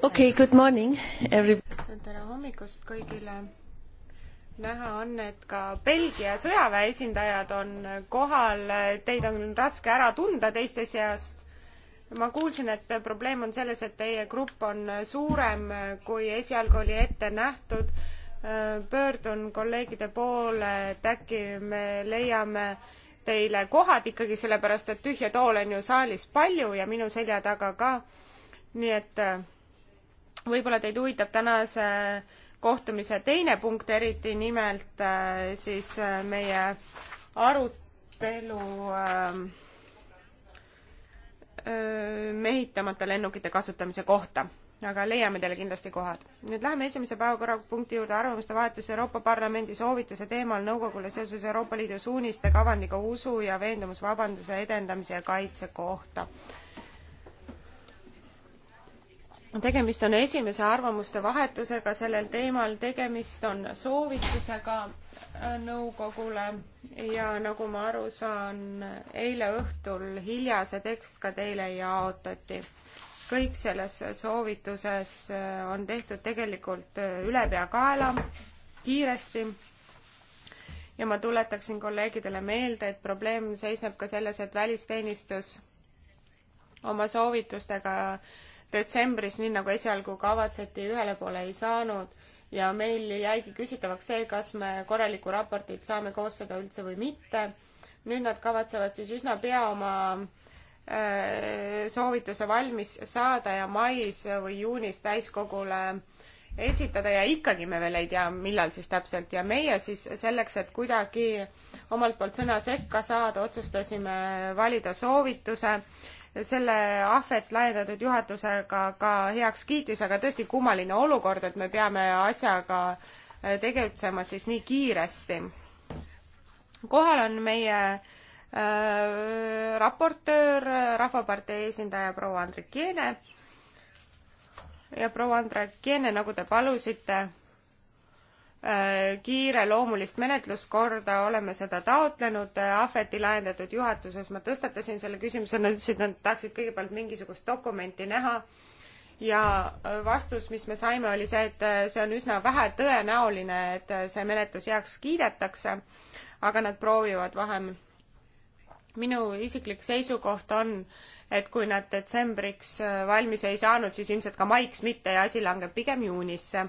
okei okay,, good morning every-. tere hommikust kõigile. näha on, et ka Belgia sõjaväe esindajad on kohal, teid on raske ära tunda teiste seast. ma kuulsin, et probleem on selles, et teie grupp on suurem, kui esialgu oli ette nähtud. pöördun kolleegide poole, et äkki me leiame äh, teile kohad ikkagi, sellepärast et tühje toole on ju saalis palju ja minu selja taga ka. nii et äh, võib-olla teid huvitab tänase kohtumise teine punkt eriti, nimelt äh, siis äh, meie arutelu ähm, mehitamata lennukite kasutamise kohta aga leiame teile kindlasti kohad. nüüd läheme esimese päevakorrapunkti juurde, arvamuste vahetus Euroopa Parlamendi soovituse teemal nõukogule seoses Euroopa Liidu suuniste kavandiga usu ja veendumusvabanduse edendamise ja kaitse kohta. tegemist on esimese arvamuste vahetusega sellel teemal, tegemist on soovitusega nõukogule ja nagu ma aru saan, eile õhtul hilja see tekst ka teile jaotati kõik selles soovituses äh, on tehtud tegelikult äh, ülepeakaela, kiiresti. ja ma tuletaksin kolleegidele meelde, et probleem seisneb ka selles, et välisteenistus oma soovitustega detsembris, nii nagu esialgu kavatseti, ühele poole ei saanud ja meil jäigi küsitavaks see, kas me korralikku raportit saame koostada üldse või mitte. nüüd nad kavatsevad siis üsna pea oma Äh, soovituse valmis saada ja mais või juunis täiskogule esitada ja ikkagi me veel ei tea, millal siis täpselt ja meie siis selleks, et kuidagi omalt poolt sõna sekka saada, otsustasime valida soovituse. selle ahvet laiendatud juhatusega ka heaks kiitis, aga tõesti kummaline olukord, et me peame asjaga äh, tegutsema siis nii kiiresti. kohal on meie äh, Äh, raportöör, Rahvapartei esindaja proua Andrikiene. ja proua Andrikiene, nagu te palusite, äh, kiireloomulist menetluskorda, oleme seda taotlenud äh, Ahveti lahendatud juhatuses, ma tõstatasin selle küsimuse, nad ütlesid, nad tahaksid kõigepealt mingisugust dokumenti näha ja vastus, mis me saime, oli see, et see on üsna vähe tõenäoline, et see menetlus heaks kiidetakse, aga nad proovivad vahem minu isiklik seisukoht on, et kui nad detsembriks äh, valmis ei saanud, siis ilmselt ka maiks mitte ja asi langeb pigem juunisse.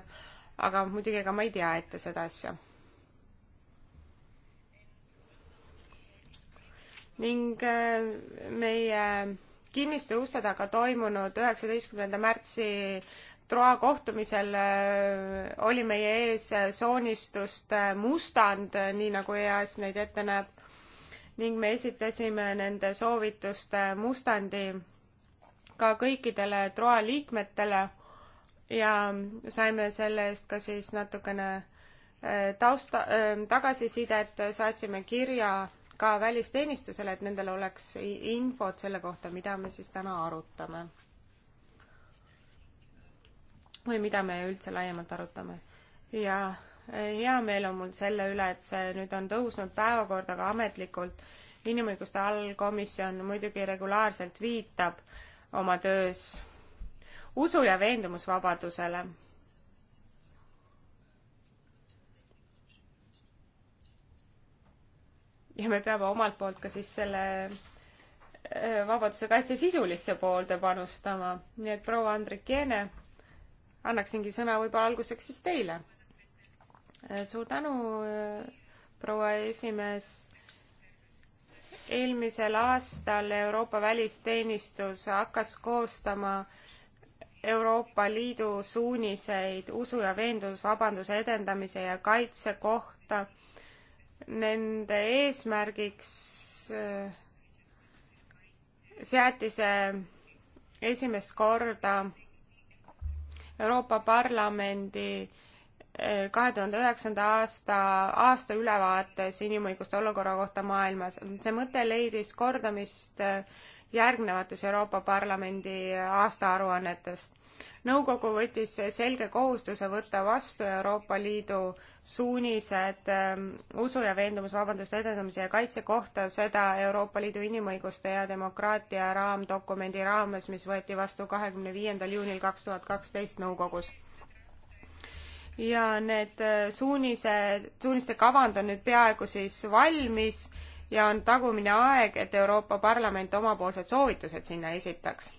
aga muidugi ega ma ei tea ette seda asja. ning äh, meie kinniste uste taga toimunud üheksateistkümnenda märtsi Troa kohtumisel äh, oli meie ees soonistuste mustand, nii nagu EAS neid ette näeb ning me esitasime nende soovituste mustandi ka kõikidele TROA liikmetele ja saime selle eest ka siis natukene eh, tausta, eh, tagasisidet, saatsime kirja ka välisteenistusele, et nendel oleks infot selle kohta, mida me siis täna arutame. või mida me üldse laiemalt arutame. ja hea meel on mul selle üle, et see nüüd on tõusnud päevakorda ka ametlikult. inimõiguste allkomisjon muidugi regulaarselt viitab oma töös usu- ja veendumusvabadusele. ja me peame omalt poolt ka siis selle äh, vabaduse kaitse sisulisse poolde panustama, nii et proua Andrik Jeene, annaksingi sõna võib-olla alguseks siis teile suur tänu, äh, proua esimees. eelmisel aastal Euroopa välisteenistus hakkas koostama Euroopa Liidu suuniseid usu ja veendumusvabanduse edendamise ja kaitse kohta. Nende eesmärgiks äh, seati see äh, esimest korda Euroopa Parlamendi kahe tuhande üheksanda aasta aastaülevaates inimõiguste olukorra kohta maailmas. see mõte leidis kordamist äh, järgnevates Euroopa Parlamendi aastaaruannetes. nõukogu võttis selge kohustuse võtta vastu Euroopa Liidu suunised ähm, usu- ja veendumusvabaduste edendamise ja kaitse kohta, seda Euroopa Liidu inimõiguste ja demokraatia raamdokumendi raames, mis võeti vastu kahekümne viiendal juunil kaks tuhat kaksteist nõukogus ja need äh, suunised, suuniste kavand on nüüd peaaegu siis valmis ja on tagumine aeg, et Euroopa Parlament omapoolsed soovitused sinna esitaks.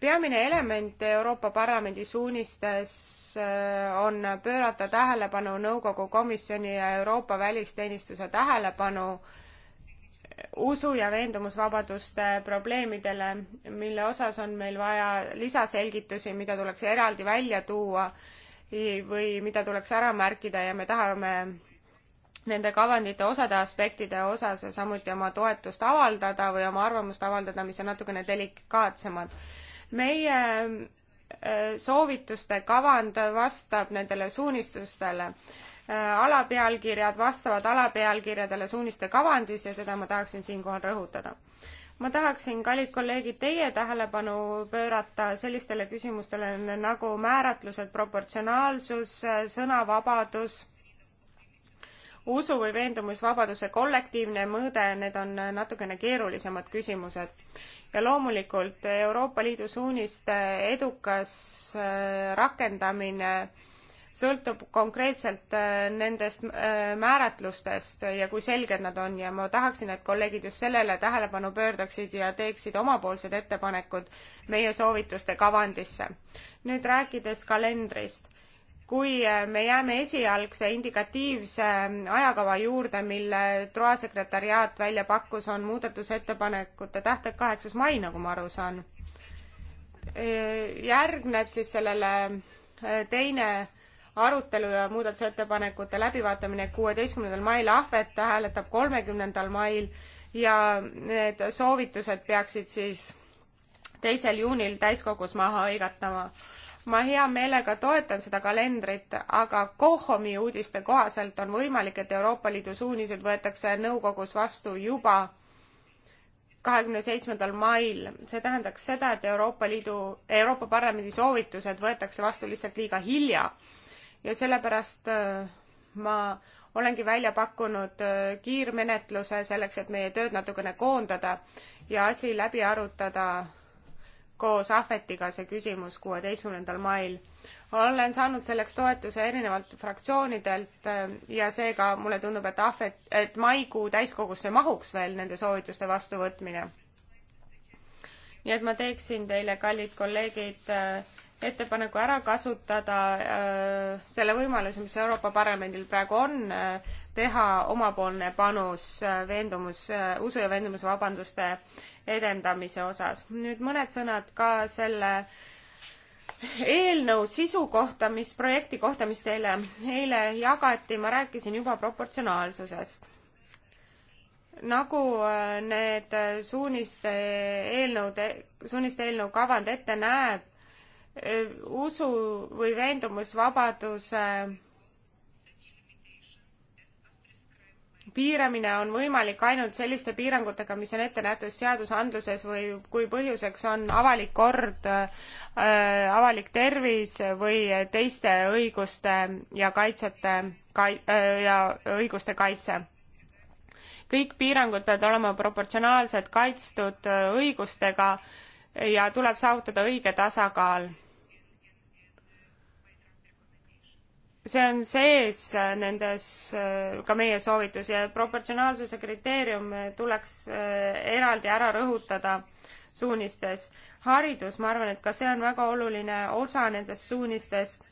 peamine element Euroopa Parlamendi suunistes äh, on pöörata tähelepanu Nõukogu Komisjoni ja Euroopa Välisteenistuse tähelepanu äh, usu ja veendumusvabaduste probleemidele, mille osas on meil vaja lisaselgitusi, mida tuleks eraldi välja tuua või mida tuleks ära märkida ja me tahame nende kavandite osade aspektide osas samuti oma toetust avaldada või oma arvamust avaldada, mis on natukene delikaatsemad. meie äh, soovituste kavand vastab nendele suunistustele. Äh, alapealkirjad vastavad alapealkirjadele suuniste kavandis ja seda ma tahaksin siinkohal rõhutada ma tahaksin, kallid kolleegid, teie tähelepanu pöörata sellistele küsimustele nagu määratlused, proportsionaalsus, sõnavabadus, usu- või veendumusvabaduse kollektiivne mõõde, need on natukene keerulisemad küsimused. ja loomulikult Euroopa Liidu suuniste edukas äh, rakendamine äh, sõltub konkreetselt äh, nendest äh, määratlustest ja kui selged nad on ja ma tahaksin, et kolleegid just sellele tähelepanu pöördaksid ja teeksid omapoolsed ettepanekud meie soovituste kavandisse. nüüd rääkides kalendrist, kui äh, me jääme esialgse indikatiivse ähm, ajakava juurde, mille Troa sekretariaat välja pakkus, on muudatusettepanekute tähtaeg kaheksas mai, nagu ma aru saan. järgneb siis sellele teine arutelu ja muudatusettepanekute läbivaatamine kuueteistkümnendal mail, ahvet hääletab kolmekümnendal mail ja need soovitused peaksid siis teisel juunil täiskogus maha hõigatama. ma hea meelega toetan seda kalendrit, aga Kohomi uudiste kohaselt on võimalik, et Euroopa Liidu suunised võetakse nõukogus vastu juba kahekümne seitsmendal mail. see tähendaks seda, et Euroopa Liidu, Euroopa Parlamendi soovitused võetakse vastu lihtsalt liiga hilja ja sellepärast äh, ma olengi välja pakkunud äh, kiirmenetluse selleks, et meie tööd natukene koondada ja asi läbi arutada koos Ahvetiga see küsimus kuueteistkümnendal mail. olen saanud selleks toetuse erinevalt fraktsioonidelt äh, ja seega mulle tundub, et Ahvet, et maikuu täiskogusse mahuks veel nende soovituste vastuvõtmine. nii et ma teeksin teile, kallid kolleegid, ettepaneku ära kasutada äh, selle võimaluse, mis Euroopa Parlamendil praegu on äh,, teha omapoolne panus äh, veendumus, äh, usu ja veendumusvabanduste edendamise osas. nüüd mõned sõnad ka selle eelnõu sisu kohta, mis projekti kohta, mis teile eile jagati, ma rääkisin juba proportsionaalsusest nagu äh, need äh, suuniste eelnõud, suuniste eelnõu kavand ette näeb, usu või veendumusvabaduse piiramine on võimalik ainult selliste piirangutega, mis on ette nähtud seadusandluses või kui põhjuseks on avalik kord, äh, avalik tervis või teiste õiguste ja kaitsete kai- äh, ja õiguste kaitse. kõik piirangud peavad olema proportsionaalselt kaitstud õigustega ja tuleb saavutada õige tasakaal see on sees äh, nendes äh, ka meie soovitus ja proportsionaalsuse kriteerium äh, tuleks eraldi ära rõhutada suunistes. haridus, ma arvan, et ka see on väga oluline osa nendest suunistest.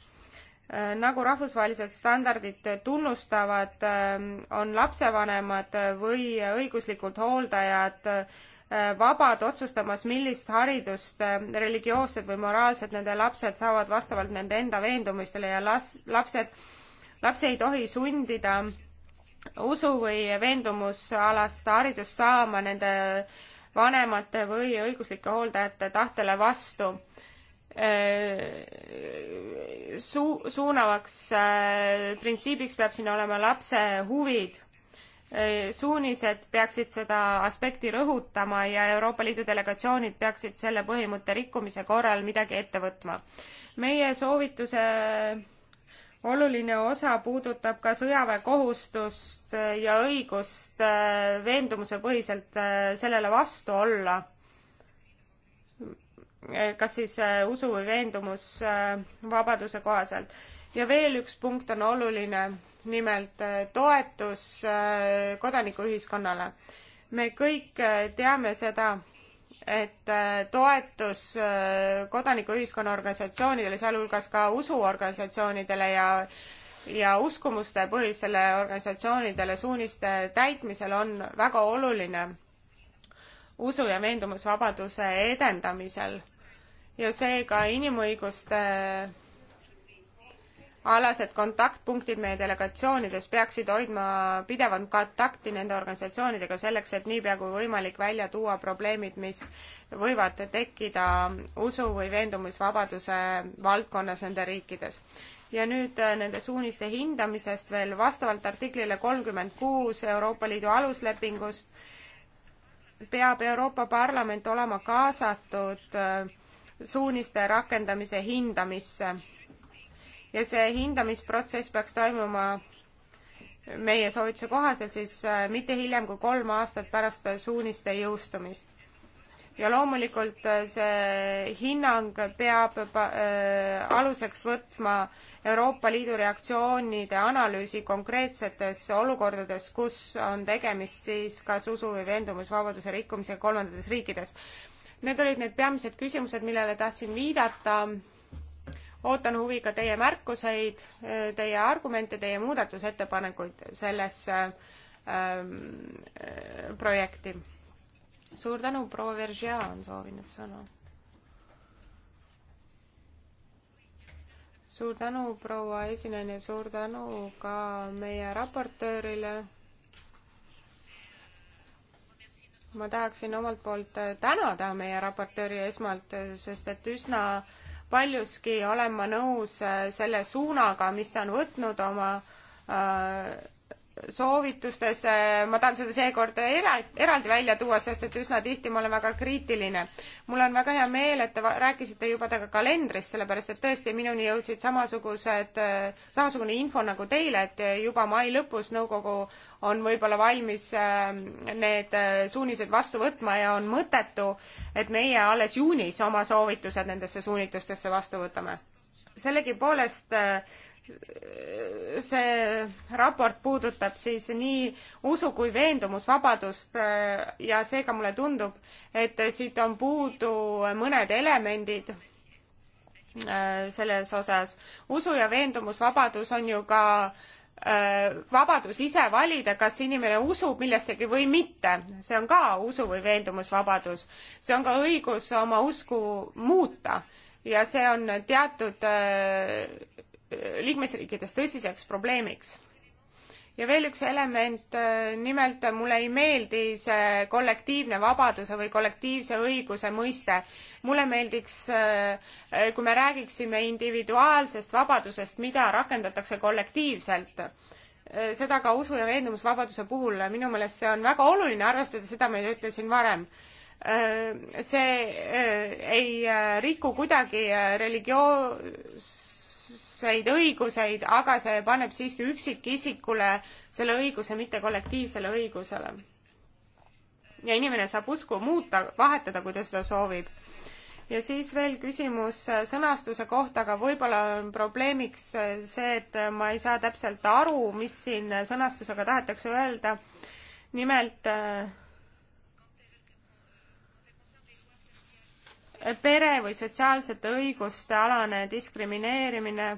nagu rahvusvahelised standardid tunnustavad, on lapsevanemad või õiguslikud hooldajad Äh, vabad otsustamas, millist haridust äh, religioosset või moraalset nende lapsed saavad vastavalt nende enda veendumistele ja las-, lapsed, lapsi ei tohi sundida usu või veendumusalast haridust saama nende vanemate või õiguslike hooldajate tahtele vastu äh, su-, suunavaks printsiibiks peab siin olema lapse huvid Eh, suunised peaksid seda aspekti rõhutama ja Euroopa Liidu delegatsioonid peaksid selle põhimõtte rikkumise korral midagi ette võtma. meie soovituse oluline osa puudutab ka sõjaväekohustust ja õigust eh, veendumusepõhiselt eh, sellele vastu olla, kas siis usu või veendumusvabaduse kohaselt. ja veel üks punkt on oluline nimelt äh, toetus äh, kodanikuühiskonnale. me kõik äh, teame seda, et toetus kodanikuühiskonna organisatsioonidele, sealhulgas ka usuorganisatsioonidele ja ja uskumuste põhistele organisatsioonidele suuniste täitmisel on väga oluline usu ja veendumusvabaduse edendamisel ja seega inimõiguste alased kontaktpunktid meie delegatsioonides peaksid hoidma pidevat kontakti nende organisatsioonidega selleks, et niipea kui võimalik välja tuua probleemid, mis võivad tekkida usu- või veendumisvabaduse valdkonnas nende riikides. ja nüüd äh, nende suuniste hindamisest veel vastavalt artiklile kolmkümmend kuus Euroopa Liidu aluslepingust peab Euroopa Parlament olema kaasatud äh, suuniste rakendamise hindamisse ja see hindamisprotsess peaks toimuma meie soovituse kohaselt siis äh, mitte hiljem kui kolm aastat pärast suuniste jõustumist. ja loomulikult äh, see hinnang peab äh, aluseks võtma Euroopa Liidu reaktsioonide analüüsi konkreetsetes olukordades, kus on tegemist siis kas usu- või veendumusvabaduse rikkumisega kolmandates riikides. Need olid need peamised küsimused, millele tahtsin viidata ootan huviga teie märkuseid, teie argumente, teie muudatusettepanekuid sellesse ähm, äh, projekti. suur tänu, proua Veržea on soovinud sõna. suur tänu, proua esinaine, suur tänu ka meie raportöörile. ma tahaksin omalt poolt tänada meie raportööri esmalt, sest et üsna äh, paljuski olen ma nõus äh, selle suunaga, mis ta on võtnud oma äh, soovitustes, äh, ma tahan seda seekord eraldi välja tuua, sest et üsna tihti ma olen väga kriitiline. mul on väga hea meel, et te rääkisite juba ka kalendrist, sellepärast et tõesti minuni jõudsid samasugused, äh, samasugune info nagu teile, et juba mai lõpus nõukogu on võib-olla valmis äh, need suunised vastu võtma ja on mõttetu, et meie alles juunis oma soovitused nendesse suunitustesse vastu võtame. sellegipoolest see raport puudutab siis nii usu kui veendumusvabadust äh, ja seega mulle tundub, et siit on puudu mõned elemendid äh, selles osas. usu ja veendumusvabadus on ju ka äh, vabadus ise valida, kas inimene usub millessegi või mitte. see on ka usu või veendumusvabadus. see on ka õigus oma usku muuta ja see on teatud liikmesriikides tõsiseks probleemiks. ja veel üks element, äh, nimelt mulle ei meeldi see kollektiivne vabaduse või kollektiivse õiguse mõiste. mulle meeldiks, äh, kui me räägiksime individuaalsest vabadusest, mida rakendatakse kollektiivselt äh, seda ka usu ja veendumusvabaduse puhul, minu meelest see on väga oluline, arvestades seda, mida ütlesin varem see ei riku kuidagi religiooss võrdseid õiguseid, aga see paneb siiski üksikisikule selle õiguse, mitte kollektiivsele õigusele. ja inimene saab usku muuta, vahetada, kui ta seda soovib. ja siis veel küsimus sõnastuse kohta, aga võib-olla on probleemiks see, et ma ei saa täpselt aru, mis siin sõnastusega tahetakse öelda. nimelt äh, pere või sotsiaalsete õiguste alane diskrimineerimine.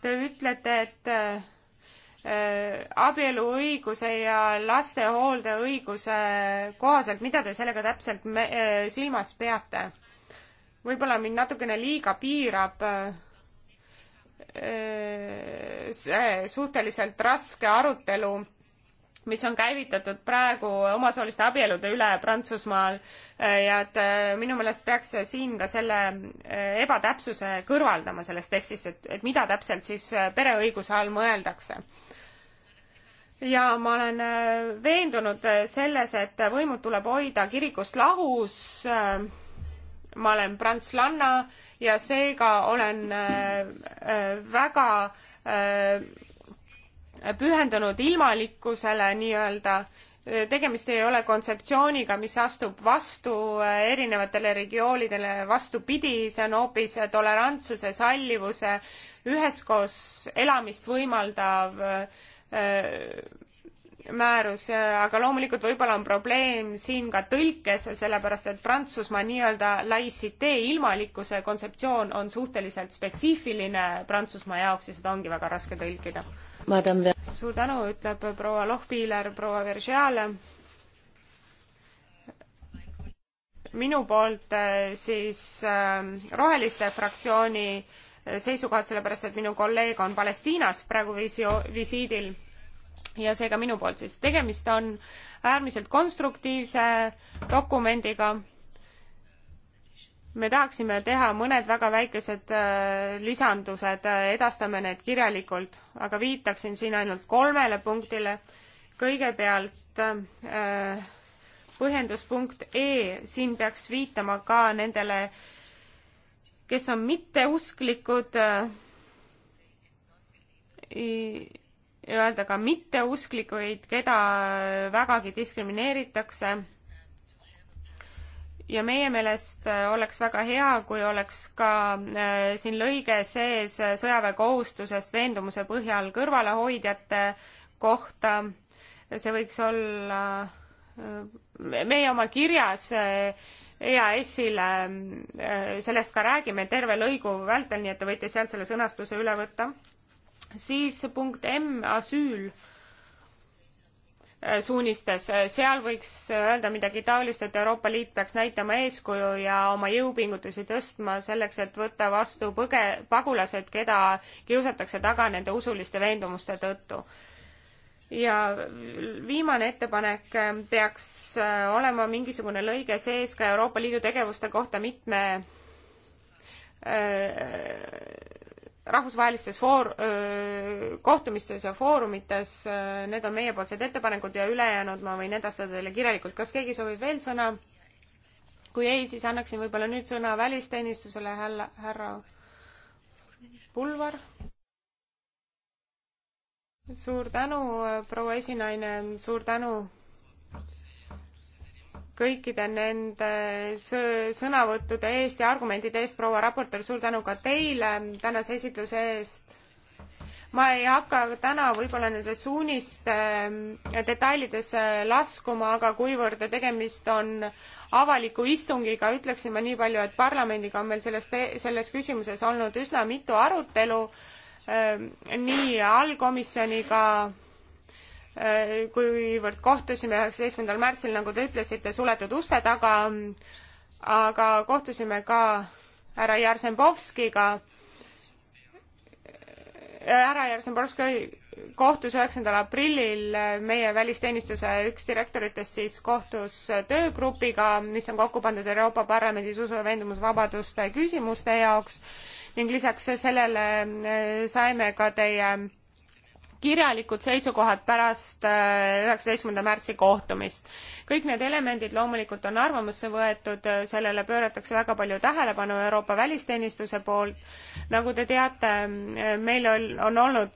Te ütlete, et äh, abieluõiguse ja lastehooldeõiguse kohaselt, mida te sellega täpselt me, äh, silmas peate? võib-olla mind natukene liiga piirab äh, see suhteliselt raske arutelu mis on käivitatud praegu omasooliste abielude üle Prantsusmaal eh, ja et eh, minu meelest peaks siin ka selle eh, ebatäpsuse kõrvaldama sellest tekstist, et, et mida täpselt siis pereõiguse all mõeldakse ja ma olen veendunud selles, et võimud tuleb hoida kirikust lahus. ma olen prantslanna ja seega olen väga pühendunud ilmalikkusele nii-öelda, tegemist ei ole kontseptsiooniga, mis astub vastu erinevatele regioonidele, vastupidi, see on hoopis tolerantsuse, sallivuse, üheskoos elamist võimaldav öö, äh, määrus, aga loomulikult võib-olla on probleem siin ka tõlkes, sellepärast et Prantsusmaa nii-öelda laïcité ilmalikkuse kontseptsioon on suhteliselt spetsiifiline Prantsusmaa jaoks ja seda ongi väga raske tõlkida. suur tänu, ütleb proua Lohpiiler proua Vergeale. minu poolt äh, siis äh, Roheliste fraktsiooni äh, seisukohad, sellepärast et minu kolleeg on Palestiinas praegu visi-, visiidil ja seega minu poolt siis. tegemist on äärmiselt konstruktiivse dokumendiga. me tahaksime teha mõned väga väikesed äh, lisandused, äh, edastame need kirjalikult, aga viitaksin siin ainult kolmele punktile. kõigepealt äh, põhjenduspunkt E, siin peaks viitama ka nendele, kes on mitteusklikud öelda ka mitteusklikuid, keda vägagi diskrimineeritakse. ja meie meelest oleks väga hea, kui oleks ka äh, siin lõige sees sõjaväekohustusest veendumuse põhjal kõrvalehoidjate kohta. see võiks olla äh, meie oma kirjas äh, EAS-ile sellest ka räägime terve lõigu vältel, nii et te võite sealt selle sõnastuse üle võtta siis punkt M, asüül äh, suunistes, seal võiks öelda midagi taolist, et Euroopa Liit peaks näitama eeskuju ja oma jõupingutusi tõstma selleks, et võtta vastu põge-, pagulased, keda kiusatakse taga nende usuliste veendumuste tõttu. ja viimane ettepanek äh, peaks äh, olema mingisugune lõige sees ka Euroopa Liidu tegevuste kohta mitme öö, rahvusvahelistes foor-, kohtumistes ja foorumites, need on meiepoolsed ettepanekud ja ülejäänud ma võin edastada teile kirjalikult. kas keegi soovib veel sõna? kui ei, siis annaksin võib-olla nüüd sõna välisteenistusele, härra, härra Pulvar. suur tänu, proua esinaine, suur tänu kõikide nende sõnavõttude eest ja argumentide eest, proua raportöör, suur tänu ka teile tänase esitluse eest. ma ei hakka täna võib-olla nende suuniste ähm, detailidesse laskuma, aga kuivõrd tegemist on avaliku istungiga, ütleksin ma nii palju, et parlamendiga on meil selles, e-, selles küsimuses olnud üsna mitu arutelu ähm, nii allkomisjoniga Äh, kuivõrd kohtusime üheksateistkümnendal märtsil, nagu te ütlesite, suletud uste taga, aga kohtusime ka härra Jarzembovskiga äh, härra Jarzembovski kohtus üheksandal aprillil äh, meie välisteenistuse üks direktoritest siis kohtus töögrupiga, mis on kokku pandud Euroopa Parlamendis usu- ja veendumusvabaduste küsimuste jaoks ning lisaks sellele saime ka teie kirjalikud seisukohad pärast äh, üheksateistkümnenda märtsi kohtumist. kõik need elemendid loomulikult on arvamusse võetud, äh, sellele pööratakse väga palju tähelepanu Euroopa välisteenistuse poolt. nagu te teate, äh, meil on, on olnud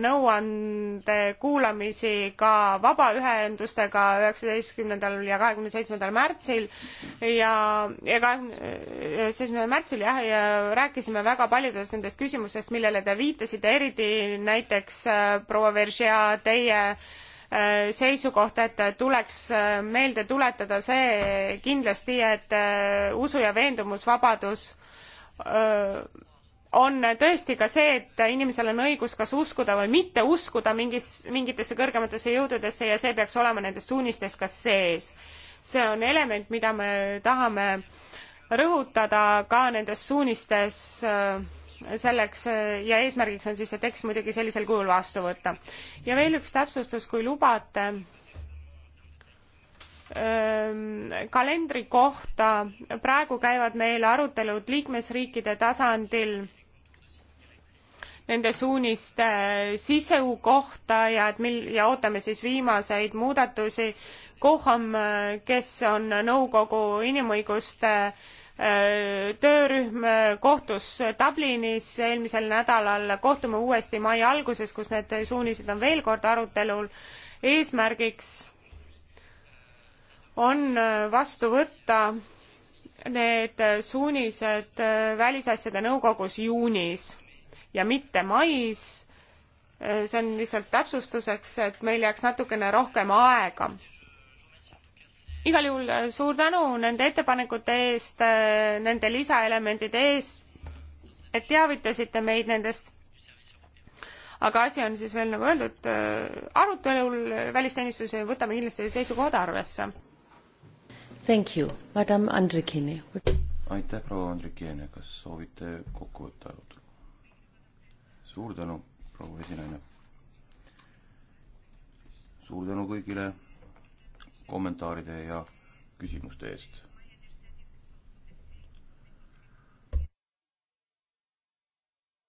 nõuandekuulamisi ka vabaühendustega üheksateistkümnendal ja kahekümne seitsmendal märtsil ja, ja kahekümne seitsmendal märtsil jah, ja rääkisime väga paljudest nendest küsimustest, millele te viitasite, eriti näiteks proua Veržia, teie äh, seisukoht, et tuleks äh, meelde tuletada see kindlasti, et äh, usu- ja veendumusvabadus on tõesti ka see, et inimesel on õigus kas uskuda või mitte uskuda mingis, mingitesse kõrgematesse jõududesse ja see peaks olema nendes suunistes ka sees. see on element, mida me tahame rõhutada ka nendes suunistes äh, selleks eh, ja eesmärgiks on siis see tekst muidugi sellisel kujul vastu võtta. ja veel üks täpsustus, kui lubate ehm, kalendri kohta. praegu käivad meil arutelud liikmesriikide tasandil nende suuniste sisu kohta ja et mil- ja ootame siis viimaseid muudatusi. Kohom, eh, kes on nõukogu inimõiguste äh, Äh, töörühm äh, kohtus Dublinis eelmisel nädalal, kohtume uuesti mai alguses, kus need suunised on veel kord arutelul. eesmärgiks on äh, vastu võtta need suunised Välisasjade Nõukogus juunis ja mitte mais. see on lihtsalt täpsustuseks, et meil jääks natukene rohkem aega igal juhul äh, suur tänu nende ettepanekute eest, äh, nende lisaelementide eest, et teavitasite meid nendest. aga asi on siis veel nagu öeldud, äh, arutelul välisteenistuses võtame kindlasti seisukohad arvesse. Thank you, madam Andrikini. aitäh, proua Andrikini, kas soovite kokkuvõtte arutelu? suur tänu, proua esinaine. suur tänu kõigile kommentaaride ja küsimuste eest.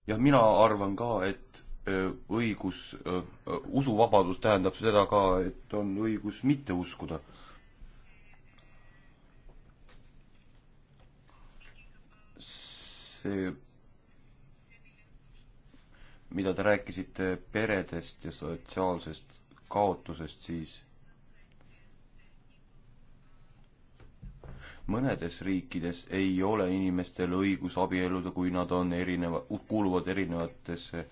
jah, mina arvan ka, et äh, õigus, äh, äh, usuvabadus tähendab seda ka, et on õigus mitte uskuda. see, mida te rääkisite peredest ja sotsiaalsest kaotusest, siis mõnedes riikides ei ole inimestel õigus abielluda, kui nad on erineva, kuuluvad erinevatesse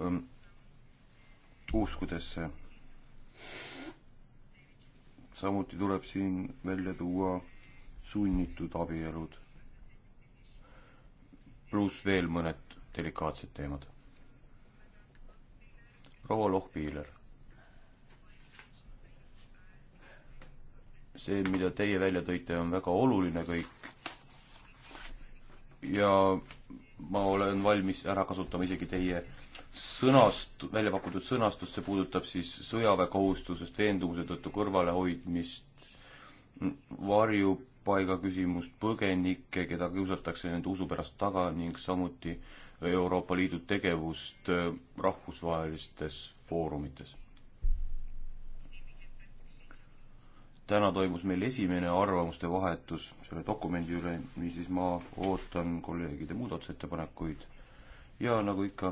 um, uskudesse. samuti tuleb siin välja tuua sunnitud abielud. pluss veel mõned delikaatsed teemad. proua Lohpiiler see, mida teie välja tõite, on väga oluline kõik. ja ma olen valmis ära kasutama isegi teie sõnast, välja pakutud sõnastust, see puudutab siis sõjaväekohustusest veendumuse tõttu kõrvalehoidmist, varjupaiga küsimust, põgenikke, keda kiusatakse nende usu pärast taga ning samuti Euroopa Liidu tegevust rahvusvahelistes foorumites täna toimus meil esimene arvamuste vahetus selle dokumendi üle, niisiis ma ootan kolleegide muudatusettepanekuid ja nagu ikka,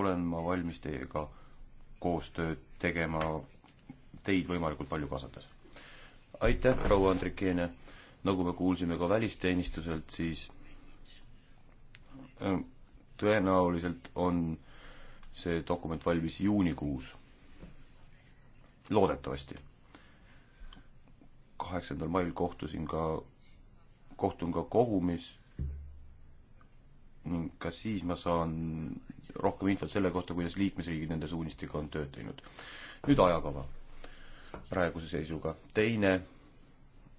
olen ma valmis teiega koostööd tegema, teid võimalikult palju kaasates. aitäh, proua Andrikeene, nagu me kuulsime ka välisteenistuselt, siis äh, tõenäoliselt on see dokument valmis juunikuus. loodetavasti kaheksandal mail kohtusin ka, kohtun ka Kogumis ning ka siis ma saan rohkem infot selle kohta, kuidas liikmesriigid nende suunistega on tööd teinud. nüüd ajakava praeguse seisuga. teine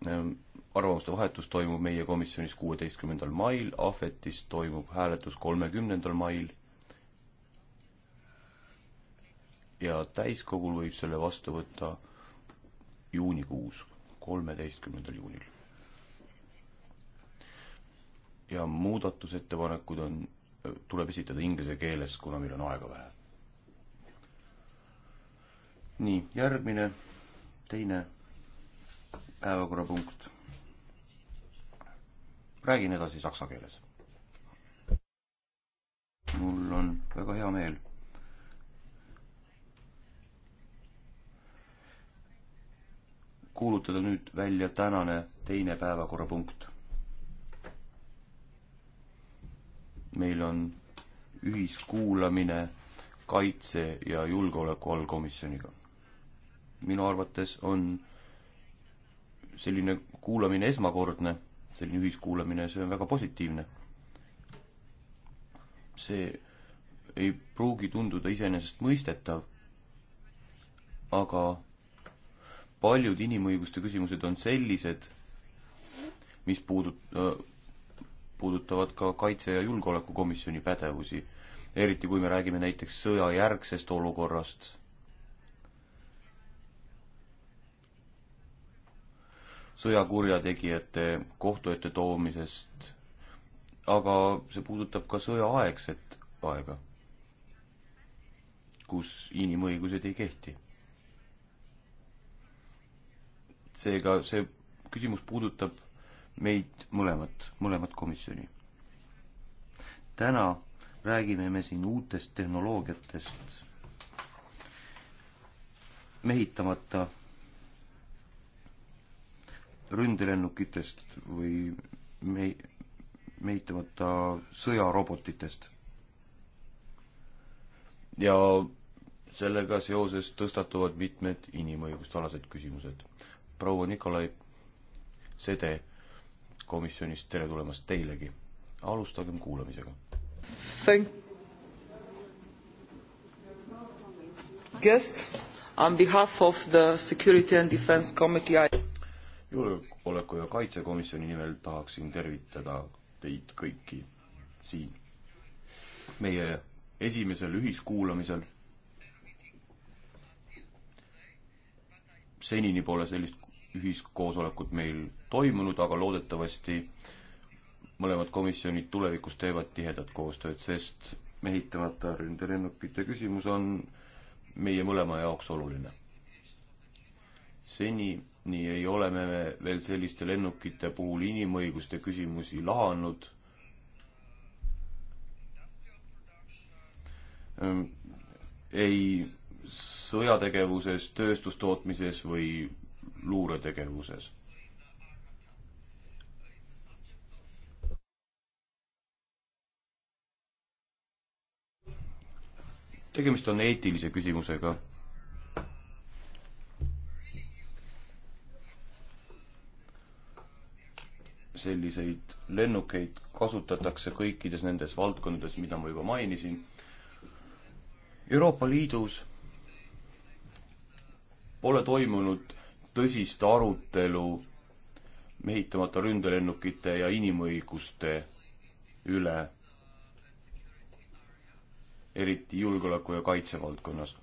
ähm, arvamuste vahetus toimub meie komisjonis kuueteistkümnendal mail, ahvetis toimub hääletus kolmekümnendal mail ja täiskogul võib selle vastu võtta juunikuus kolmeteistkümnendal juunil. ja muudatusettepanekud on, tuleb esitada inglise keeles, kuna meil on aega vähe. nii, järgmine, teine päevakorrapunkt. räägin edasi saksa keeles. mul on väga hea meel kuulutada nüüd välja tänane teine päevakorrapunkt. meil on ühiskuulamine kaitse- ja julgeoleku allkomisjoniga. minu arvates on selline kuulamine esmakordne, selline ühiskuulamine, see on väga positiivne. see ei pruugi tunduda iseenesestmõistetav, aga paljud inimõiguste küsimused on sellised, mis puudut-, äh, puudutavad ka Kaitse- ja Julgeolekukomisjoni pädevusi, eriti kui me räägime näiteks sõjajärgsest olukorrast. sõjakurjategijate kohtu ette toomisest, aga see puudutab ka sõjaaegset aega, kus inimõigused ei kehti seega see küsimus puudutab meid mõlemat, mõlemat komisjoni. täna räägime me siin uutest tehnoloogiatest mehitamata ründelennukitest või me-, mehitamata sõjarobotitest. ja sellega seoses tõstatuvad mitmed inimõigustalased küsimused proua Nikolai Sede komisjonist, tere tulemast teilegi. alustagem kuulamisega. Thank guest on behalf of the Security and Defense Committee I julgeoleku ja kaitsekomisjoni nimel tahaksin tervitada teid kõiki siin meie esimesel ühiskuulamisel. senini pole sellist ühiskoosolekut meil toimunud, aga loodetavasti mõlemad komisjonid tulevikus teevad tihedat koostööd, sest mehitamata ründelennukite küsimus on meie mõlema jaoks oluline. seni nii ei ole me veel selliste lennukite puhul inimõiguste küsimusi lahanud. ei sõjategevuses, tööstustootmises või luuretegevuses. tegemist on eetilise küsimusega selliseid lennukeid kasutatakse kõikides nendes valdkondades, mida ma juba mainisin. Euroopa Liidus pole toimunud tõsist arutelu mehitamata ründelennukite ja inimõiguste üle, eriti julgeoleku ja kaitse valdkonnas.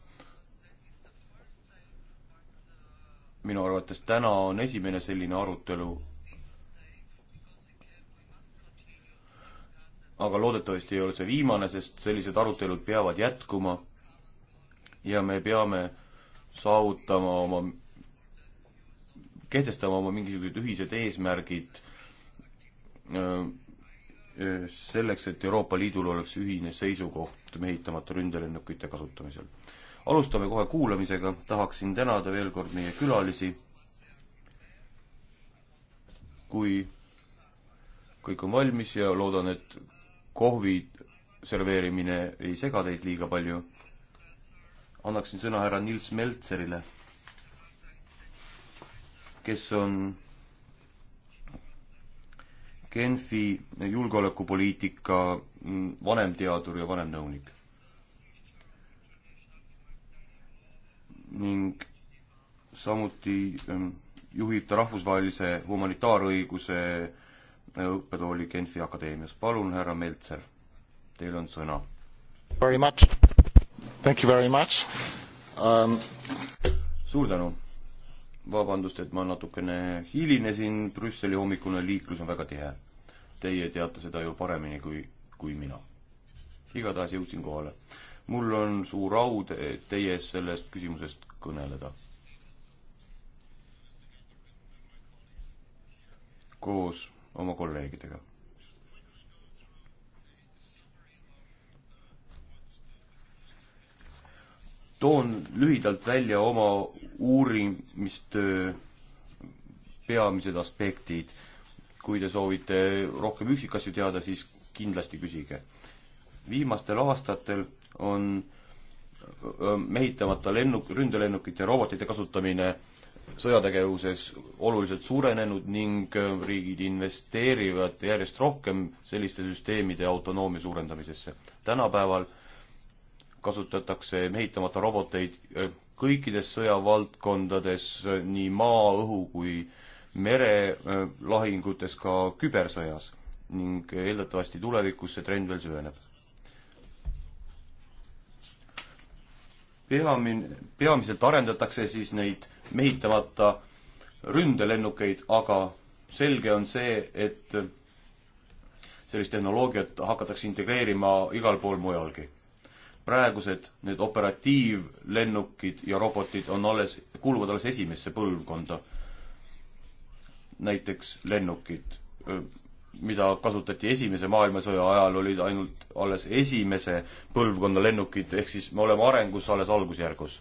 minu arvates täna on esimene selline arutelu, aga loodetavasti ei ole see viimane, sest sellised arutelud peavad jätkuma ja me peame saavutama oma kehtestama oma mingisugused ühised eesmärgid selleks, et Euroopa Liidul oleks ühine seisukoht mehitamata ründelennukite kasutamisel. alustame kohe kuulamisega, tahaksin tänada veel kord meie külalisi. kui kõik on valmis ja loodan, et kohvi serveerimine ei sega teid liiga palju, annaksin sõna härra Nils Meltserile kes on Genfi julgeolekupoliitika vanemteadur ja vanemnõunik. ning samuti ähm, juhib ta rahvusvahelise humanitaarõiguse äh, õppetooli Genfi akadeemias. palun, härra Meltser, teil on sõna. Very much, thank you very much um.... suur tänu vabandust, et ma natukene hilinesin, Brüsseli hommikune liiklus on väga tihe. Teie teate seda ju paremini kui, kui mina. igatahes jõudsin kohale. mul on suur au teie ees sellest küsimusest kõneleda. koos oma kolleegidega toon lühidalt välja oma uurimistöö peamised aspektid. kui te soovite rohkem üksikasju teada, siis kindlasti küsige. viimastel aastatel on mehitamata lennuk, ründelennukite ja robotite kasutamine sõjategevuses oluliselt suurenenud ning riigid investeerivad järjest rohkem selliste süsteemide autonoomia suurendamisesse. tänapäeval kasutatakse mehitamata roboteid äh, kõikides sõjavaldkondades, äh, nii maa, õhu kui merelahingutes, äh, ka kübersõjas ning eeldatavasti tulevikus see trend veel süveneb. peamine, peamiselt arendatakse siis neid mehitamata ründelennukeid, aga selge on see, et sellist tehnoloogiat hakatakse integreerima igal pool mujalgi praegused need operatiivlennukid ja robotid on alles, kuuluvad alles esimesse põlvkonda. näiteks lennukid, mida kasutati Esimese maailmasõja ajal, olid ainult alles esimese põlvkonna lennukid, ehk siis me oleme arengus alles algusjärgus.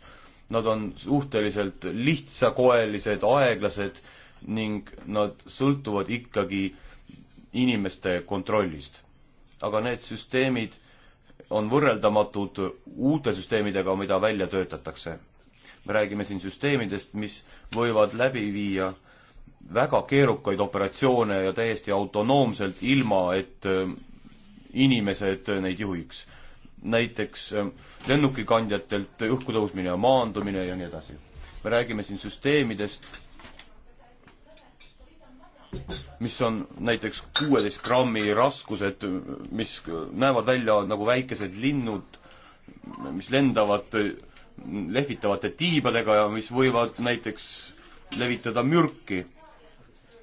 Nad on suhteliselt lihtsakoelised, aeglased ning nad sõltuvad ikkagi inimeste kontrollist. aga need süsteemid on võrreldamatud uute süsteemidega, mida välja töötatakse. me räägime siin süsteemidest, mis võivad läbi viia väga keerukaid operatsioone ja täiesti autonoomselt, ilma et äh, inimesed neid juhiks. näiteks äh, lennukikandjatelt õhku tõusmine ja maandumine ja nii edasi. me räägime siin süsteemidest, mis on näiteks kuueteist grammi raskused, mis näevad välja nagu väikesed linnud, mis lendavad lehvitavate tiibadega ja mis võivad näiteks levitada mürki.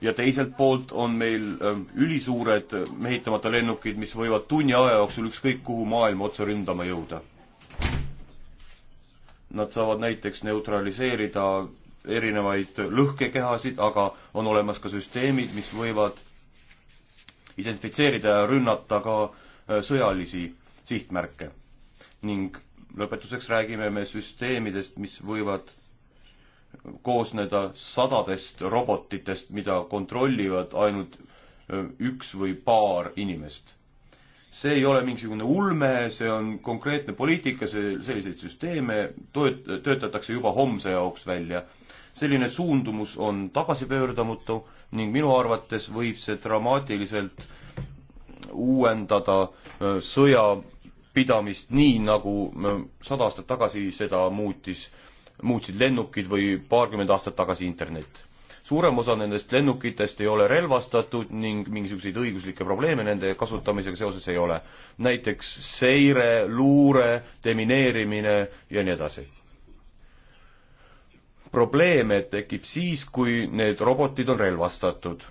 ja teiselt poolt on meil ähm, ülisuured mehitamata lennukid, mis võivad tunni aja jooksul ükskõik kuhu maailma otsa ründama jõuda. Nad saavad näiteks neutraliseerida erinevaid lõhkekehasid, aga on olemas ka süsteemid, mis võivad identifitseerida ja rünnata ka äh, sõjalisi sihtmärke. ning lõpetuseks räägime me süsteemidest, mis võivad koosneda sadadest robotitest, mida kontrollivad ainult äh, üks või paar inimest. see ei ole mingisugune ulme, see on konkreetne poliitika, see, selliseid süsteeme toet-, töötatakse juba homse jaoks välja selline suundumus on tagasipöördamatu ning minu arvates võib see dramaatiliselt uuendada sõjapidamist nii, nagu sada aastat tagasi seda muutis, muutsid lennukid või paarkümmend aastat tagasi internet. suurem osa nendest lennukitest ei ole relvastatud ning mingisuguseid õiguslikke probleeme nende kasutamisega seoses ei ole. näiteks seire, luure, demineerimine ja nii edasi probleeme tekib siis, kui need robotid on relvastatud.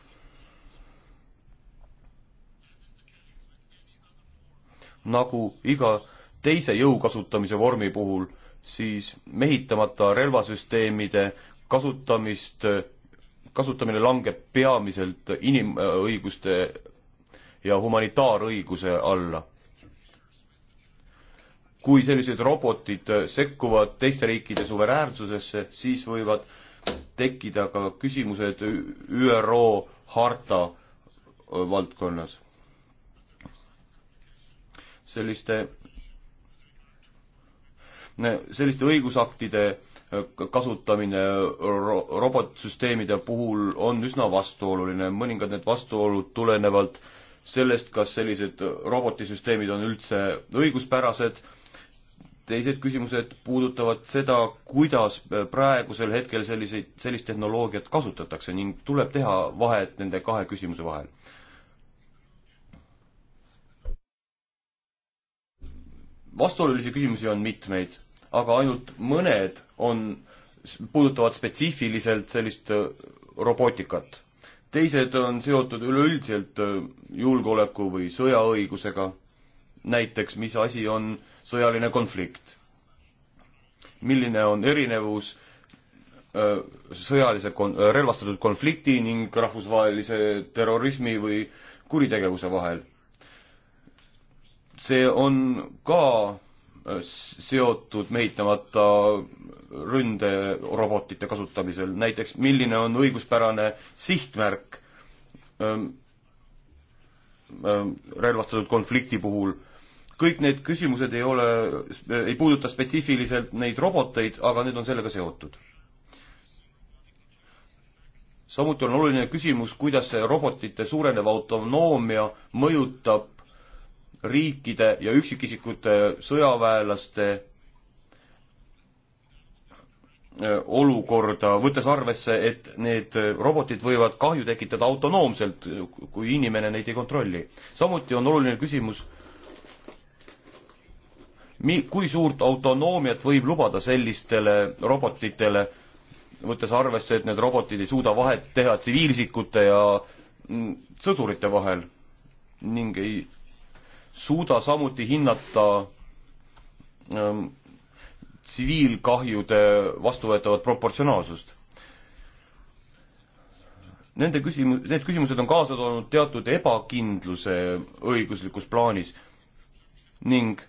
nagu iga teise jõu kasutamise vormi puhul, siis mehitamata relvasüsteemide kasutamist, kasutamine langeb peamiselt inimõiguste ja humanitaarõiguse alla kui sellised robotid sekkuvad teiste riikide suveräänsusesse, siis võivad tekkida ka küsimused ÜRO harta valdkonnas. selliste, selliste õigusaktide kasutamine robotsüsteemide puhul on üsna vastuoluline, mõningad need vastuolud tulenevalt sellest, kas sellised robotisüsteemid on üldse õiguspärased teised küsimused puudutavad seda, kuidas praegusel hetkel selliseid, sellist tehnoloogiat kasutatakse ning tuleb teha vahet nende kahe küsimuse vahel. vastuolulisi küsimusi on mitmeid, aga ainult mõned on, puudutavad spetsiifiliselt sellist äh, robootikat. teised on seotud üleüldiselt äh, julgeoleku või sõjaõigusega, näiteks mis asi on äh, sõjaline konflikt. milline on erinevus äh, sõjalise kon-, äh, relvastatud konflikti ning rahvusvahelise terrorismi või kuritegevuse vahel. see on ka äh, seotud mehitamata ründerobotite kasutamisel, näiteks milline on õiguspärane sihtmärk ähm, ähm, relvastatud konflikti puhul kõik need küsimused ei ole, ei puuduta spetsiifiliselt neid roboteid, aga need on sellega seotud. samuti on oluline küsimus, kuidas see robotite suurenev autonoomia mõjutab riikide ja üksikisikute sõjaväelaste äh, olukorda, võttes arvesse, et need robotid võivad kahju tekitada autonoomselt, kui inimene neid ei kontrolli. samuti on oluline küsimus mi-, kui suurt autonoomiat võib lubada sellistele robotitele, võttes arvesse, et need robotid ei suuda vahet teha tsiviilisikute ja mm, sõdurite vahel ning ei suuda samuti hinnata ähm, tsiviilkahjude vastuvõetavat proportsionaalsust. Nende küsimus, need küsimused on kaasa toonud teatud ebakindluse õiguslikus plaanis ning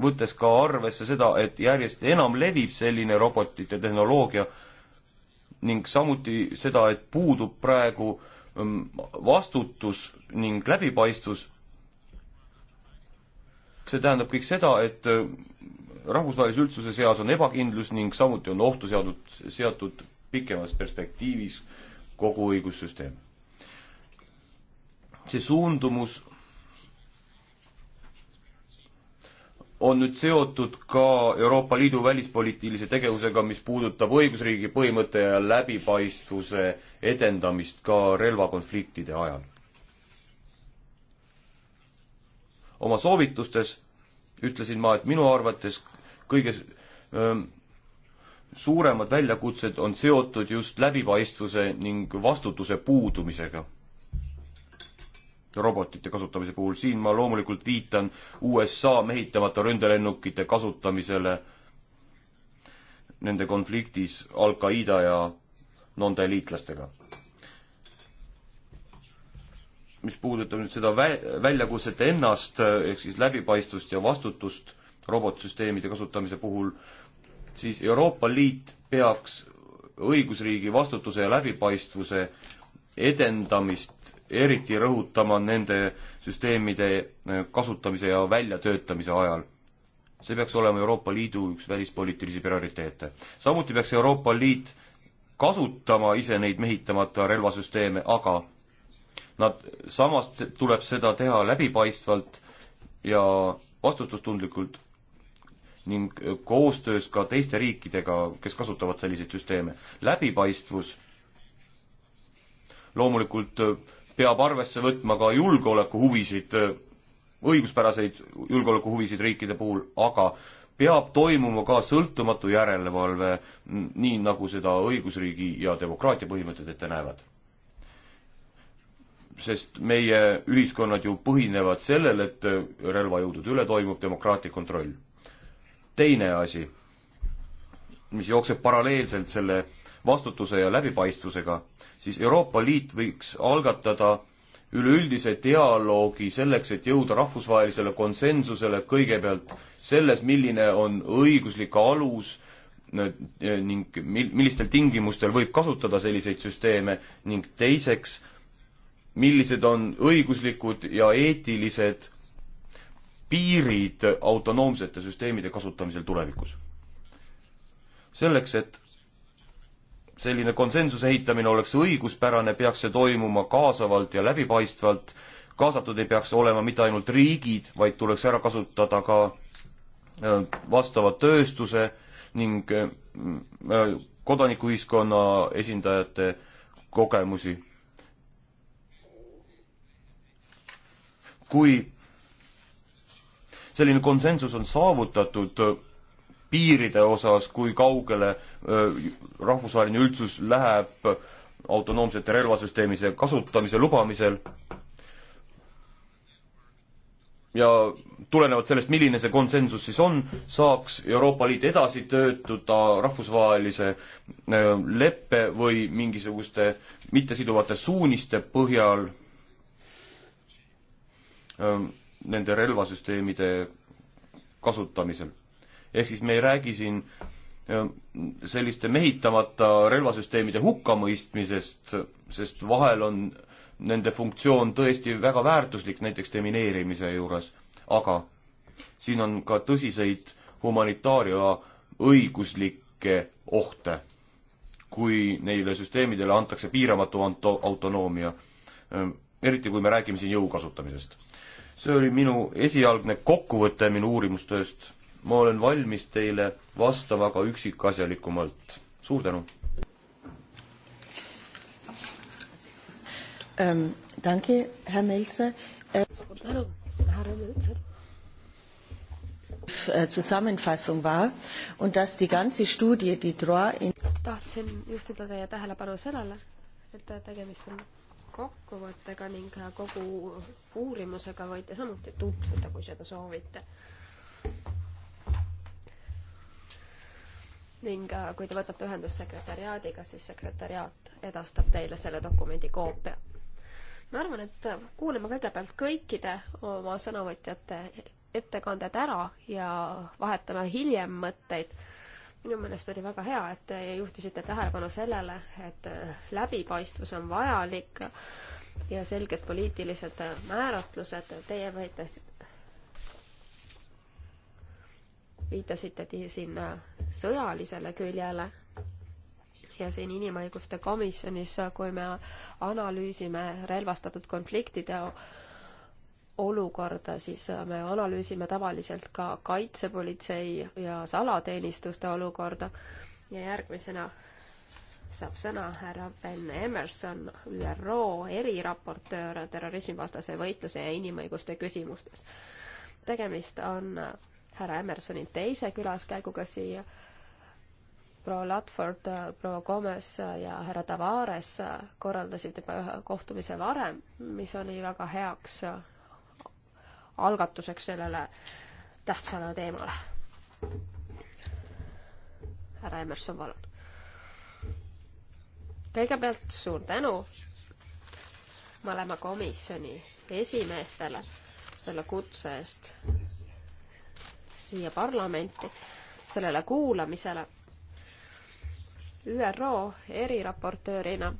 võttes ka arvesse seda, et järjest enam levib selline robotite tehnoloogia ning samuti seda, et puudub praegu mm, vastutus ning läbipaistvus. see tähendab kõik seda, et mm, rahvusvahelise üldsuse seas on ebakindlus ning samuti on ohtu seadud, seatud pikemas perspektiivis kogu õigussüsteem. see suundumus on nüüd seotud ka Euroopa Liidu välispoliitilise tegevusega, mis puudutab õigusriigi põhimõtte ja läbipaistvuse edendamist ka relvakonfliktide ajal. oma soovitustes ütlesin ma, et minu arvates kõige öö, ähm, suuremad väljakutsed on seotud just läbipaistvuse ning vastutuse puudumisega robotite kasutamise puhul, siin ma loomulikult viitan USA mehitamata ründelennukite kasutamisele nende konfliktis Al-Qaeda ja nende liitlastega. mis puudutab nüüd seda vä-, väljakutset ennast, ehk siis läbipaistvust ja vastutust robotsüsteemide kasutamise puhul, siis Euroopa Liit peaks õigusriigi vastutuse ja läbipaistvuse edendamist eriti rõhutama nende süsteemide eh, kasutamise ja väljatöötamise ajal. see peaks olema Euroopa Liidu üks välispoliitilisi prioriteete. samuti peaks Euroopa Liit kasutama ise neid mehitamata relvasüsteeme, aga nad, samas tuleb seda teha läbipaistvalt ja vastutustundlikult ning eh, koostöös ka teiste riikidega, kes kasutavad selliseid süsteeme. läbipaistvus loomulikult eh, peab arvesse võtma ka julgeolekuhuvisid, õiguspäraseid julgeolekuhuvisid riikide puhul, aga peab toimuma ka sõltumatu järelevalve, nii nagu seda õigusriigi ja demokraatia põhimõtted ette näevad. sest meie ühiskonnad ju põhinevad sellel, et relvajõudude üle toimub demokraatlik kontroll. teine asi, mis jookseb paralleelselt selle vastutuse ja läbipaistvusega, siis Euroopa Liit võiks algatada üleüldise dialoogi selleks, et jõuda rahvusvahelisele konsensusele kõigepealt selles, milline on õiguslik alus ning mil-, millistel tingimustel võib kasutada selliseid süsteeme ning teiseks, millised on õiguslikud ja eetilised piirid autonoomsete süsteemide kasutamisel tulevikus. selleks, et selline konsensuse ehitamine oleks õiguspärane, peaks see toimuma kaasavalt ja läbipaistvalt, kaasatud ei peaks olema mitte ainult riigid, vaid tuleks ära kasutada ka äh, vastava tööstuse ning äh, äh, kodanikuühiskonna esindajate kogemusi. kui selline konsensus on saavutatud, piiride osas, kui kaugele rahvusvaheline üldsus läheb autonoomsete relvasüsteemide kasutamise lubamisel. ja tulenevalt sellest, milline see konsensus siis on, saaks Euroopa Liit edasi töötada rahvusvahelise leppe või mingisuguste mittesiduvate suuniste põhjal nende relvasüsteemide kasutamisel ehk siis me ei räägi siin äh, selliste mehitamata relvasüsteemide hukkamõistmisest, sest vahel on nende funktsioon tõesti väga väärtuslik, näiteks demineerimise juures, aga siin on ka tõsiseid humanitaar- ja õiguslikke ohte, kui neile süsteemidele antakse piiramatu auto-, autonoomia. Äh, eriti, kui me räägime siin jõu kasutamisest. see oli minu esialgne kokkuvõte minu uurimustööst ma olen valmis teile vastama ka üksikasjalikumalt. suur tänu ähm,! Danke, Herr Melzer äh,. suur tänu, härra Melzer äh, Zusammenfassung war und dass die ganze Studie, die DROA in tahtsin juhtida teie tähelepanu sellele, et tegemist on kokkuvõttega ning kogu uurimusega võite samuti tutvuda, kui seda soovite ning äh, kui te võtate ühendust sekretäriaadiga, siis sekretäriaat edastab teile selle dokumendi koopia. ma arvan, et äh, kuulame kõigepealt kõikide oma sõnavõtjate ettekanded ära ja vahetame hiljem mõtteid. minu meelest oli väga hea, et te juhtisite tähelepanu sellele, et äh, läbipaistvus on vajalik ja selged poliitilised määratlused. Teie võite viitasite siin äh, sõjalisele küljele ja siin inimõiguste komisjonis, äh, kui me analüüsime relvastatud konfliktide olukorda, siis äh, me analüüsime tavaliselt ka kaitsepolitsei ja salateenistuste olukorda ja järgmisena saab sõna härra Ben Emerson, ÜRO eriraportöör terrorismivastase võitluse ja inimõiguste küsimustes. tegemist on härra Emersoni teise külaskäiguga siia. proua Ladford, proua Gomez ja härra Tavares korraldasid juba ühe kohtumise varem, mis oli väga heaks algatuseks sellele tähtsale teemale. härra Emerson, palun. kõigepealt suur tänu mõlema komisjoni esimeestele selle kutse eest siia parlamenti sellele kuulamisele ÜRO eriraportöörina,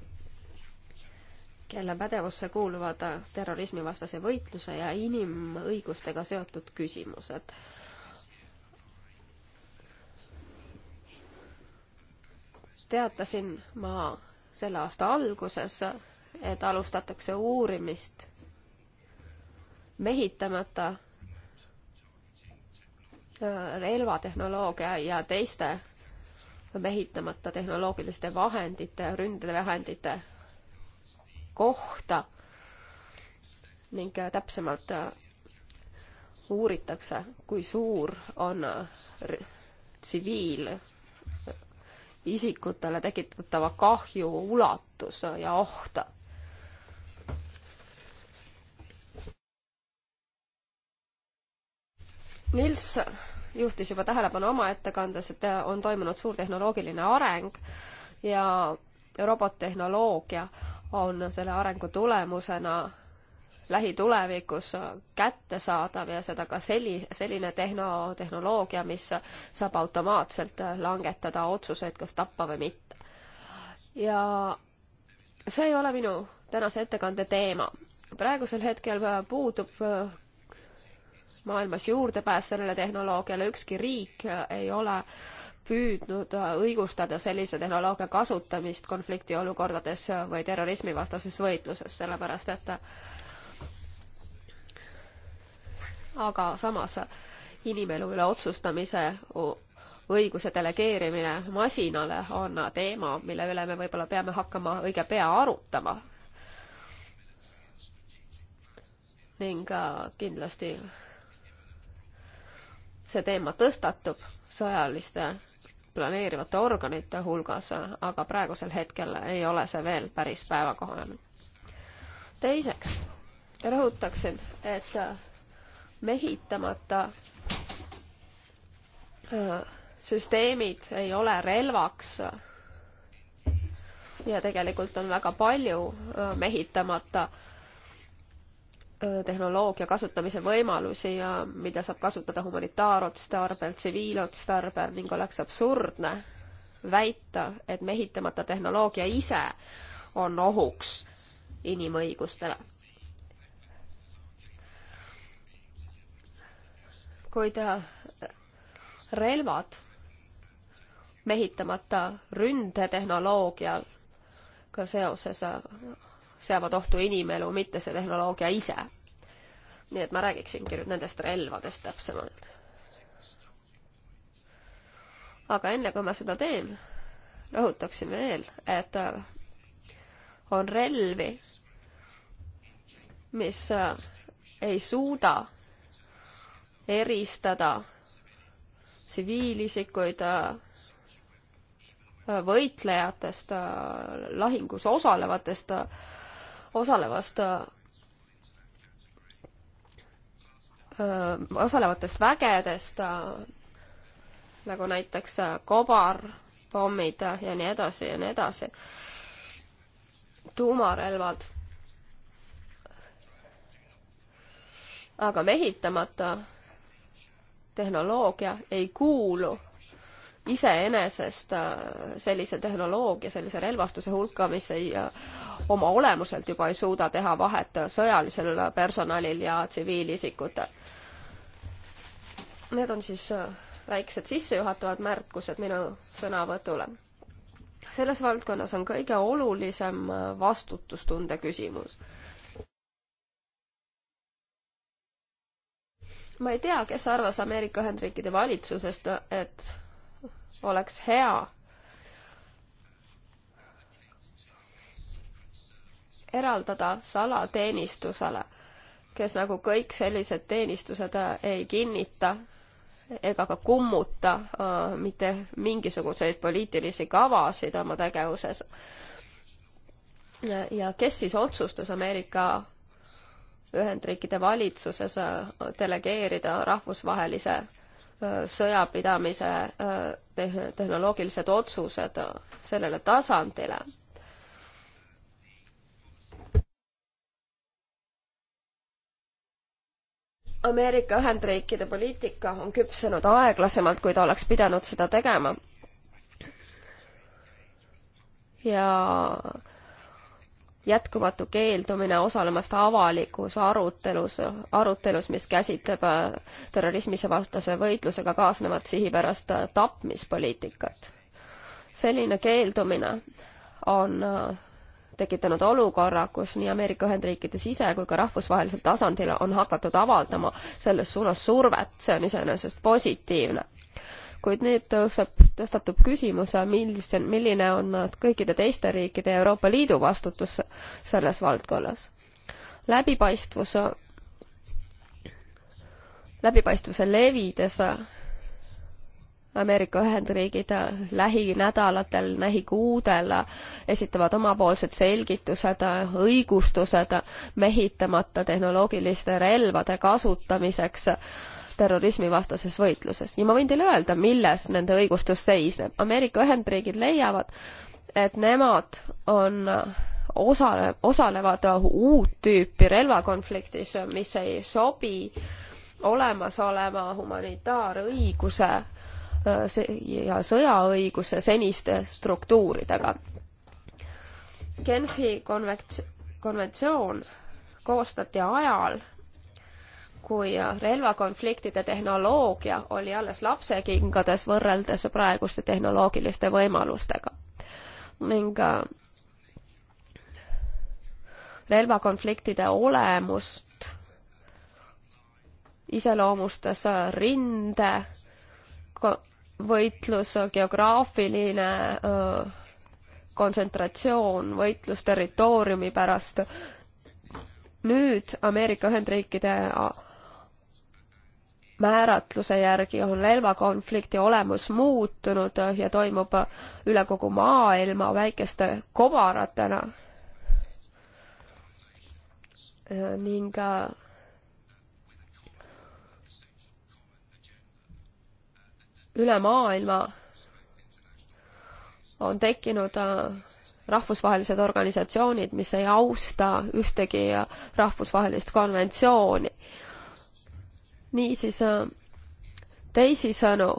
kelle pädevusse kuuluvad terrorismivastase võitluse ja inimõigustega seotud küsimused. teatasin ma selle aasta alguses, et alustatakse uurimist mehitamata relvatehnoloogia ja teiste mehitamata tehnoloogiliste vahendite, ründevahendite kohta ning täpsemalt äh, uuritakse, kui suur on äh, tsiviilisikutele äh, tekitatava kahju ulatus ja oht. Nils juhtis juba tähelepanu oma ettekandes, et on toimunud suur tehnoloogiline areng ja robottehnoloogia on selle arengu tulemusena lähitulevikus kättesaadav ja seda ka selli-, selline tehno, tehnoloogia, mis saab automaatselt langetada otsuseid, kas tappa või mitte. ja see ei ole minu tänase ettekande teema. praegusel hetkel puudub maailmas juurdepääs sellele tehnoloogiale, ükski riik ei ole püüdnud õigustada sellise tehnoloogia kasutamist konfliktiolukordades või terrorismivastases võitluses, sellepärast et aga samas inimelu üle otsustamise õiguse delegeerimine masinale on teema, mille üle me võib-olla peame hakkama õige pea arutama. ning äh, kindlasti see teema tõstatub sõjaliste planeerivate organite hulgas, aga praegusel hetkel ei ole see veel päris päevakohane. teiseks rõhutaksin, et äh, mehitamata äh, süsteemid ei ole relvaks ja tegelikult on väga palju äh, mehitamata äh, tehnoloogia kasutamise võimalusi ja mida saab kasutada humanitaarotstarbel, tsiviilotstarbel ning oleks absurdne väita, et mehitamata tehnoloogia ise on ohuks inimõigustele. kuid relvad mehitamata ründetehnoloogiaga seoses seavad ohtu inimelu, mitte see tehnoloogia ise. nii et ma räägiksingi nüüd nendest relvadest täpsemalt. aga enne kui ma seda teen, rõhutaksin veel, et äh, on relvi, mis äh, ei suuda eristada tsiviilisikuid äh, võitlejatest, lahingus osalevatest osalevast osalevatest vägedest, nagu näiteks kobarpommid ja nii edasi ja nii edasi, tuumarelvad. aga mehitamata tehnoloogia ei kuulu iseenesest äh, sellise tehnoloogia, sellise relvastuse hulka, mis ei, äh, oma olemuselt juba ei suuda teha vahet sõjalisel personalil ja tsiviilisikutel. Need on siis äh, väiksed sissejuhatavad märkused minu sõnavõtule. selles valdkonnas on kõige olulisem vastutustunde küsimus ma ei tea, kes arvas Ameerika Ühendriikide valitsusest, et oleks hea. eraldada salateenistusele, kes nagu kõik sellised teenistused äh, ei kinnita ega ka kummuta äh, mitte mingisuguseid poliitilisi kavasid oma tegevuses. ja kes siis otsustas Ameerika Ühendriikide valitsuses äh, delegeerida rahvusvahelise sõjapidamise eh, tehnoloogilised otsused sellele tasandile. Ameerika Ühendriikide poliitika on küpsenud aeglasemalt, kui ta oleks pidanud seda tegema. ja jätkumatu keeldumine osalemast avalikus arutelus, arutelus, mis käsitleb äh, terrorismise vastase võitlusega kaasnevat sihipärast äh, tapmispoliitikat. selline keeldumine on äh, tekitanud olukorra, kus nii Ameerika Ühendriikide sise- kui ka rahvusvahelisel tasandil on hakatud avaldama selles suunas survet, see on iseenesest positiivne kuid nüüd tõuseb, tõstatub küsimus, millise, milline on kõikide teiste riikide ja Euroopa Liidu vastutus selles valdkonnas. läbipaistvus, läbipaistvuse levides Ameerika Ühendriigid lähinädalatel, lähikuudel esitavad omapoolsed selgitused, õigustused mehitamata tehnoloogiliste relvade kasutamiseks terrorismivastases võitluses ja ma võin teile öelda, milles nende õigustus seisneb. Ameerika Ühendriigid leiavad, et nemad on osale, osalevad uut tüüpi relvakonfliktis, mis ei sobi olemasoleva humanitaarõiguse ja sõjaõiguse seniste struktuuridega. Genfi konventsioon koostati ajal, kui relvakonfliktide tehnoloogia oli alles lapsekingades võrreldes praeguste tehnoloogiliste võimalustega. ning äh, relvakonfliktide olemust iseloomustas äh, rinde võitlus, äh, geograafiline öö, kontsentratsioon, võitlus territooriumi pärast. nüüd Ameerika Ühendriikide määratluse järgi on relvakonflikti olemus muutunud ja toimub üle kogu maailma väikeste kobaratena. ning äh, üle maailma on tekkinud äh, rahvusvahelised organisatsioonid, mis ei austa ühtegi äh, rahvusvahelist konventsiooni niisiis, äh, teisisõnu,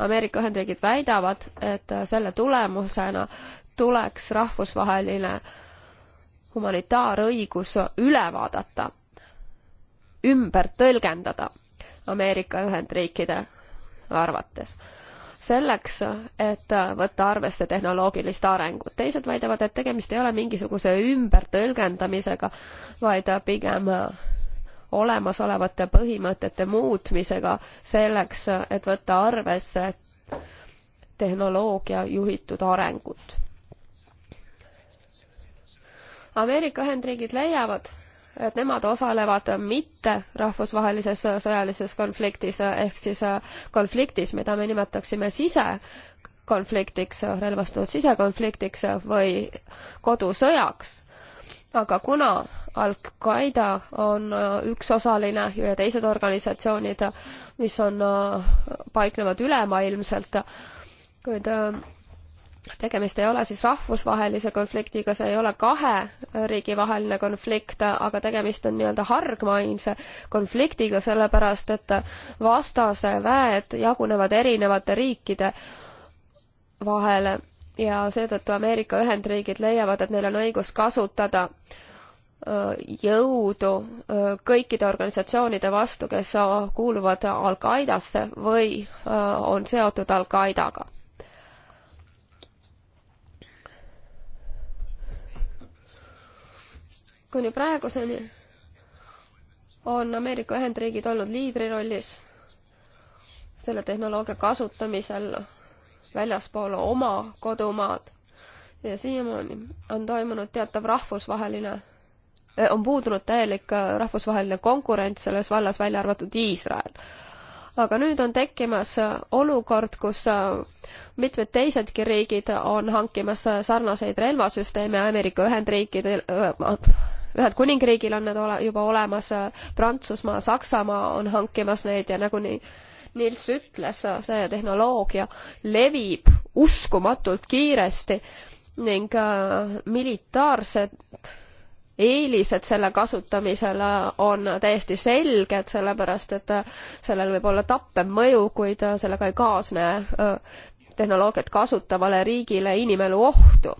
Ameerika Ühendriigid väidavad, et äh, selle tulemusena tuleks rahvusvaheline humanitaarõigus üle vaadata, ümber tõlgendada Ameerika Ühendriikide arvates selleks, et äh, võtta arvesse tehnoloogilist arengut. teised väidavad, et tegemist ei ole mingisuguse ümbertõlgendamisega, vaid pigem olemasolevate põhimõtete muutmisega selleks, et võtta arvesse tehnoloogia juhitud arengut. Ameerika Ühendriigid leiavad, et nemad osalevad mitte rahvusvahelises sõjalises konfliktis ehk siis konfliktis, mida me nimetaksime sisekonfliktiks, relvastatud sisekonfliktiks või kodusõjaks aga kuna Al-Qaeda on äh, üks osaline ja teised organisatsioonid, äh, mis on, äh, paiknevad ülemaailmselt, kuid tegemist ei ole siis rahvusvahelise konfliktiga, see ei ole kahe riigi vaheline konflikt, aga tegemist on nii-öelda hargmainse konfliktiga, sellepärast et vastase väed jagunevad erinevate riikide vahele ja seetõttu Ameerika Ühendriigid leiavad, et neil on õigus kasutada jõudu kõikide organisatsioonide vastu, kes kuuluvad Al-Qaidasse või on seotud Al-Qaidaga. kuni praeguseni on Ameerika Ühendriigid olnud liidrirollis selle tehnoloogia kasutamisel väljaspool oma kodumaad. ja siiamaani on toimunud teatav rahvusvaheline, eh, on puudunud täielik eh, rahvusvaheline konkurents selles vallas, välja arvatud Iisrael. aga nüüd on tekkimas eh, olukord, kus mitmed teisedki riigid on hankimas sarnaseid relvasüsteeme Ameerika Ühendriikidel, Ühendkuningriigil on need ole, juba olemas, Prantsusmaa, Saksamaa on hankimas neid ja nagunii Nils ütles, see tehnoloogia levib uskumatult kiiresti ning äh, militaarsed eelised selle kasutamisel on täiesti selged, sellepärast et äh, sellel võib olla tappev mõju, kuid äh, sellega ei kaasne tehnoloogiat kasutavale riigile inimelu ohtu.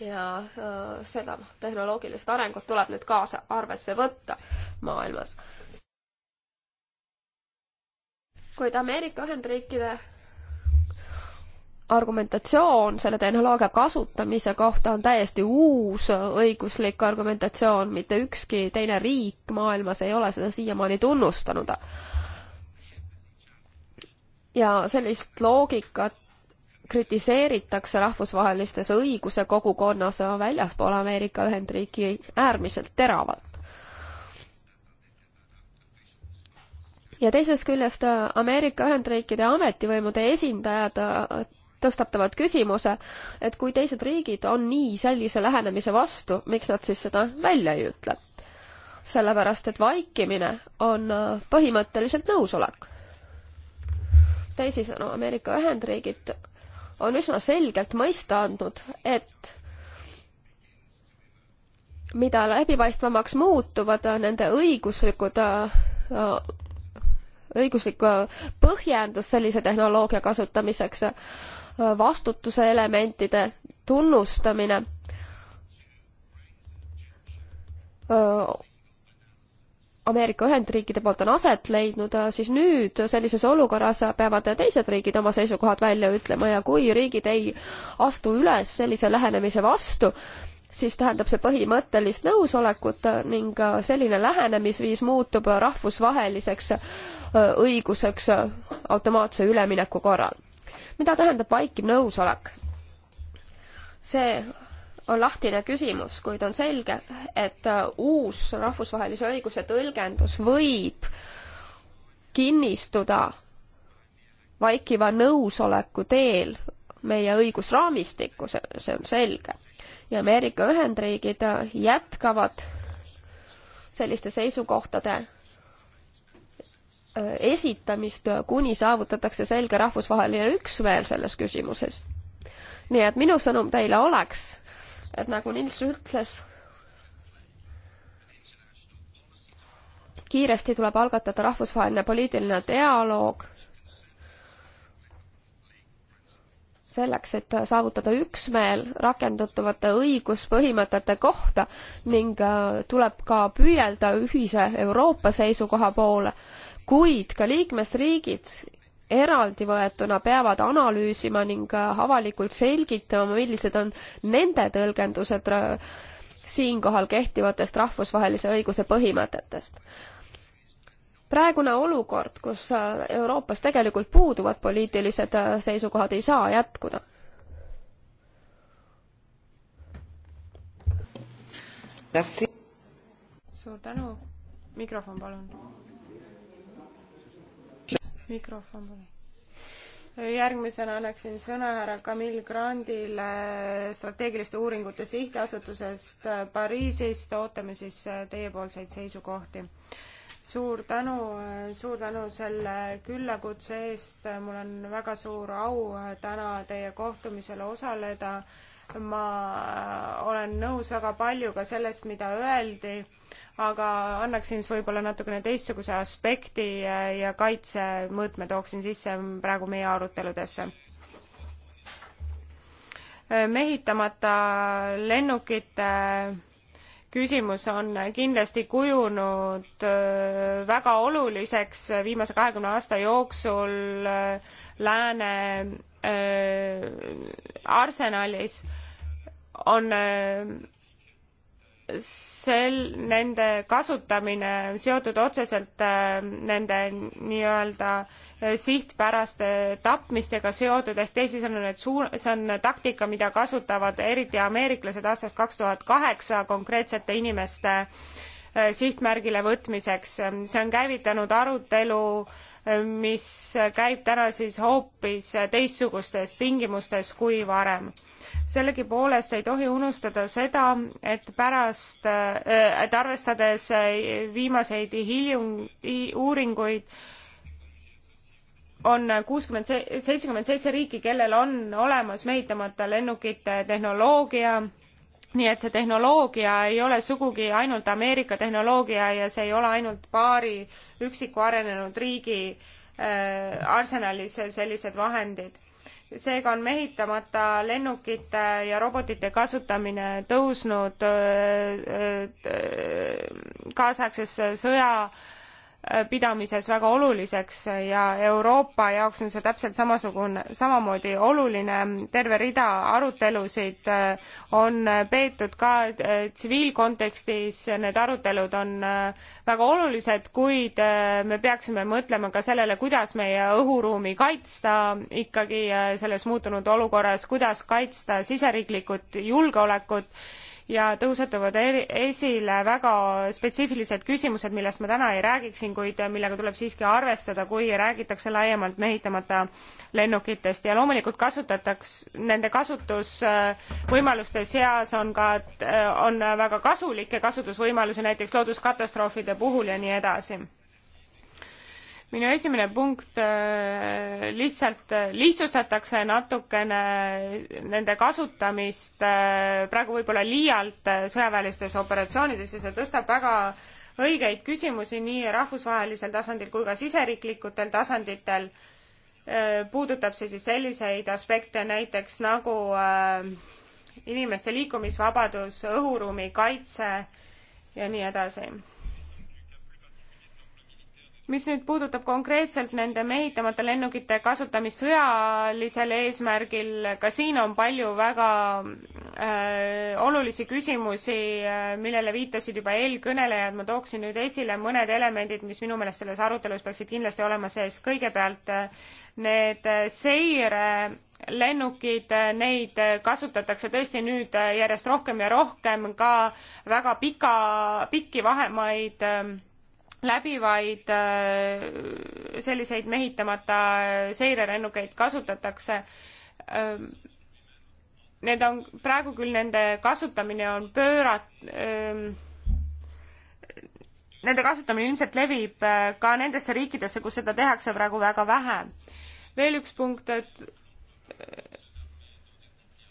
ja seda tehnoloogilist arengut tuleb nüüd kaasa arvesse võtta maailmas kuid Ameerika Ühendriikide argumentatsioon selle tehnoloogia kasutamise kohta on täiesti uus õiguslik argumentatsioon, mitte ükski teine riik maailmas ei ole seda siiamaani tunnustanud. ja sellist loogikat kritiseeritakse rahvusvahelistes õiguse kogukonnas väljaspool Ameerika Ühendriiki äärmiselt teravalt. ja teisest küljest äh, Ameerika Ühendriikide ametivõimude esindajad äh, tõstatavad küsimuse, et kui teised riigid on nii sellise lähenemise vastu, miks nad siis seda välja ei ütle? sellepärast, et vaikimine on äh, põhimõtteliselt nõusolek. teisisõnu, Ameerika Ühendriigid on üsna selgelt mõista andnud, et mida läbipaistvamaks muutuvad nende õiguslikud õiguslik äh, põhjendus sellise tehnoloogia kasutamiseks, äh, vastutuse elementide tunnustamine, äh, Ameerika Ühendriikide poolt on aset leidnud, siis nüüd sellises olukorras peavad teised riigid oma seisukohad välja ütlema ja kui riigid ei astu üles sellise lähenemise vastu, siis tähendab see põhimõttelist nõusolekut ning äh, selline lähenemisviis muutub rahvusvaheliseks äh, õiguseks äh, automaatse ülemineku korral. mida tähendab vaikiv nõusolek? see on lahtine küsimus, kuid on selge, et uus rahvusvahelise õiguse tõlgendus võib kinnistuda vaikiva nõusoleku teel meie õigusraamistikku, see on selge ja Ameerika Ühendriigid jätkavad selliste seisukohtade äh, esitamist, kuni saavutatakse selge rahvusvaheline üksmeel selles küsimuses. nii et minu sõnum teile oleks, et nagu Nils ütles, kiiresti tuleb algatada rahvusvaheline poliitiline dialoog selleks, et saavutada üksmeel rakendatavate õiguspõhimõtete kohta ning äh, tuleb ka püüelda ühise Euroopa seisukoha poole, kuid ka liikmesriigid eraldivõetuna peavad analüüsima ning äh, avalikult selgitama, millised on nende tõlgendused äh, siinkohal kehtivatest rahvusvahelise õiguse põhimõtetest praegune olukord, kus äh, Euroopas tegelikult puuduvad poliitilised äh, seisukohad, ei saa jätkuda. suur tänu. mikrofon, palun. mikrofon, palun järgmisena annaksin sõna härra Camille Grandile strateegiliste uuringute sihtasutusest äh, Pariisist. ootame siis teiepoolseid seisukohti suur tänu, suur tänu selle küllakutse eest, mul on väga suur au äh, täna teie kohtumisel osaleda. ma äh, olen nõus väga paljuga sellest, mida öeldi, aga annaksin siis võib-olla natukene teistsuguse aspekti äh, ja kaitsemõõtme tooksin sisse praegu meie aruteludesse mehitamata lennukite küsimus on kindlasti kujunud äh, väga oluliseks viimase kahekümne aasta jooksul äh, lääne äh, arsenalis on sel-, nende kasutamine seotud otseselt äh, nende nii-öelda äh, sihtpäraste tapmistega seotud, ehk teisisõnu, need suur-, see on taktika, mida kasutavad eriti ameeriklased aastast kaks tuhat kaheksa konkreetsete inimeste äh, sihtmärgile võtmiseks. see on käivitanud arutelu, mis käib täna siis hoopis teistsugustes tingimustes kui varem sellegipoolest ei tohi unustada seda, et pärast, äh, et arvestades äh, viimaseid hiljum-, uuringuid, on kuuskümmend, seitsekümmend seitse riiki, kellel on olemas mehitamata lennukite tehnoloogia, nii et see tehnoloogia ei ole sugugi ainult Ameerika tehnoloogia ja see ei ole ainult paari üksiku arenenud riigi äh, arsenalis sellised vahendid seega on mehitamata lennukite ja robotite kasutamine tõusnud äh, äh, kaasaegses sõja pidamises väga oluliseks ja Euroopa jaoks on see täpselt samasugune, samamoodi oluline. terve rida arutelusid äh, on peetud ka äh, tsiviilkontekstis, need arutelud on äh, väga olulised, kuid me peaksime mõtlema ka sellele, kuidas meie õhuruumi kaitsta ikkagi selles muutunud olukorras, kuidas kaitsta siseriiklikut julgeolekut ja tõusetuvad esile väga spetsiifilised küsimused, millest ma täna ei räägiks siin, kuid äh, millega tuleb siiski arvestada, kui räägitakse laiemalt mehitamata lennukitest ja loomulikult kasutataks, nende kasutusvõimaluste äh, seas on ka, äh, on väga kasulikke kasutusvõimalusi näiteks looduskatastroofide puhul ja nii edasi minu esimene punkt äh, lihtsalt äh, lihtsustatakse natukene nende kasutamist äh, praegu võib-olla liialt sõjaväelistes operatsioonides ja see tõstab väga õigeid küsimusi nii rahvusvahelisel tasandil kui ka siseriiklikutel tasanditel. puudutab see siis selliseid aspekte näiteks nagu inimeste liikumisvabadus, õhuruumi kaitse ja nii edasi mis nüüd puudutab konkreetselt nende mehitamata lennukite kasutamist sõjalisel eesmärgil, ka siin on palju väga äh, olulisi küsimusi, äh, millele viitasid juba eelkõnelejad, ma tooksin nüüd esile mõned elemendid, mis minu meelest selles arutelus peaksid kindlasti olema sees. kõigepealt äh, need äh, seirelennukid, neid kasutatakse tõesti nüüd järjest rohkem ja rohkem ka väga pika, pikki vahemaid äh, läbi, vaid äh, selliseid mehitamata seirerennukeid kasutatakse. Ähm, need on, praegu küll nende kasutamine on pöörat-, ähm, nende kasutamine ilmselt levib äh, ka nendesse riikidesse, kus seda tehakse praegu väga vähe. veel üks punkt, et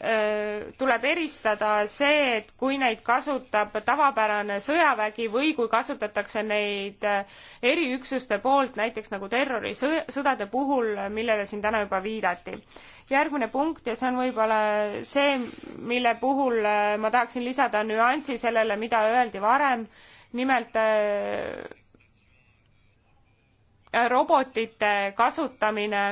Äh, tuleb eristada see, et kui neid kasutab tavapärane sõjavägi või kui kasutatakse neid äh, eriüksuste poolt, näiteks nagu terrorisõdade puhul, millele siin täna juba viidati. järgmine punkt ja see on võib-olla see, mille puhul äh, ma tahaksin lisada nüansi sellele, mida öeldi varem, nimelt robotite kasutamine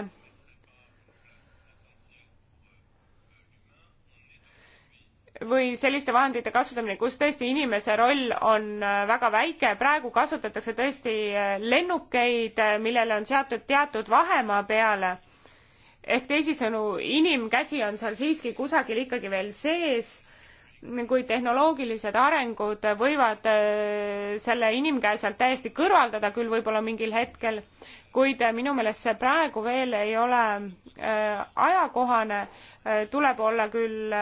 või selliste vahendite kasutamine, kus tõesti inimese roll on äh, väga väike, praegu kasutatakse tõesti äh, lennukeid, äh, millele on seatud teatud vahemaa peale. ehk teisisõnu, inimkäsi on seal siiski kusagil ikkagi veel sees, kuid tehnoloogilised arengud võivad selle inimkäe sealt täiesti kõrvaldada küll võib-olla mingil hetkel, kuid minu meelest see praegu veel ei ole ajakohane, tuleb olla küll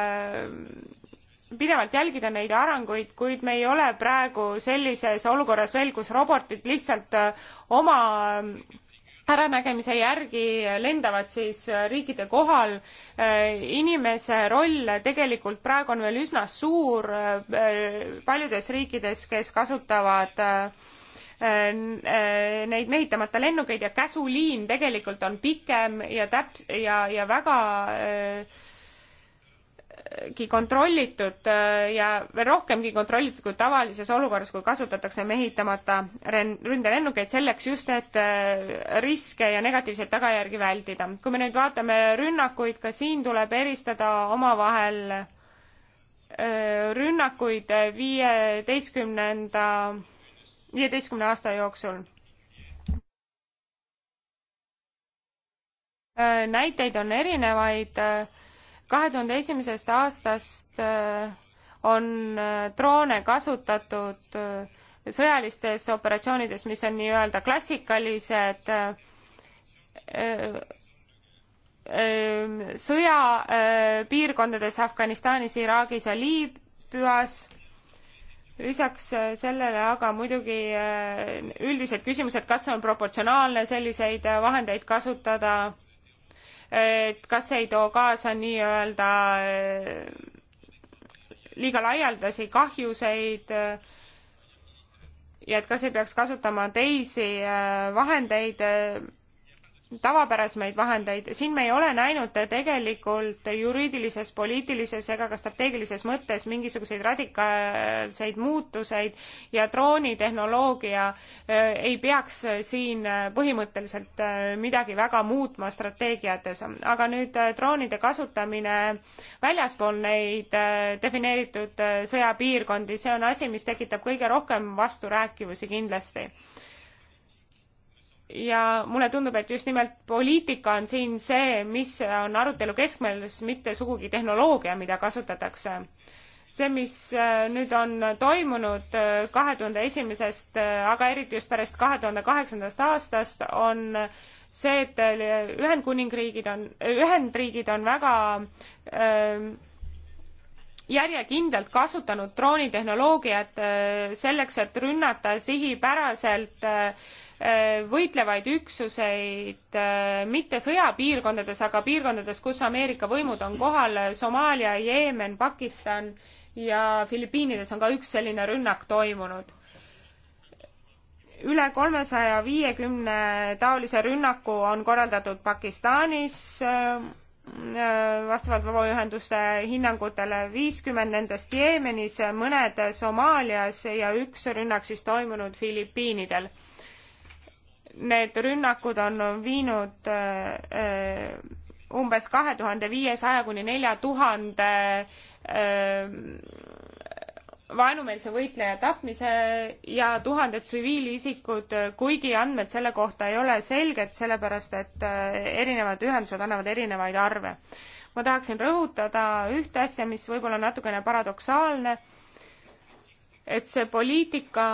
pidevalt jälgida neid arenguid, kuid me ei ole praegu sellises olukorras veel, kus robotid lihtsalt äh, oma äh, äranägemise järgi lendavad siis äh, riikide kohal. inimese roll tegelikult praegu on veel üsna suur paljudes riikides, kes kasutavad neid mehitamata lennukeid ja käsuliin tegelikult on pikem ja täp- ja, ja väga äh, rohkemgi kontrollitud äh, ja veel rohkemgi kontrollitud kui tavalises olukorras, kui kasutatakse mehitamata ründelennukeid selleks just, et äh, riske ja negatiivseid tagajärgi vältida. kui me nüüd vaatame rünnakuid, ka siin tuleb eristada omavahel äh, rünnakuid viieteistkümnenda, viieteistkümne aasta jooksul näiteid on erinevaid kahe tuhande esimesest aastast äh, on äh, droone kasutatud äh, sõjalistes operatsioonides, mis on nii-öelda klassikalised sõjapiirkondades Afganistanis, Iraagis ja Liibüas lisaks sellele aga muidugi üldised küsimused, kas on proportsionaalne selliseid vahendeid kasutada et kas ei too kaasa nii-öelda eh, liiga laialdasi kahjuseid eh, ja et kas ei peaks kasutama teisi eh, vahendeid tavapärasemaid vahendeid. siin me ei ole näinud tegelikult juriidilises, poliitilises ega ka strateegilises mõttes mingisuguseid radikaalseid muutuseid ja droonitehnoloogia äh, ei peaks siin äh, põhimõtteliselt äh, midagi väga muutma strateegiates. aga nüüd droonide kasutamine väljaspool neid defineeritud sõjapiirkondi, see on asi, mis tekitab kõige rohkem vasturääkivusi kindlasti ja mulle tundub, et just nimelt poliitika on siin see, mis on arutelu keskmes, mitte sugugi tehnoloogia, mida kasutatakse. see, mis äh, nüüd on toimunud äh, kahe tuhande esimesest, äh, aga eriti just pärast kahe tuhande kaheksandast aastast, on see, et Ühendkuningriigid on, Ühendriigid on väga öö, ähm, järjekindlalt kasutanud droonitehnoloogiat öö, selleks, et rünnata sihipäraselt öö, Äh, võitlevaid üksuseid äh, mitte sõjapiirkondades, aga piirkondades, kus Ameerika võimud on kohal, Somaalia, Jeemen, Pakistan ja Filipiinides on ka üks selline rünnak toimunud. üle kolmesaja viiekümne taolise rünnaku on korraldatud Pakistanis äh, vastavalt vabaühenduste hinnangutele viiskümmend nendest Jeemenis, mõned Somaalias ja üks rünnak siis toimunud Filipiinidel need rünnakud on viinud äh, äh, umbes kahe tuhande viiesaja kuni nelja tuhande äh, vaenumeelse võitleja tapmise ja tuhanded tsiviilisikud, kuigi andmed selle kohta ei ole selged, sellepärast et erinevad ühendused annavad erinevaid arve. ma tahaksin rõhutada ühte asja, mis võib-olla on natukene paradoksaalne, et see poliitika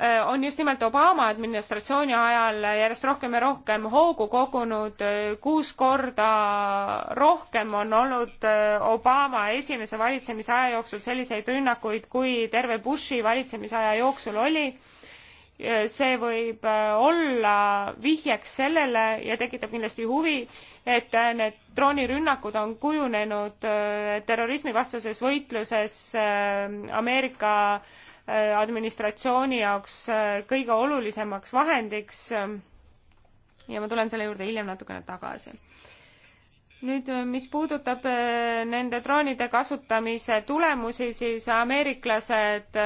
Äh, on just nimelt Obama administratsiooni ajal järjest rohkem ja rohkem hoogu kogunud, äh, kuus korda rohkem on olnud äh, Obama esimese valitsemisaja jooksul selliseid rünnakuid, kui terve Bushi valitsemisaja jooksul oli. see võib olla vihjeks sellele ja tekitab kindlasti huvi, et need droonirünnakud on kujunenud terrorismivastases võitluses Ameerika äh, administratsiooni jaoks äh, kõige olulisemaks vahendiks äh, ja ma tulen selle juurde hiljem natukene tagasi. nüüd, äh, mis puudutab nende droonide kasutamise tulemusi, siis ameeriklased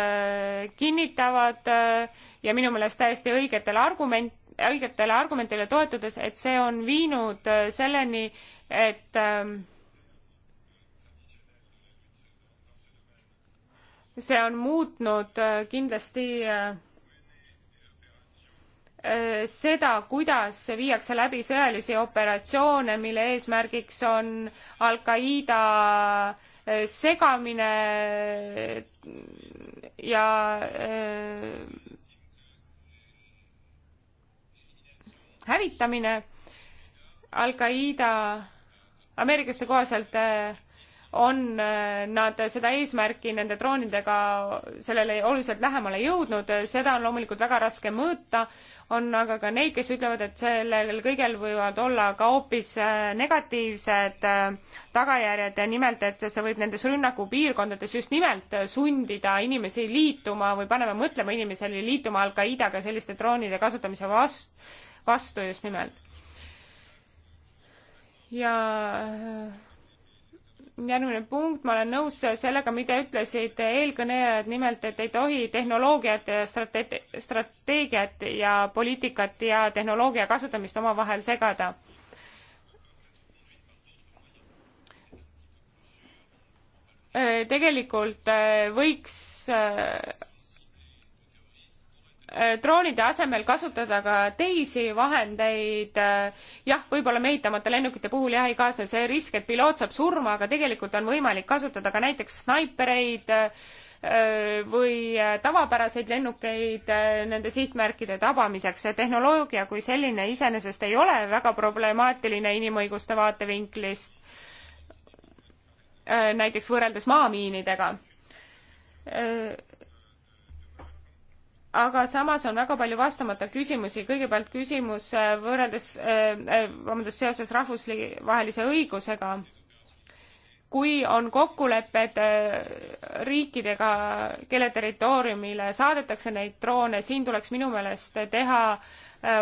kinnitavad ja minu meelest täiesti õigetel argument, õigetele argumentidele toetudes, et see on viinud selleni, et ähm, see on muutnud äh, kindlasti äh, äh, seda, kuidas viiakse läbi sõjalisi operatsioone, mille eesmärgiks on Al-Qaeda segamine ja hävitamine. Al-Qaeda ameeriklaste kohaselt äh, on äh, nad seda eesmärki nende droonidega sellele oluliselt lähemale jõudnud, seda on loomulikult väga raske mõõta, on aga ka neid, kes ütlevad, et sellel kõigel võivad olla ka hoopis äh, negatiivsed äh, tagajärjed, nimelt et see võib nendes rünnakupiirkondades just nimelt sundida inimesi liituma või paneme mõtlema inimesele liituma Al-Qaedaga selliste droonide kasutamise vast-, vastu just nimelt. ja järgmine punkt, ma olen nõus sellega, mida ütlesid eelkõnelejad, nimelt et ei tohi tehnoloogiat ja strate-, strateegiat ja poliitikat ja tehnoloogia kasutamist omavahel segada. Äh, tegelikult äh, võiks äh, Äh, droonide asemel kasutada ka teisi vahendeid. Äh, jah, võib-olla mehitamata lennukite puhul jah ei kaasne see risk, et piloot saab surma, aga tegelikult on võimalik kasutada ka näiteks snaipreid äh, või tavapäraseid lennukeid nende sihtmärkide tabamiseks. see tehnoloogia kui selline iseenesest ei ole väga problemaatiline inimõiguste vaatevinklist, näiteks võrreldes maamiinidega aga samas on väga palju vastamata küsimusi, kõigepealt küsimus äh, võrreldes, äh, äh, vabandust, seoses rahvusvahelise õigusega. kui on kokkulepped riikidega, kelle territooriumile saadetakse neid droone, siin tuleks minu meelest teha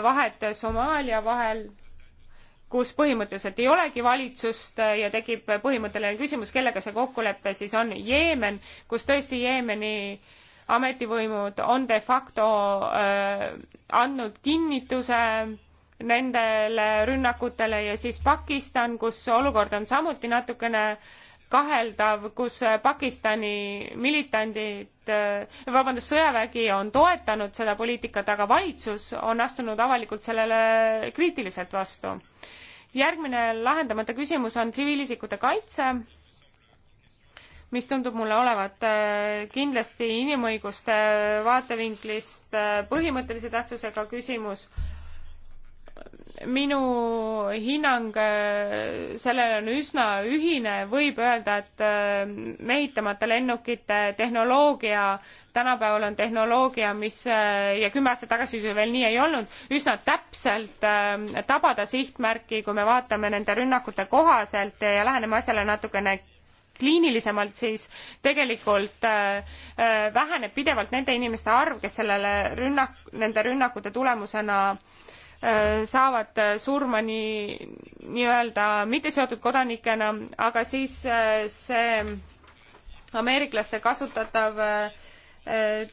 vahet Somaalia vahel, kus põhimõtteliselt ei olegi valitsust ja tekib põhimõtteline küsimus, kellega see kokkulepe siis on. Jeemen, kus tõesti Jeemeni äh, ametivõimud on de facto äh, andnud kinnituse nendele rünnakutele ja siis Pakistan, kus olukord on samuti natukene kaheldav, kus Pakistani militandid, äh, vabandust, sõjavägi on toetanud seda poliitikat, aga valitsus on astunud avalikult sellele kriitiliselt vastu. järgmine lahendamata küsimus on tsiviilisikute kaitse mis tundub mulle olevat äh, kindlasti inimõiguste vaatevinklist äh, põhimõttelise tähtsusega küsimus. minu hinnang äh, sellele on üsna ühine, võib öelda, et mehitamata lennukite tehnoloogia, tänapäeval on tehnoloogia, mis ja kümme aastat tagasi see veel nii ei olnud, üsna täpselt tabada sihtmärki, kui me vaatame nende rünnakute kohaselt ja läheneme asjale natukene kliinilisemalt, siis tegelikult äh, äh, väheneb pidevalt nende inimeste arv, kes sellele rünnak, nende rünnakute tulemusena äh, saavad surma nii, nii-öelda mitteseotud kodanikena, aga siis see ameeriklaste kasutatav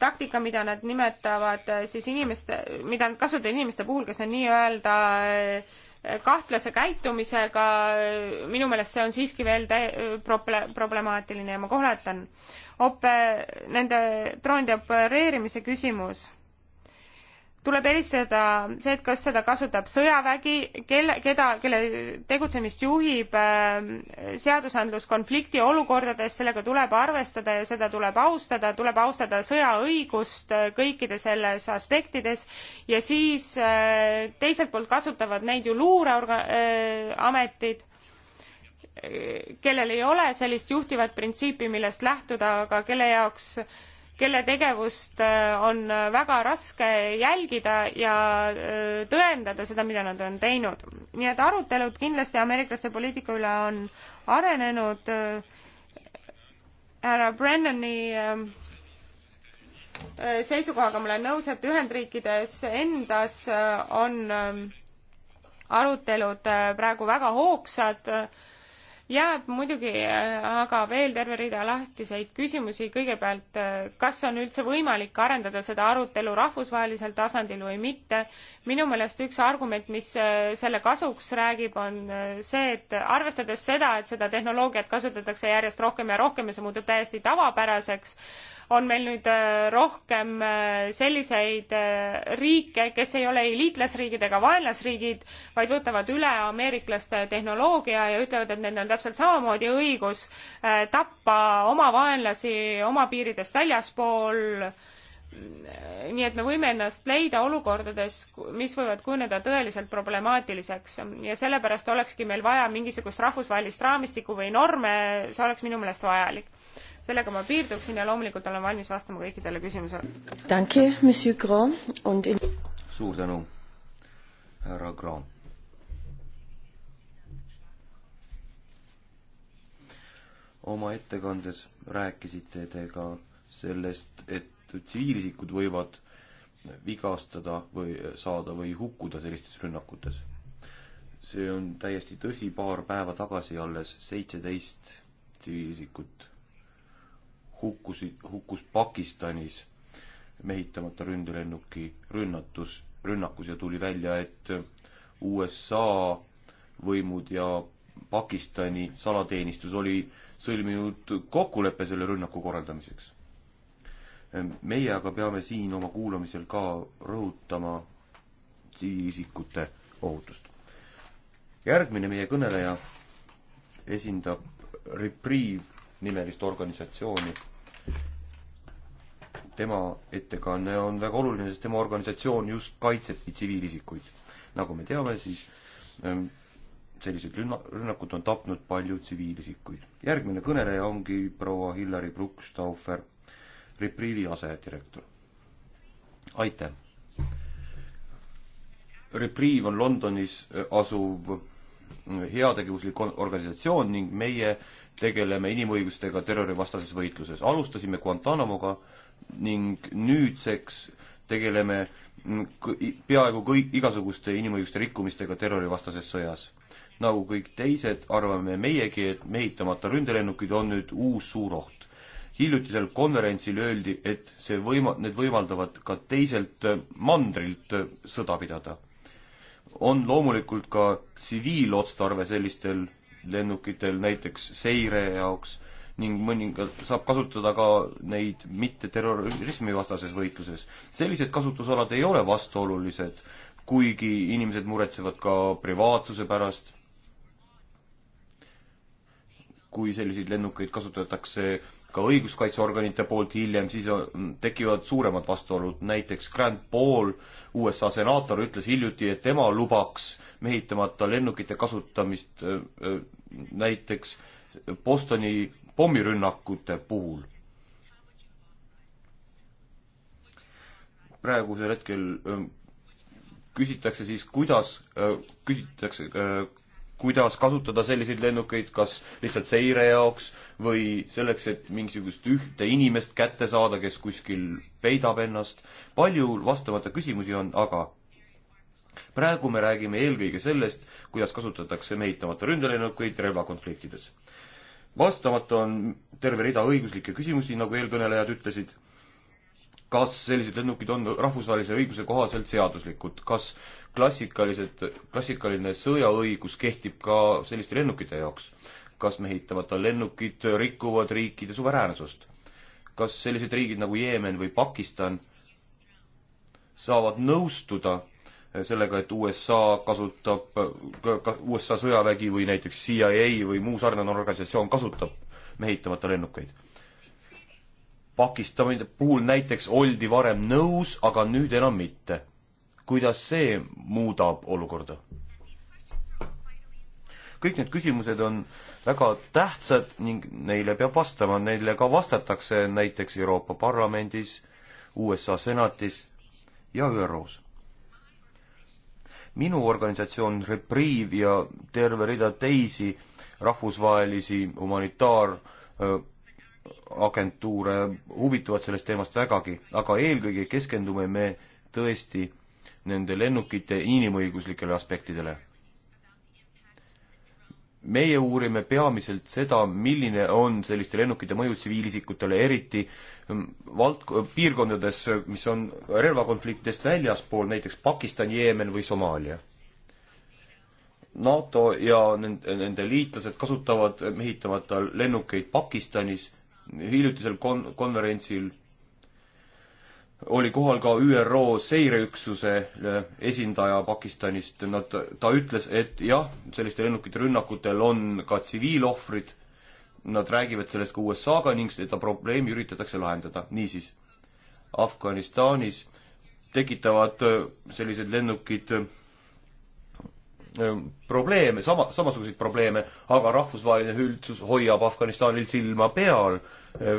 taktika, mida nad nimetavad siis inimeste, mida nad kasutavad inimeste puhul, kes on nii-öelda kahtlase käitumisega, minu meelest see on siiski veel tä-, proble-, problemaatiline ja ma kohletan. Ope, nende droonide opereerimise küsimus tuleb eristada see, et kas seda kasutab sõjavägi, kelle, keda, kelle tegutsemist juhib äh, seadusandlus konfliktiolukordades, sellega tuleb arvestada ja seda tuleb austada, tuleb austada sõjaõigust äh, kõikide selles aspektides ja siis äh, teiselt poolt kasutavad neid ju luureametid, kellel ei ole sellist juhtivat printsiipi, millest lähtuda, aga kelle jaoks äh, kelle tegevust äh, on äh, väga raske jälgida ja äh, tõendada seda, mida nad on teinud. nii et arutelud kindlasti ameeriklaste poliitika üle on arenenud. härra Brennani seisukohaga ma olen nõus, et Ühendriikides endas on arutelud praegu väga hoogsad jääb muidugi aga veel terve rida lahtiseid küsimusi, kõigepealt kas on üldse võimalik arendada seda arutelu rahvusvahelisel tasandil või mitte. minu meelest üks argument, mis äh, selle kasuks räägib, on äh, see, et arvestades seda, et seda tehnoloogiat kasutatakse järjest rohkem ja rohkem ja see muutub täiesti tavapäraseks, on meil nüüd äh, rohkem äh, selliseid äh, riike, kes ei ole ei liitlasriigid ega vaenlasriigid, vaid võtavad üle ameeriklaste tehnoloogia ja ütlevad, et nendel on täpselt samamoodi õigus tappa oma vaenlasi oma piiridest väljaspool nii et me võime ennast leida olukordades, mis võivad kujuneda tõeliselt problemaatiliseks ja sellepärast olekski meil vaja mingisugust rahvusvahelist raamistikku või norme, see oleks minu meelest vajalik sellega ma piirduksin ja loomulikult olen valmis vastama kõikidele küsimusele. suur tänu, härra Grand. oma ettekandes rääkisite te ka sellest, et tsiviilisikud võivad vigastada või saada või hukkuda sellistes rünnakutes. see on täiesti tõsi, paar päeva tagasi alles seitseteist tsiviilisikut hukkusid, hukkus Pakistanis mehitamata ründelennuki rünnatus, rünnakus ja tuli välja, et USA võimud ja Pakistani salateenistus oli sõlminud kokkuleppe selle rünnaku korraldamiseks. meie aga peame siin oma kuulamisel ka rõhutama tsiviilisikute ohutust. järgmine meie kõneleja esindab Reprieve nimelist organisatsiooni. tema ettekanne on väga oluline, sest tema organisatsioon just kaitsebki tsiviilisikuid. nagu me teame, siis ähm, sellised rünna-, rünnakud on tapnud palju tsiviilisikuid. järgmine kõneleja ongi proua Hillary Brooks-Stauffer, Repriili asedirektor. aitäh! Repriiv on Londonis äh, asuv äh, heategevuslik organisatsioon ning meie äh, tegeleme inimõigustega terrorivastases võitluses. alustasime Guantanamoga ning nüüdseks tegeleme peaaegu kõik igasuguste inimõiguste rikkumistega terrorivastases sõjas. nagu kõik teised, arvame meiegi, et mehitamata ründelennukid on nüüd uus suur oht. hiljutisel konverentsil öeldi, et see võima-, need võimaldavad ka teiselt mandrilt sõda pidada. on loomulikult ka tsiviilotstarve sellistel lennukitel näiteks seire jaoks ning mõningalt saab kasutada ka neid mitte terrorismivastases võitluses. sellised kasutusalad ei ole vastuolulised, kuigi inimesed muretsevad ka privaatsuse pärast. kui selliseid lennukeid kasutatakse ka õiguskaitseorganite poolt hiljem, siis tekivad suuremad vastuolud, näiteks Grand Paul, USA senaator, ütles hiljuti, et tema lubaks äh, mehitamata lennukite kasutamist äh, äh, näiteks Bostoni pommirünnakute puhul. praegusel hetkel ähm, küsitakse siis, kuidas, äh, küsitakse, kuidas kasutada selliseid lennukeid, kas lihtsalt seire jaoks või selleks, et mingisugust ühte inimest kätte saada, kes kuskil peidab ennast. palju vastamata küsimusi on, aga praegu me räägime eelkõige sellest, kuidas kasutatakse mehitamata ründelennukeid relvakonfliktides. vastamata on terve rida õiguslikke küsimusi, nagu eelkõnelejad ütlesid. kas sellised lennukid on rahvusvahelise õiguse kohaselt seaduslikud, kas klassikalised, klassikaline sõjaõigus kehtib ka selliste lennukite jaoks? kas mehitamata lennukid rikuvad riikide suveräänsust? kas sellised riigid nagu Jeemen või Pakistan saavad nõustuda sellega, et USA kasutab, USA sõjavägi või näiteks CIA või muu sarnane organisatsioon kasutab mehitamata lennukeid. Pakistani puhul näiteks oldi varem nõus, aga nüüd enam mitte. kuidas see muudab olukorda? kõik need küsimused on väga tähtsad ning neile peab vastama, neile ka vastatakse näiteks Euroopa Parlamendis, USA senatis ja ÜRO-s minu organisatsioon Repriiv ja terve rida teisi rahvusvahelisi humanitaaragentuure huvituvad sellest teemast vägagi, aga eelkõige keskendume me tõesti nende lennukite inimõiguslikele aspektidele meie uurime peamiselt seda, milline on selliste lennukite mõju tsiviilisikutele, eriti mm, vald-, piirkondades, mis on relvakonfliktidest väljaspool, näiteks Pakistan, Jeemen või Somaalia. NATO ja nende, nende liitlased kasutavad mehitamata lennukeid Pakistanis, hiljutisel kon-, konverentsil oli kohal ka ÜRO seireüksuse äh, esindaja Pakistanist, nad, ta ütles, et jah, selliste lennukite rünnakutel on ka tsiviilohvrid, nad räägivad sellest ka USA-ga ning seda probleemi üritatakse lahendada. niisiis, Afganistanis tekitavad äh, sellised lennukid äh, probleeme, sama, samasuguseid probleeme, aga rahvusvaheline üldsus hoiab Afganistanil silma peal,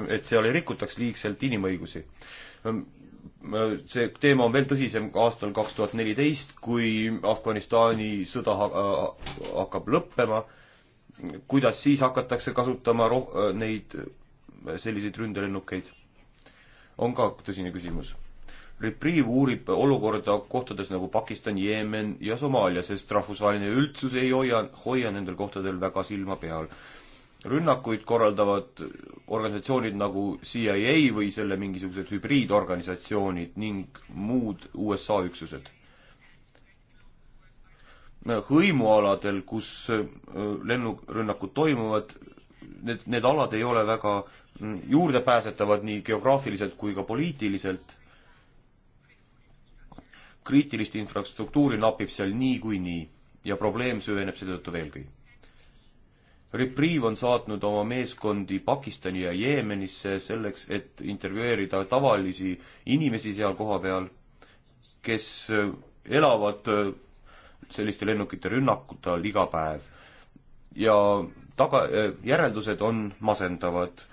et seal ei rikutaks liigselt inimõigusi see teema on veel tõsisem ka aastal kaks tuhat neliteist, kui Afganistani sõda hakkab lõppema. kuidas siis hakatakse kasutama roh-, neid, selliseid ründelennukeid? on ka tõsine küsimus. Repriiv uurib olukorda kohtades nagu Pakistan, Jeemen ja Somaalia, sest rahvusvaheline üldsus ei hoia, hoia nendel kohtadel väga silma peal. rünnakuid korraldavad organisatsioonid nagu CIA või selle mingisugused hübriidorganisatsioonid ning muud USA üksused. hõimualadel, kus äh, lennurünnakud toimuvad, need, need alad ei ole väga mm, juurdepääsetavad nii geograafiliselt kui ka poliitiliselt. kriitilist infrastruktuuri napib seal niikuinii nii ja probleem süveneb seetõttu veelgi repriiv on saatnud oma meeskondi Pakistani ja Jeemenisse selleks, et intervjueerida tavalisi inimesi seal kohapeal, kes eh, elavad eh, selliste lennukite rünnakute all iga päev. ja taga, eh, järeldused on masendavad.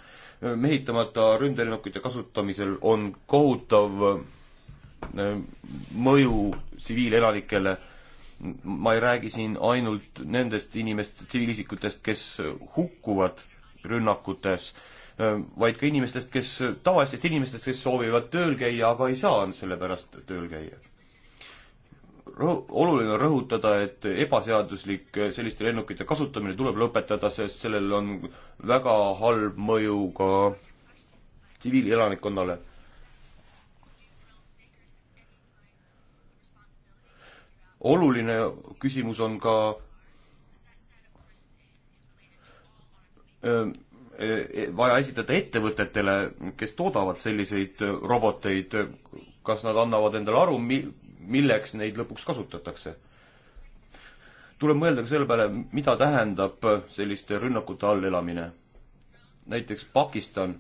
mehitamata ründelennukite kasutamisel on kohutav mõju tsiviilelanikele ma ei räägi siin ainult nendest inimest, tsiviilisikutest, kes hukkuvad rünnakutes, vaid ka inimestest, kes, tavalistest inimestest, kes soovivad tööl käia, aga ei saa sellepärast tööl käia. Rõh-, oluline on rõhutada, et ebaseaduslik eh, selliste lennukite kasutamine tuleb lõpetada, sest sellel on väga halb mõju ka tsiviilelanikkonnale oluline küsimus on ka e, vaja esitada ettevõtetele, kes toodavad selliseid roboteid, kas nad annavad endale aru, mi-, milleks neid lõpuks kasutatakse? tuleb mõelda ka selle peale, mida tähendab selliste rünnakute all elamine. näiteks Pakistan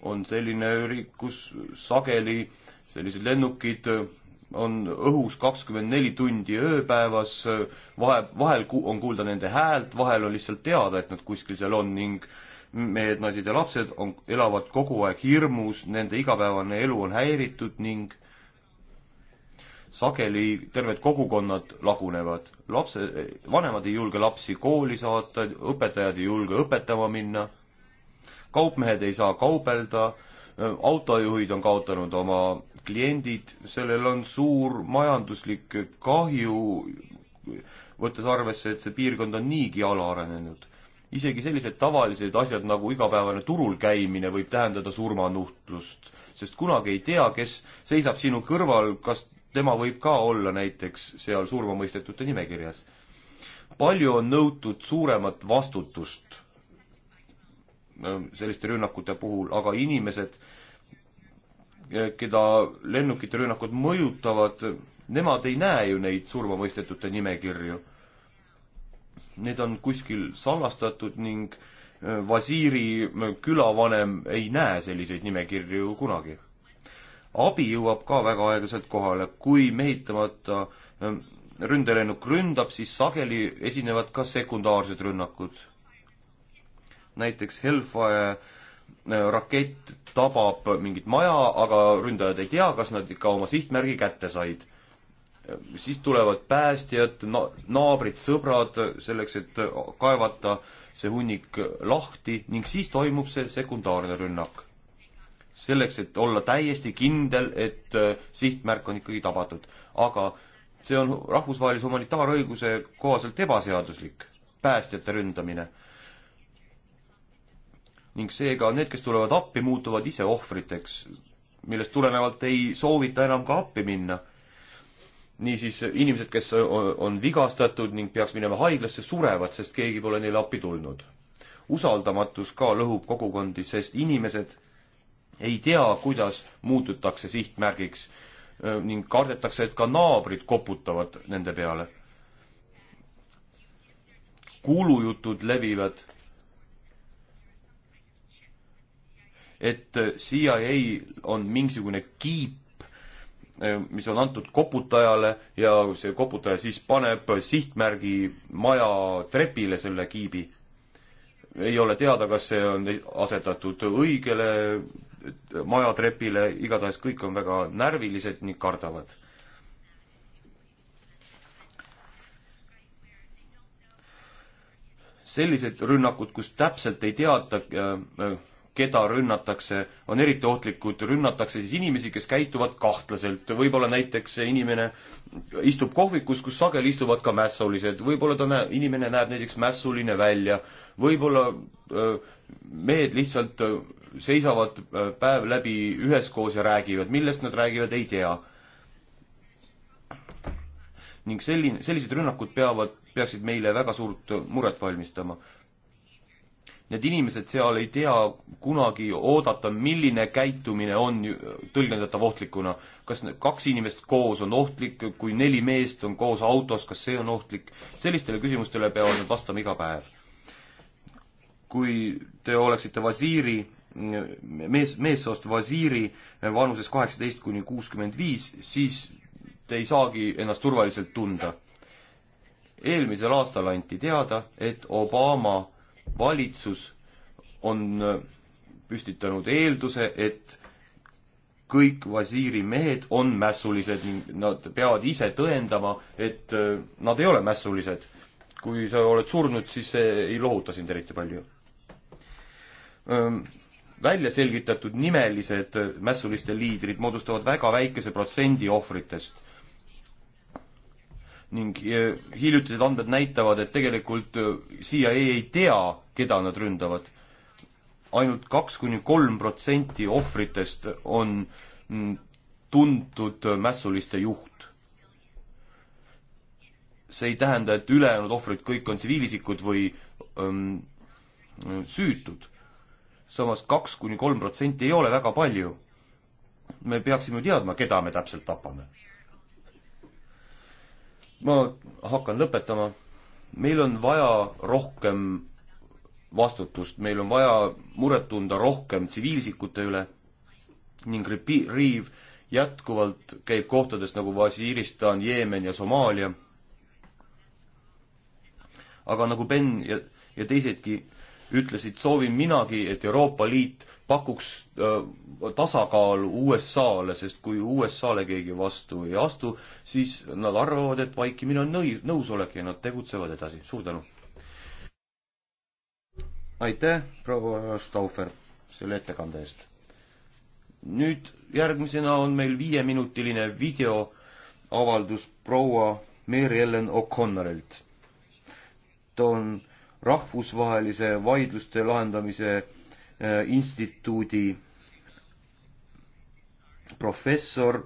on selline riik, kus sageli sellised lennukid on õhus kakskümmend neli tundi ööpäevas, vahe, vahel ku-, on kuulda nende häält, vahel on lihtsalt teada, et nad kuskil seal on ning mehed, naised ja lapsed on, elavad kogu aeg hirmus, nende igapäevane elu on häiritud ning sageli terved kogukonnad lagunevad. lapse, vanemad ei julge lapsi kooli saata, õpetajad ei julge õpetama minna, kaupmehed ei saa kaubelda, autojuhid on kaotanud oma kliendid, sellel on suur majanduslik kahju, võttes arvesse, et see piirkond on niigi alaarenenud. isegi sellised tavalised asjad nagu igapäevane turul käimine võib tähendada surmanuhtlust, sest kunagi ei tea, kes seisab sinu kõrval, kas tema võib ka olla näiteks seal surmamõistetute nimekirjas. palju on nõutud suuremat vastutust selliste rünnakute puhul, aga inimesed äh, keda lennukite rünnakud mõjutavad, nemad ei näe ju neid surmamõistetute nimekirju. Need on kuskil salastatud ning äh, Vasiiri äh, külavanem ei näe selliseid nimekirju kunagi. abi jõuab ka väga aeglaselt kohale, kui mehitamata äh, ründelennuk ründab, siis sageli esinevad ka sekundaarsed rünnakud. näiteks Hellfire rakett tabab mingit maja, aga ründajad ei tea, kas nad ikka oma sihtmärgi kätte said. siis tulevad päästjad na, naabrid, sõbrad selleks, et kaevata see hunnik lahti ning siis toimub see sekundaarne rünnak. selleks, et olla täiesti kindel, et äh, sihtmärk on ikkagi tabatud, aga see on rahvusvahelise humanitaarõiguse kohaselt ebaseaduslik, päästjate ründamine ning seega need, kes tulevad appi, muutuvad ise ohvriteks, millest tulenevalt ei soovita enam ka appi minna. niisiis inimesed, kes on vigastatud ning peaks minema haiglasse, surevad, sest keegi pole neile appi tulnud. usaldamatus ka lõhub kogukondi, sest inimesed ei tea, kuidas muututakse sihtmärgiks ning kardetakse, et ka naabrid koputavad nende peale. kuulujutud levivad et CIA on mingisugune kiip, eh, mis on antud koputajale ja see koputaja siis paneb sihtmärgi maja trepile selle kiibi. ei ole teada, kas see on asetatud õigele maja trepile, igatahes kõik on väga närvilised ning kardavad sellised rünnakud, kus täpselt ei teata, eh, keda rünnatakse, on eriti ohtlikud, rünnatakse siis inimesi, kes käituvad kahtlaselt, võib-olla näiteks see inimene istub kohvikus, kus sageli istuvad ka mässulised, võib-olla ta näe-, inimene näeb näiteks mässuline välja, võib-olla mehed lihtsalt seisavad päev läbi üheskoos ja räägivad, millest nad räägivad, ei tea. ning selline, sellised rünnakud peavad, peaksid meile väga suurt muret valmistama Need inimesed seal ei tea kunagi oodata, milline käitumine on tõlgendatav ohtlikuna. kas kaks inimest koos on ohtlik, kui neli meest on koos autos, kas see on ohtlik? sellistele küsimustele peavad nad vastama iga päev. kui te oleksite vasiiri, mees, meessoost vasiiri vanuses kaheksateist kuni kuuskümmend viis, siis te ei saagi ennast turvaliselt tunda eelmisel aastal anti teada, et Obama valitsus on äh, püstitanud eelduse, et kõik vasiiri mehed on mässulised ning nad peavad ise tõendama, et äh, nad ei ole mässulised. kui sa oled surnud, siis see ei lohuta sind eriti palju. välja selgitatud nimelised mässuliste liidrid moodustavad väga väikese protsendi ohvritest. ning äh, hiljutised andmed näitavad, et tegelikult CIA ei tea, keda nad ründavad. ainult kaks kuni kolm protsenti ohvritest on mm, tuntud mässuliste juht. see ei tähenda, et ülejäänud ohvrid kõik on tsiviilisikud või öö, mm, süütud. samas kaks kuni kolm protsenti ei ole väga palju. me peaksime teadma, keda me täpselt tapame. ma hakkan lõpetama. meil on vaja rohkem vastutust, meil on vaja muret tunda rohkem tsiviilisikute üle ning ripi-, riiv jätkuvalt käib kohtades nagu Vasiiristan, Jeemen ja Somaalia. aga nagu Ben ja, ja teisedki ütlesid, soovin minagi, et Euroopa Liit pakuks äh, tasakaalu USA-le, sest kui USA-le keegi vastu ei astu, siis nad arvavad, et vaikimine on nõi-, nõusolek ja nad tegutsevad edasi. suur tänu! aitäh, proua Staufer, selle ettekande eest. nüüd järgmisena on meil viieminutiline videoavaldus proua Mary-Ellen O'Connorilt. ta on rahvusvahelise vaidluste lahendamise eh, instituudi professor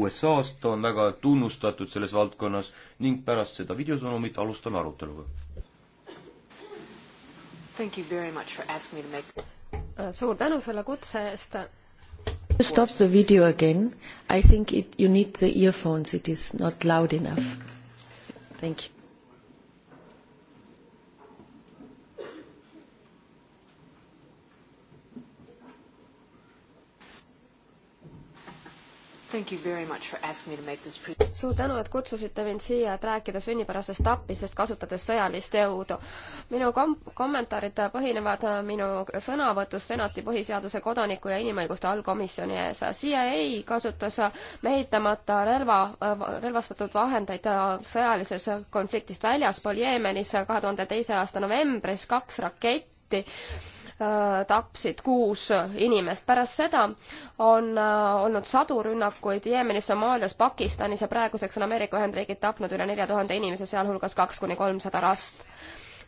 USA-st, ta on väga tunnustatud selles valdkonnas ning pärast seda videosõnumit alustame aruteluga. Thank you very much for asking me to make äh, suur tänu selle kutse eest. Stop the video again. I think it, you need the earphones. It is not loud enough. Thank you. suur tänu, et kutsusite mind siia, et rääkida sünnipärasest tapmisest, kasutades sõjalist jõudu. minu kom-, kommentaarid põhinevad minu sõnavõtus Senati põhiseaduse kodaniku ja inimõiguste allkomisjoni ees. CIA kasutas mehitamata relva, relvastatud vahendeid sõjalises konfliktist väljaspool Jeemenis kahe tuhande teise aasta novembris kaks raketti Äh, tapsid kuus inimest. pärast seda on äh, olnud sadu rünnakuid Jeemenis, Somaalias, Pakistanis ja praeguseks on Ameerika Ühendriigid tapnud üle nelja tuhande inimese, sealhulgas kaks kuni kolmsada last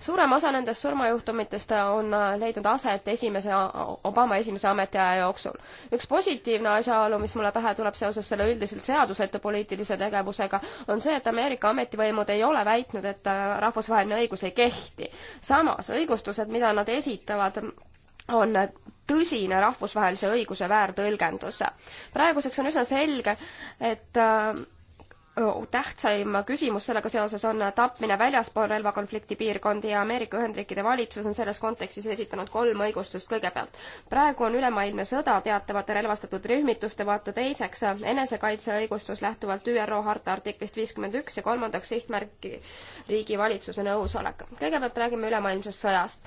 suurem osa nendest surmajuhtumitest on äh, leidnud aset esimese, Obama esimese ametiaja jooksul. üks positiivne asjaolu, mis mulle pähe tuleb seoses selle üldiselt seaduseta poliitilise tegevusega, on see, et Ameerika ametivõimud ei ole väitnud, et äh, rahvusvaheline õigus ei kehti. samas õigustused, mida nad esitavad, on tõsine rahvusvahelise õiguse väärtõlgendus. praeguseks on üsna selge, et äh, tähtsaim küsimus sellega seoses on tapmine väljaspool relvakonflikti piirkondi ja Ameerika Ühendriikide valitsus on selles kontekstis esitanud kolm õigustust kõigepealt. praegu on ülemaailmne sõda teatavate relvastatud rühmituste vaatu teiseks enesekaitseõigustus lähtuvalt ÜRO harta artiklist viiskümmend üks ja kolmandaks sihtmärki riigi valitsuse nõusolek. kõigepealt räägime ülemaailmsest sõjast.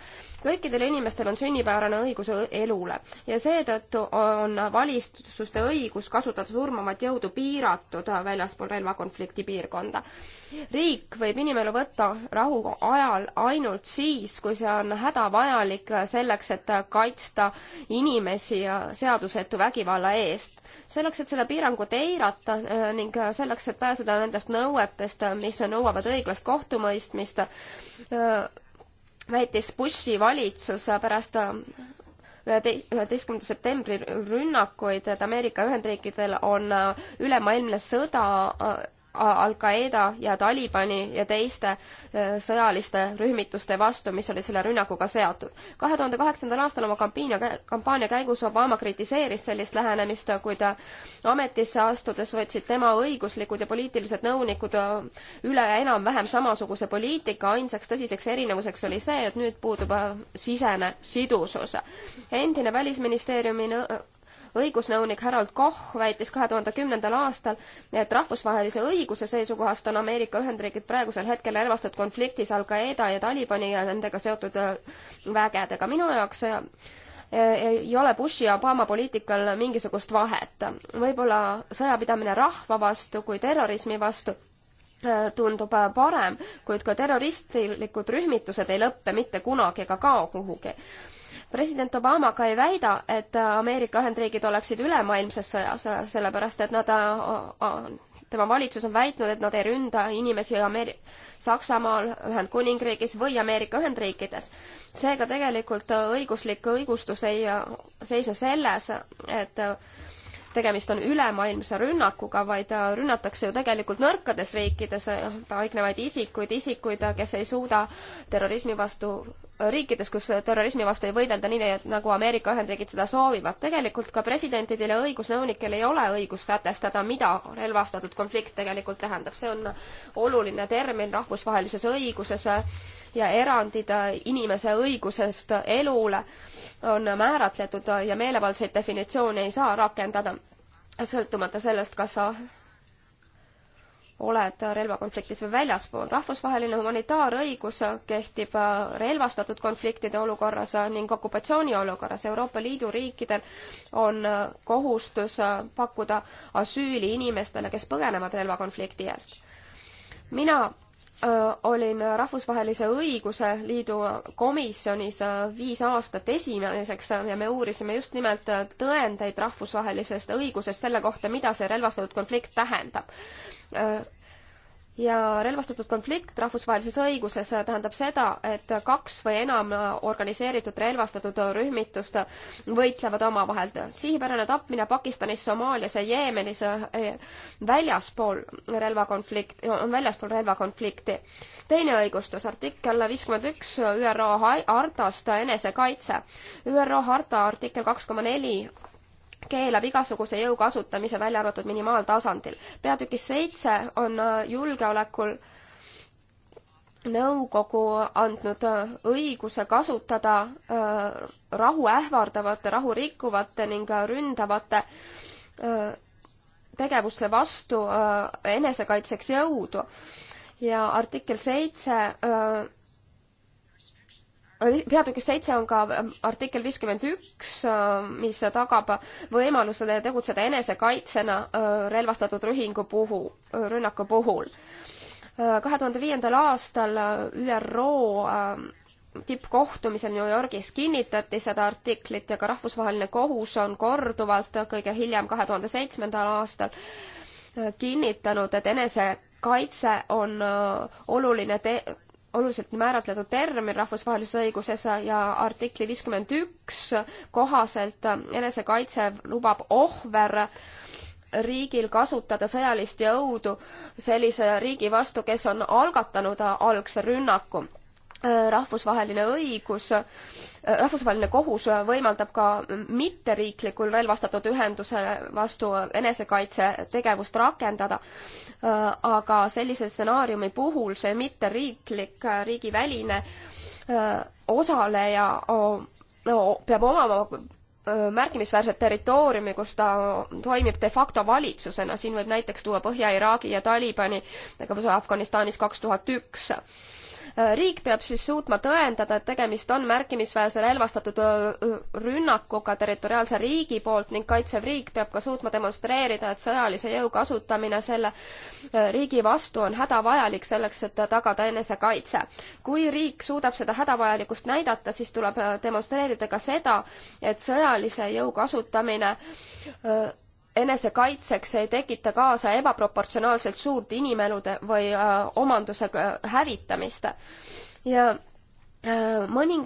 kõikidel inimestel on sünnipärane õigus elule ja seetõttu on valitsuste õigus kasutada surmavat jõudu piiratud väljaspool relvakonflikti konfliktipiirkonda. riik võib inimelu võtta rahu ajal ainult siis, kui see on hädavajalik selleks, et kaitsta inimesi seadusetu vägivalla eest. selleks, et seda piirangut eirata äh, ning selleks, et pääseda nendest nõuetest, mis nõuavad õiglast kohtumõistmist, äh, väitis Bushi valitsus pärast üheteistkümnenda septembri rünnakuid, et Ameerika Ühendriikidel on äh, ülemaailmne sõda äh, Al-Qaeda ja Talibani ja teiste äh, sõjaliste rühmituste vastu, mis oli selle rünnakuga seotud. kahe tuhande kaheksandal aastal oma kampaania, kampaania käigus Obama kritiseeris sellist lähenemist, kui ta ametisse astudes võtsid tema õiguslikud ja poliitilised nõunikud äh, üle enam-vähem samasuguse poliitika, ainsaks tõsiseks erinevuseks oli see, et nüüd puudub äh, sisene sidusus. endine välisministeeriumi õigusnõunik Harold Koch väitis kahe tuhande kümnendal aastal, et rahvusvahelise õiguse seisukohast on Ameerika Ühendriigid praegusel hetkel relvastatud konfliktis Al-Qaeda ja Talibani ja nendega seotud äh, vägedega. minu jaoks äh, ei ole Bushi ja Obama poliitikal mingisugust vahet. võib-olla sõjapidamine rahva vastu kui terrorismi vastu äh, tundub parem, kuid ka terroristlikud rühmitused ei lõppe mitte kunagi ega kao kuhugi president Obama ka ei väida, et Ameerika Ühendriigid oleksid ülemaailmses sõjas, sellepärast et nad, äh, äh, tema valitsus on väitnud, et nad ei ründa inimesi Ameeri-, Saksamaal, Ühendkuningriigis või Ameerika Ühendriikides. seega tegelikult õiguslik õigustus ei äh, seisne selles, et tegemist on ülemaailmse rünnakuga, vaid rünnatakse ju tegelikult nõrkades riikides paiknevaid isikuid, isikuid, kes ei suuda terrorismi vastu riikides, kus terrorismi vastu ei võidelda nii, nagu Ameerika Ühendriigid seda soovivad. tegelikult ka presidentidel ja õigusnõunikel ei ole õigust sätestada, mida relvastatud konflikt tegelikult tähendab. see on oluline termin rahvusvahelises õiguses ja erandid inimese õigusest elule on määratletud ja meelevaldseid definitsioone ei saa rakendada, sõltumata sellest, kas sa oled relvakonfliktis või väljaspool. rahvusvaheline humanitaarõigus kehtib relvastatud konfliktide olukorras ning okupatsiooni olukorras. Euroopa Liidu riikidel on kohustus pakkuda asüüli inimestele, kes põgenevad relvakonflikti eest mina olin Rahvusvahelise Õiguse Liidu komisjonis viis aastat esimeseks ja me uurisime just nimelt tõendeid rahvusvahelisest õigusest selle kohta, mida see relvastatud konflikt tähendab ja relvastatud konflikt rahvusvahelises õiguses tähendab seda, et kaks või enam organiseeritud relvastatud rühmitust võitlevad omavahel. sihipärane tapmine Pakistanis, Somaalias ja Jeemenis eh, väljaspool relvakonflikt, on väljaspool relvakonflikti. teine õigustus, artikkel viiskümmend üks ÜRO hartast, enesekaitse. ÜRO harta artikkel kaks koma neli keelab igasuguse jõu kasutamise, välja arvatud minimaaltasandil. peatükis seitse on äh, julgeolekul nõukogu andnud äh, õiguse kasutada äh, rahu ähvardavate, rahu rikkuvate ning ründavate tegevuste vastu enesekaitseks jõudu. ja artikkel seitse Äh, peatükis seitse on ka ähm, artikkel viiskümmend üks, äh, mis tagab võimaluse tegutseda enesekaitsena äh, relvastatud rühingu puhul, rünnaku puhul. kahe tuhande viiendal aastal ÜRO tippkohtumisel New Yorgis kinnitati seda artiklit ja ka rahvusvaheline kohus on korduvalt, kõige hiljem kahe tuhande seitsmendal aastal, kinnitanud, et enesekaitse on oluline te-, oluliselt määratletud termin rahvusvahelises õiguses ja artikli viiskümmend üks kohaselt enesekaitse lubab ohver riigil kasutada sõjalist jõudu sellise riigi vastu, kes on algatanud algse rünnaku Äh, rahvusvaheline õigus, äh, rahvusvaheline kohus äh, võimaldab ka mitteriiklikul relvastatud ühenduse vastu enesekaitsetegevust rakendada, aga sellise stsenaariumi puhul see mitteriiklik, riigiväline osaleja no, peab omama märkimisväärset territooriumi, kus ta toimib de facto valitsusena, siin võib näiteks tuua Põhja-Iraagi ja Talibani tegevuse Afganistanis kaks tuhat üks Äh, riik peab siis suutma tõendada, et tegemist on märkimisväärse relvastatud rünnakuga territoriaalse riigi poolt ning kaitsev riik peab ka suutma demonstreerida, et sõjalise jõu kasutamine selle riigi vastu on hädavajalik selleks, et tagada enesekaitse. kui riik suudab seda hädavajalikkust näidata, siis tuleb demonstreerida ka seda, et sõjalise jõu kasutamine enesekaitseks ei tekita kaasa ebaproportsionaalselt suurt inimelude või äh, omanduse äh, hävitamist. ja äh, mõning-,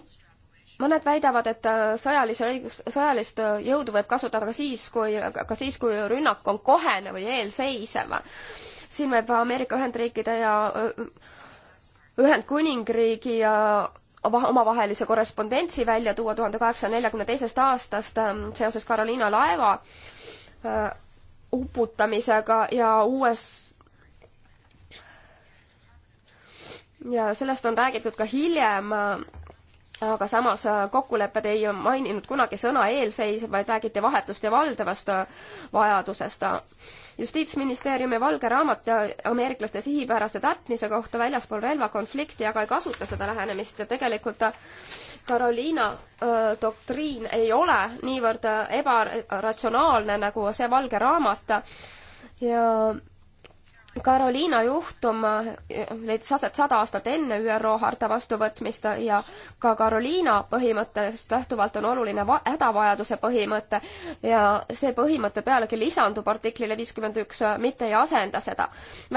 mõned väidavad, et sõjalise õigus, sõjalist jõudu võib kasutada ka siis, kui, ka siis, kui rünnak on kohene või eelseisev. siin võib Ameerika Ühendriikide ja Ühendkuningriigi ja omavahelise korrespondentsi välja tuua tuhande kaheksasaja neljakümne teisest aastast seoses Carolina laeva Äh, uputamisega ja uues ja sellest on räägitud ka hiljem, äh, aga samas äh, kokkulepped ei maininud kunagi sõna eelseisv, vaid räägiti vahetust ja valdavast vajadusest. justiitsministeeriumi valge raamat ameeriklaste sihipärase täpmise kohta väljaspool relvakonflikti aga ei kasuta seda lähenemist ja tegelikult Carolina äh, doktriin ei ole niivõrd ebaratsionaalne nagu see valge raamat ja Carolina juhtum leidis aset sada aastat enne ÜRO harta vastuvõtmist ja ka Carolina põhimõttest lähtuvalt on oluline hädavajaduse põhimõte ja see põhimõte pealegi lisandub artiklile viiskümmend üks, mitte ei asenda seda.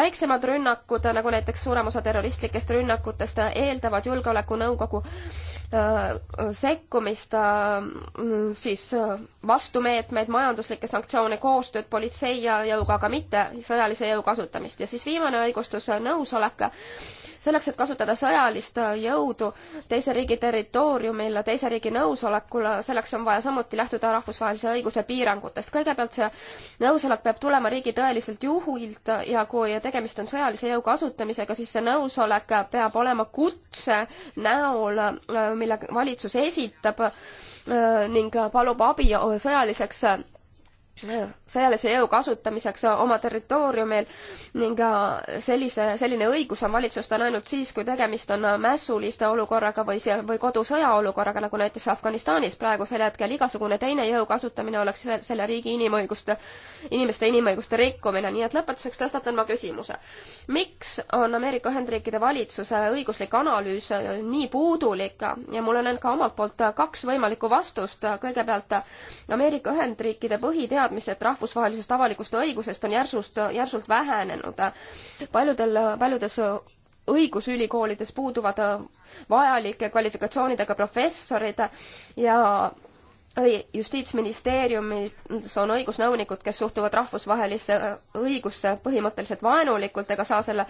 väiksemad rünnakud, nagu näiteks suurem osa terroristlikest rünnakutest, eeldavad Julgeolekunõukogu Äh, sekkumist, äh, siis äh, vastumeetmeid, majanduslikke sanktsioone, koostööd politsei ja jõuga, aga mitte sõjalise jõu kasutamist. ja siis viimane õigustus, nõusolek selleks, et kasutada sõjalist äh, jõudu teise riigi territooriumil teise riigi nõusolekul, äh, selleks on vaja samuti lähtuda rahvusvahelise õiguse piirangutest. kõigepealt see nõusolek peab tulema riigi tõeliselt juhilt ja kui tegemist on sõjalise jõu kasutamisega, siis see nõusolek peab olema kutse näol, äh, mille valitsus esitab ning palub abi sõjaliseks sõjalise jõu kasutamiseks oma territooriumil ning äh, sellise, selline õigus on valitsustel ainult siis, kui tegemist on äh, mässuliste olukorraga või see, või kodusõja olukorraga, nagu näiteks Afganistanis praegusel hetkel. igasugune teine jõu kasutamine oleks selle, selle riigi inimõiguste, inimeste inimõiguste rikkumine, nii et lõpetuseks tõstatan ma küsimuse. miks on Ameerika Ühendriikide valitsuse õiguslik analüüs äh, nii puudulik ja mul on ka omalt poolt kaks võimalikku vastust. kõigepealt Ameerika Ühendriikide põhiteadus teadmised rahvusvahelisest avalikust õigusest on järsust, järsult vähenenud. paljudel, paljudes õigusülikoolides puuduvad vajalike kvalifikatsioonidega professorid ja justiitsministeeriumis on õigusnõunikud, kes suhtuvad rahvusvahelisse õigusse põhimõtteliselt vaenulikult ega saa selle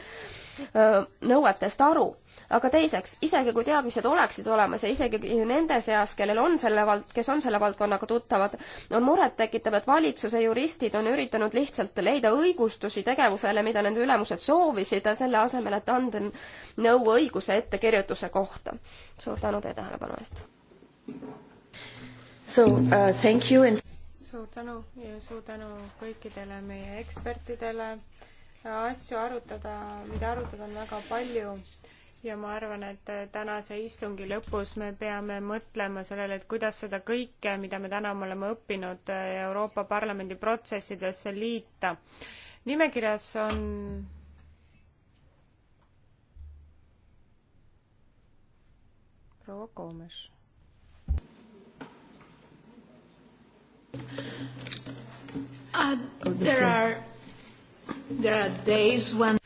nõuetest aru. aga teiseks, isegi kui teadmised oleksid olemas ja isegi nende seas, kellel on selle vald-, kes on selle valdkonnaga tuttavad, on murettekitav, et valitsuse juristid on üritanud lihtsalt leida õigustusi tegevusele, mida nende ülemused soovisid, selle asemel, et anda nõu õiguse ettekirjutuse kohta. suur tänu teie tähelepanu eest! So uh, thank you and suur tänu ja suur tänu kõikidele meie ekspertidele asju arutada, mida arutada on väga palju ja ma arvan, et tänase istungi lõpus me peame mõtlema sellele, et kuidas seda kõike, mida me täna oleme õppinud Euroopa Parlamendi protsessidesse liita. nimekirjas on proua Koomes. Uh, there are When...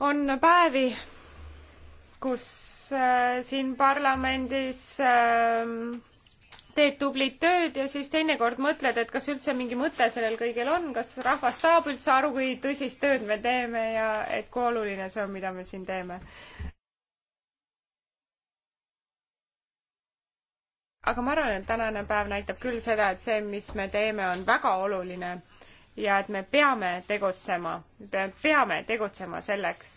on päevi, kus äh, siin parlamendis äh, teed tublit tööd ja siis teinekord mõtled, et kas üldse mingi mõte sellel kõigel on, kas rahvas saab üldse aru, kui tõsist tööd me teeme ja et kui oluline see on, mida me siin teeme. aga ma arvan, et tänane päev näitab küll seda, et see, mis me teeme, on väga oluline ja et me peame tegutsema, peame tegutsema selleks,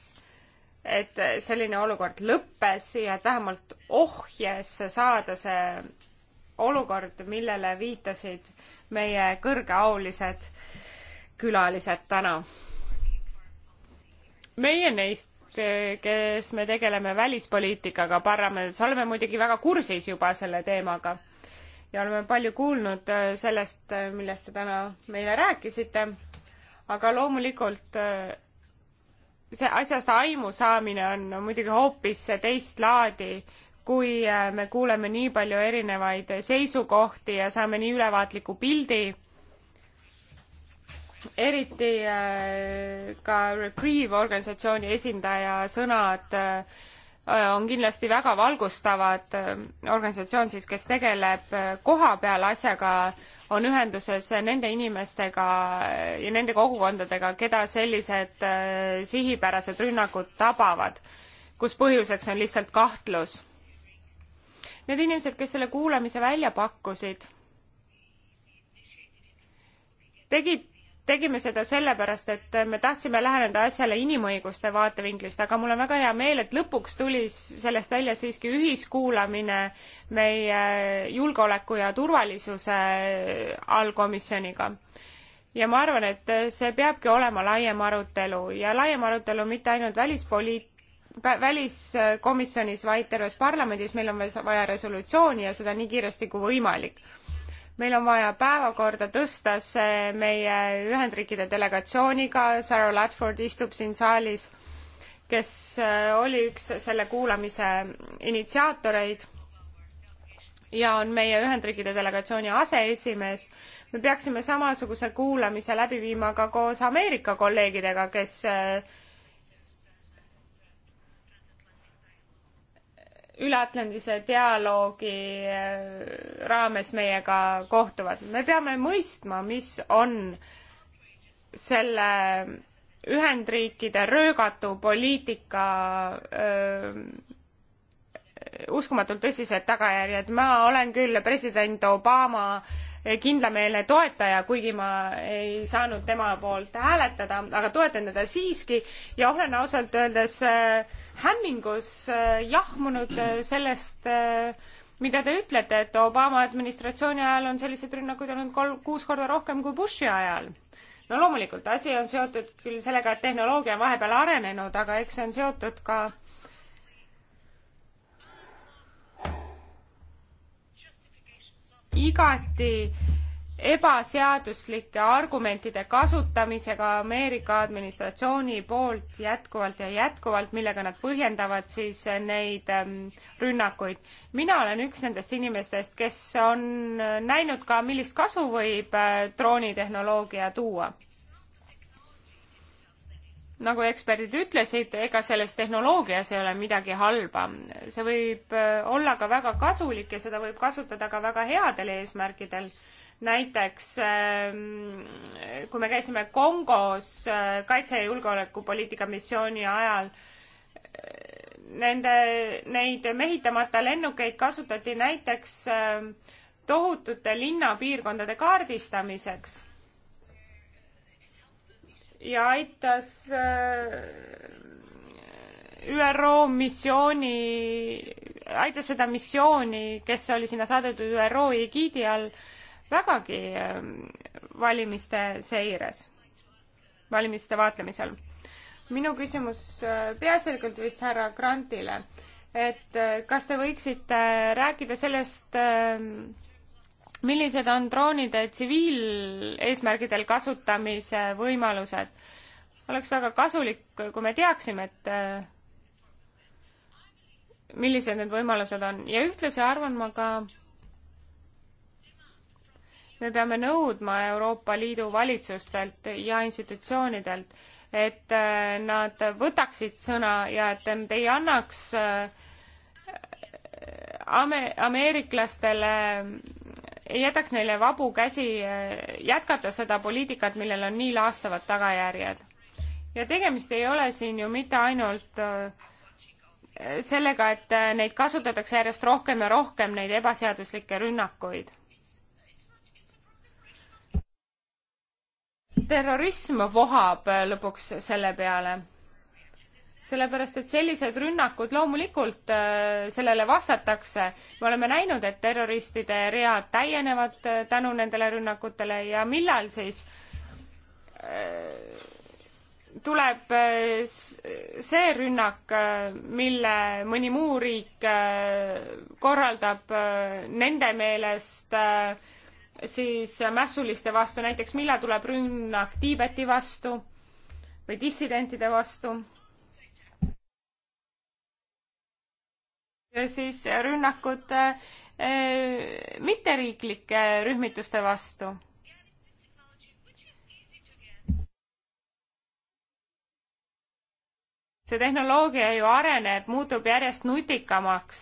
et selline olukord lõppes ja et vähemalt ohjesse saada see olukord, millele viitasid meie kõrgeaulised külalised täna. meie neist, kes me tegeleme välispoliitikaga parlamendis, oleme muidugi väga kursis juba selle teemaga ja oleme palju kuulnud äh, sellest, äh, millest te täna meile rääkisite. aga loomulikult äh, see asjast aimu saamine on muidugi hoopis teist laadi, kui me kuuleme nii palju erinevaid seisukohti ja saame nii ülevaatliku pildi. eriti ka Reprieve organisatsiooni esindaja sõnad äh, Äh, on kindlasti väga valgustavad. Äh, organisatsioon siis, kes tegeleb äh, kohapeal asjaga, on ühenduses nende inimestega ja nende kogukondadega, keda sellised sihipärased rünnakud tabavad, kus põhjuseks on lihtsalt kahtlus. Need inimesed, kes selle kuulamise välja pakkusid, tegid tegime seda sellepärast, et me tahtsime läheneda asjale inimõiguste vaatevinklist, aga mul on väga hea meel, et lõpuks tuli sellest välja siiski ühiskuulamine meie julgeoleku ja turvalisuse allkomisjoniga ja ma arvan, et see peabki olema laiem arutelu ja laiem arutelu mitte ainult välispoliit-, väliskomisjonis, vaid terves parlamendis, meil on vaja resolutsiooni ja seda nii kiiresti kui võimalik meil on vaja päevakorda tõsta see meie Ühendriikide delegatsiooniga, Sarah Ladford istub siin saalis, kes äh, oli üks selle kuulamise initsiaatoreid ja on meie Ühendriikide delegatsiooni aseesimees. me peaksime samasuguse kuulamise läbi viima ka koos Ameerika kolleegidega, kes äh, üleatlandise dialoogi äh, raames meiega kohtuvad. me peame mõistma, mis on selle Ühendriikide röögatu poliitika öö, äh, uskumatult tõsised tagajärjed. ma olen küll president Obama kindlameelne toetaja, kuigi ma ei saanud tema poolt hääletada, aga toetan teda siiski ja olen ausalt öeldes öö, äh, hämmingus äh, jahmunud äh, sellest, äh, mida te ütlete, et Obama administratsiooni ajal on selliseid rünnakuid olnud kolm, kuus korda rohkem kui Bushi ajal. no loomulikult, asi on seotud küll sellega, et tehnoloogia on vahepeal arenenud, aga eks see on seotud ka igati ebaseaduslike argumentide kasutamisega Ameerika administratsiooni poolt jätkuvalt ja jätkuvalt, millega nad põhjendavad siis neid ähm, rünnakuid. mina olen üks nendest inimestest, kes on näinud ka, millist kasu võib äh, droonitehnoloogia tuua. nagu eksperdid ütlesid, ega selles tehnoloogias ei ole midagi halba. see võib äh, olla ka väga kasulik ja seda võib kasutada ka väga headel eesmärkidel näiteks ähm, kui me käisime Kongos äh, kaitse- ja julgeolekupoliitika missiooni ajal, äh, nende, neid mehitamata lennukeid kasutati näiteks ähm, tohutute linnapiirkondade kaardistamiseks ja aitas äh, ÜRO missiooni, aitas seda missiooni, kes oli sinna saadetud ÜRO egiidi all vägagi ähm, valimiste seires, valimiste vaatlemisel. minu küsimus äh, peaasjalikult vist härra Grantile, et äh, kas te võiksite rääkida sellest, ähm, millised on droonide tsiviileesmärgidel kasutamise võimalused? oleks väga kasulik, kui me teaksime, et äh, millised need võimalused on ja ühtlasi arvan ma ka, me peame nõudma Euroopa Liidu valitsustelt ja institutsioonidelt, et äh, nad võtaksid sõna ja et nad ei annaks äh, ame-, ameeriklastele, ei jätaks neile vabu käsi äh, jätkata seda poliitikat, millel on nii laastavad tagajärjed. ja tegemist ei ole siin ju mitte ainult sellega, et neid kasutatakse järjest rohkem ja rohkem, neid ebaseaduslikke rünnakuid terrorism vohab lõpuks selle peale. sellepärast, et sellised rünnakud loomulikult äh, sellele vastatakse. me oleme näinud, et terroristide read täienevad äh, tänu nendele rünnakutele ja millal siis äh, tuleb see rünnak, mille mõni muu riik korraldab nende meelest äh, siis mässuliste vastu, näiteks millal tuleb rünnak Tiibeti vastu või dissidentide vastu. ja siis rünnakud äh, mitteriiklike rühmituste vastu. see tehnoloogia ju areneb, muutub järjest nutikamaks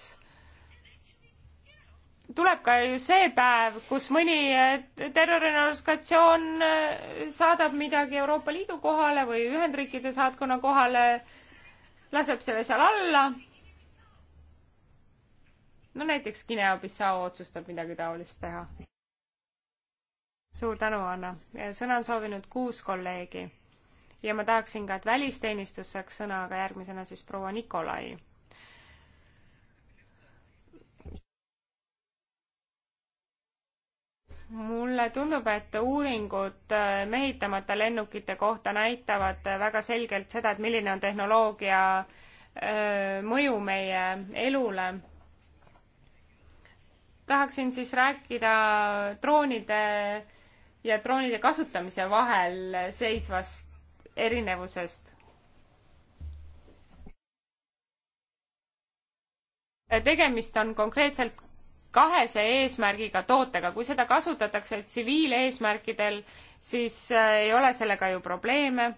tuleb ka ju see päev, kus mõni eh, terroriorganisatsioon eh, saadab midagi Euroopa Liidu kohale või Ühendriikide saatkonna kohale, laseb selle seal alla. no näiteks Guinea-Bissau otsustab midagi taolist teha. suur tänu, Anna. sõna on soovinud kuus kolleegi ja ma tahaksin ka, et välisteenistus saaks sõna, aga järgmisena siis proua Nikolai mulle tundub, et uuringud äh, mehitamata lennukite kohta näitavad äh, väga selgelt seda, et milline on tehnoloogia äh, mõju meie elule. tahaksin siis rääkida droonide ja droonide kasutamise vahel seisvast erinevusest tegemist on konkreetselt kahese eesmärgiga tootega. kui seda kasutatakse tsiviileesmärkidel, siis äh, ei ole sellega ju probleeme.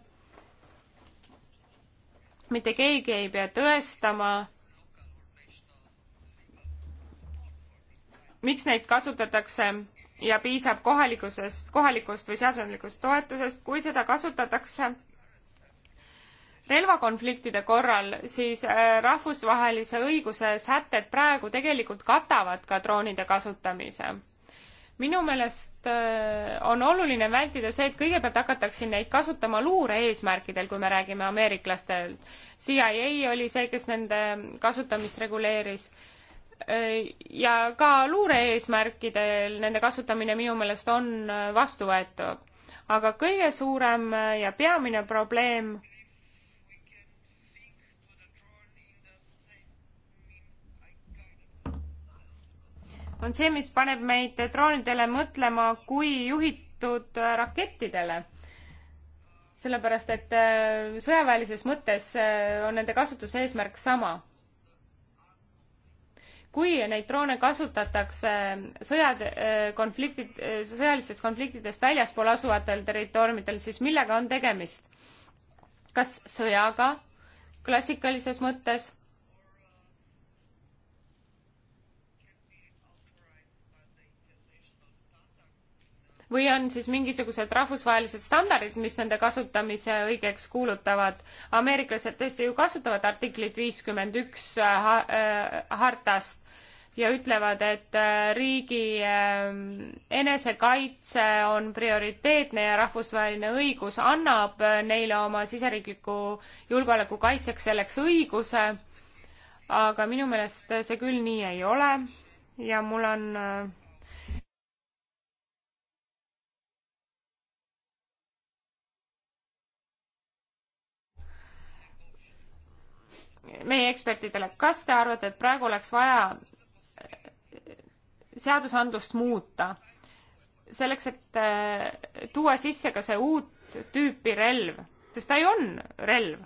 mitte keegi ei pea tõestama, miks neid kasutatakse ja piisab kohalikust, kohalikust või seadusandlikust toetusest, kui seda kasutatakse relvakonfliktide korral, siis äh, rahvusvahelise õiguse sätted praegu tegelikult katavad ka droonide kasutamise. minu meelest äh, on oluline vältida see, et kõigepealt hakatakse neid kasutama luure eesmärkidel, kui me räägime ameeriklastelt. CIA oli see, kes nende kasutamist reguleeris äh, ja ka luure eesmärkidel nende kasutamine minu meelest on vastuvõetav. aga kõige suurem ja peamine probleem on see, mis paneb meid droonidele mõtlema kui juhitud äh, rakettidele. sellepärast, et äh, sõjaväelises mõttes äh, on nende kasutuse eesmärk sama. kui neid droone kasutatakse sõjad, konfliktid, sõjalistest konfliktidest väljaspool asuvatel territooriumidel, siis millega on tegemist? kas sõjaga klassikalises mõttes või on siis mingisugused rahvusvahelised standardid, mis nende kasutamise õigeks kuulutavad. ameeriklased tõesti ju kasutavad artiklit viiskümmend üks äh, äh, hartast ja ütlevad, et äh, riigi enesekaitse on prioriteetne ja rahvusvaheline õigus annab neile oma siseriikliku julgeoleku kaitseks selleks õiguse. aga minu meelest see küll nii ei ole ja mul on meie ekspertidele, kas te arvate, et praegu oleks vaja seadusandlust muuta selleks, et äh, tuua sisse ka see uut tüüpi relv, sest ta ju on relv.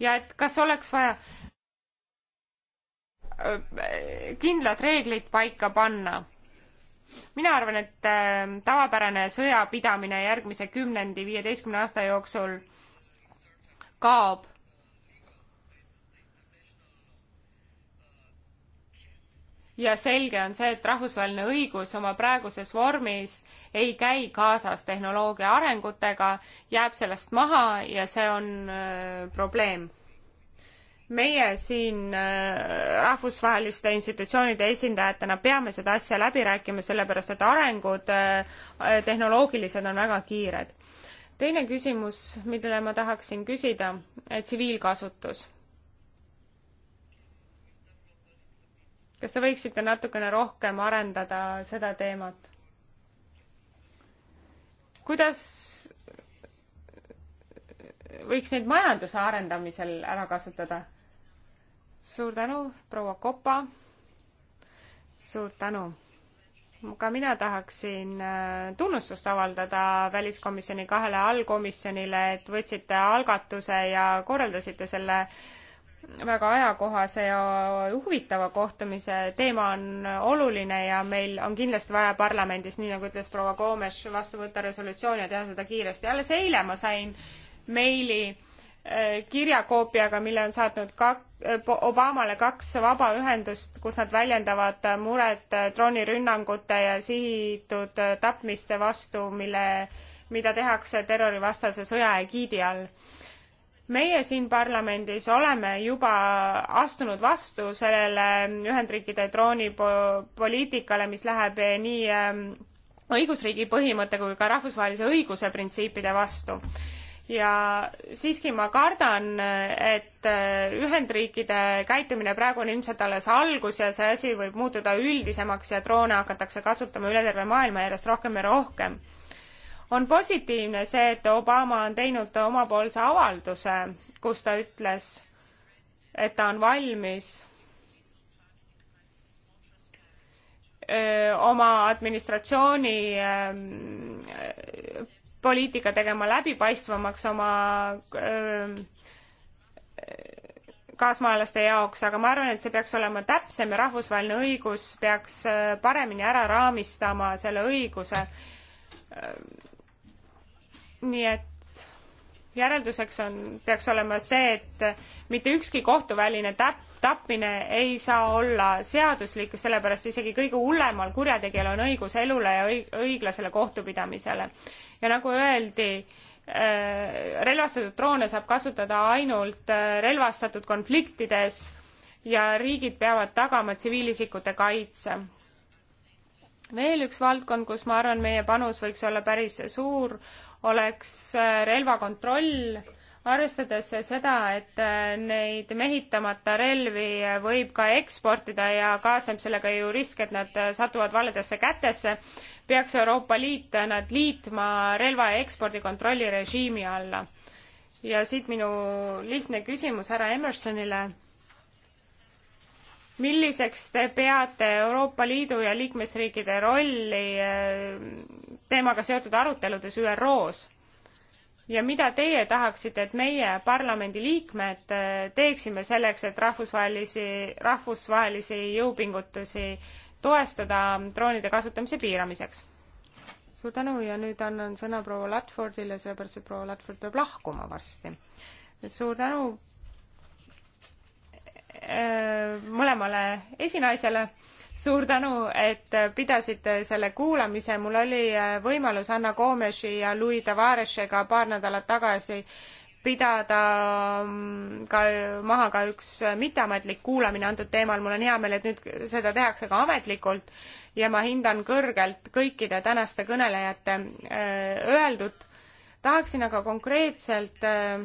ja et kas oleks vaja äh, kindlad reeglid paika panna mina arvan, et äh, tavapärane sõjapidamine järgmise kümnendi, viieteistkümne aasta jooksul kaob ja selge on see, et rahvusvaheline õigus oma praeguses vormis ei käi kaasas tehnoloogia arengutega, jääb sellest maha ja see on äh, probleem. meie siin äh, rahvusvaheliste institutsioonide esindajatena peame seda asja läbi rääkima, sellepärast et arengud äh, tehnoloogilised on väga kiired. teine küsimus, millele ma tahaksin küsida, tsiviilkasutus kas te võiksite natukene rohkem arendada seda teemat? kuidas võiks neid majanduse arendamisel ära kasutada? suur tänu, proua Kopa. suur tänu. ka mina tahaksin äh, tunnustust avaldada väliskomisjoni kahele allkomisjonile, et võtsite algatuse ja korraldasite selle äh, väga ajakohase ja huvitava kohtumise. teema on oluline ja meil on kindlasti vaja parlamendis, nii nagu ütles proua Koomes, vastu võtta resolutsioon ja teha seda kiiresti. alles eile ma sain meili äh, kirjakoopiaga, mille on saatnud kak-, Obamale kaks vabaühendust, kus nad väljendavad muret droonirünnangute äh, ja sihitud äh, tapmiste vastu, mille, mida tehakse terrorivastase sõja egiidi all meie siin parlamendis oleme juba astunud vastu sellele Ühendriikide droonipoliitikale, mis läheb nii ähm, õigusriigi põhimõtte kui ka rahvusvahelise õiguse printsiipide vastu. ja siiski ma kardan, et äh, Ühendriikide käitumine praegu on ilmselt alles algus ja see asi võib muutuda üldisemaks ja droone hakatakse kasutama üle terve maailma järjest rohkem ja rohkem on positiivne see, et Obama on teinud omapoolse avalduse, kus ta ütles, et ta on valmis öö, oma administratsiooni öö, poliitika tegema läbipaistvamaks oma öö, kaasmaalaste jaoks, aga ma arvan, et see peaks olema täpsem ja rahvusvaheline õigus peaks paremini ära raamistama selle õiguse nii et järelduseks on, peaks olema see, et mitte ükski kohtuväline täp-, tapmine ei saa olla seaduslik, sellepärast isegi kõige hullemal kurjategijal on õigus elule ja õig-, õiglasele kohtupidamisele. ja nagu öeldi, äh, relvastatud droone saab kasutada ainult äh, relvastatud konfliktides ja riigid peavad tagama tsiviilisikute kaitse veel üks valdkond, kus ma arvan, meie panus võiks olla päris suur, oleks äh, relvakontroll, arvestades seda, et äh, neid mehitamata relvi äh, võib ka eksportida ja kaasneb sellega ju risk, et nad satuvad valedesse kätesse, peaks Euroopa Liit nad liitma relva ja ekspordi kontrollirežiimi alla. ja siit minu lihtne küsimus härra Emersonile. milliseks te peate Euroopa Liidu ja liikmesriikide rolli teemaga seotud aruteludes ÜRO-s ja mida teie tahaksite, et meie parlamendi liikmed äh, teeksime selleks, et rahvusvahelisi, rahvusvahelisi jõupingutusi toestada droonide kasutamise piiramiseks? suur tänu ja nüüd annan sõna proua Ladfordile, sellepärast et proua Ladford peab lahkuma varsti. suur tänu äh, mõlemale esinaisele suur tänu, et pidasite selle kuulamise, mul oli äh, võimalus Anna Komeši ja Louis Tavaresega paar nädalat tagasi pidada mm, ka maha ka üks äh, mitteametlik kuulamine antud teemal, mul on hea meel, et nüüd seda tehakse ka ametlikult ja ma hindan kõrgelt kõikide tänaste kõnelejate äh, öeldut. tahaksin aga konkreetselt öö,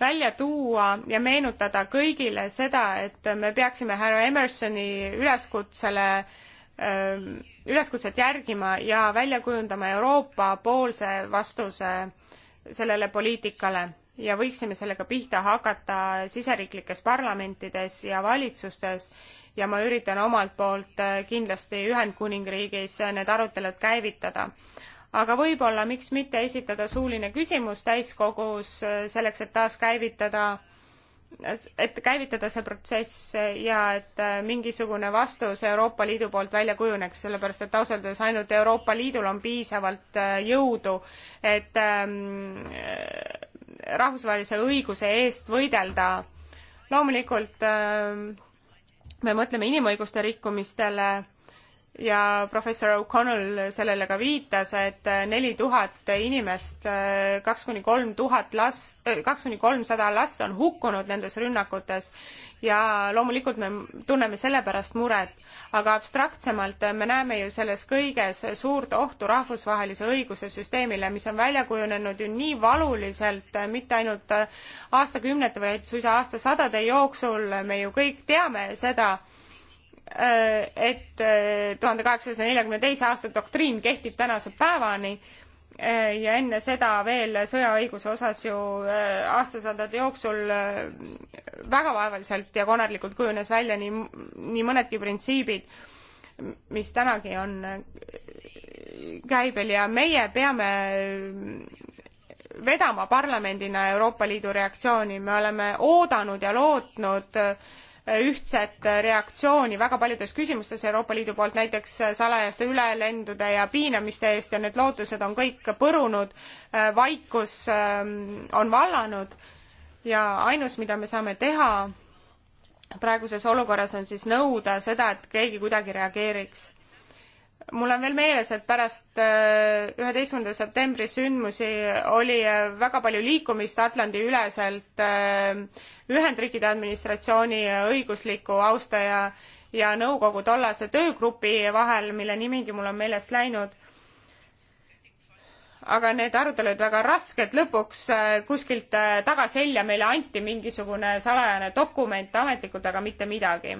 välja tuua ja meenutada kõigile seda, et me peaksime härra Emersoni üleskutsele, ähm, üleskutset järgima ja välja kujundama Euroopa poolse vastuse sellele poliitikale ja võiksime sellega pihta hakata siseriiklikes parlamentides ja valitsustes ja ma üritan omalt poolt kindlasti Ühendkuningriigis need arutelud käivitada aga võib-olla miks mitte esitada suuline küsimus täiskogus äh, selleks, et taaskäivitada et käivitada see protsess ja et äh, mingisugune vastus Euroopa Liidu poolt välja kujuneks, sellepärast et ausalt öeldes ainult Euroopa Liidul on piisavalt äh, jõudu, et ähm, rahvusvahelise õiguse eest võidelda. loomulikult ähm, me mõtleme inimõiguste rikkumistele ja professor O'Connell sellele ka viitas, et neli tuhat inimest, kaks kuni kolm tuhat last, kaks kuni kolmsada last on hukkunud nendes rünnakutes ja loomulikult me tunneme selle pärast muret, aga abstraktsemalt me näeme ju selles kõiges suurt ohtu rahvusvahelise õiguse süsteemile, mis on välja kujunenud ju nii valuliselt, mitte ainult aastakümnete, vaid suisa aastasadade jooksul, me ju kõik teame seda, Äh, et äh, tuhande kaheksasaja neljakümne teise aasta doktriin kehtib tänase päevani äh, ja enne seda veel sõjaõiguse osas ju aastasadade jooksul väga vaevaliselt ja konarlikult kujunes välja nii, nii mõnedki printsiibid, mis tänagi on käibel ja meie peame vedama parlamendina Euroopa Liidu reaktsiooni, me oleme oodanud ja lootnud äh, ühtset reaktsiooni väga paljudes küsimustes Euroopa Liidu poolt, näiteks salajaste ülelendude ja piinamiste eest ja need lootused on kõik põrunud, vaikus ähm, on vallanud ja ainus, mida me saame teha praeguses olukorras, on siis nõuda seda, et keegi kuidagi reageeriks mul on veel meeles, et pärast äh, üheteistkümnenda septembri sündmusi oli äh, väga palju liikumist Atlandi-üleselt äh, Ühendriikide administratsiooni õigusliku austaja ja nõukogu tollase töögrupi vahel, mille nimigi mul on meelest läinud. aga need arutelud väga rasked, lõpuks kuskilt tagaselja meile anti mingisugune salajane dokument ametlikult, aga mitte midagi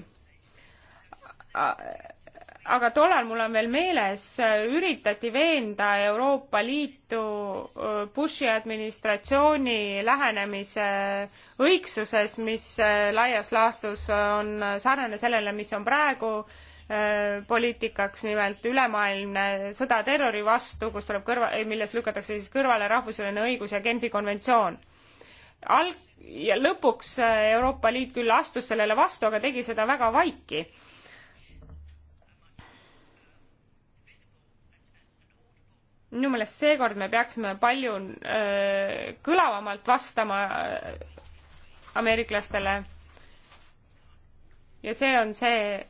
aga tollal, mul on veel meeles, üritati veenda Euroopa Liitu Bushi administratsiooni lähenemise õigsuses, mis laias laastus on sarnane sellele, mis on praegu poliitikaks, nimelt ülemaailmne sõda terrori vastu, kus tuleb kõrva, milles lükatakse siis kõrvale rahvusvaheline õigus ja Genfi konventsioon alg- ja lõpuks Euroopa Liit küll astus sellele vastu, aga tegi seda väga vaiki minu meelest seekord me peaksime palju öö, kõlavamalt vastama öö, ameeriklastele. ja see on see,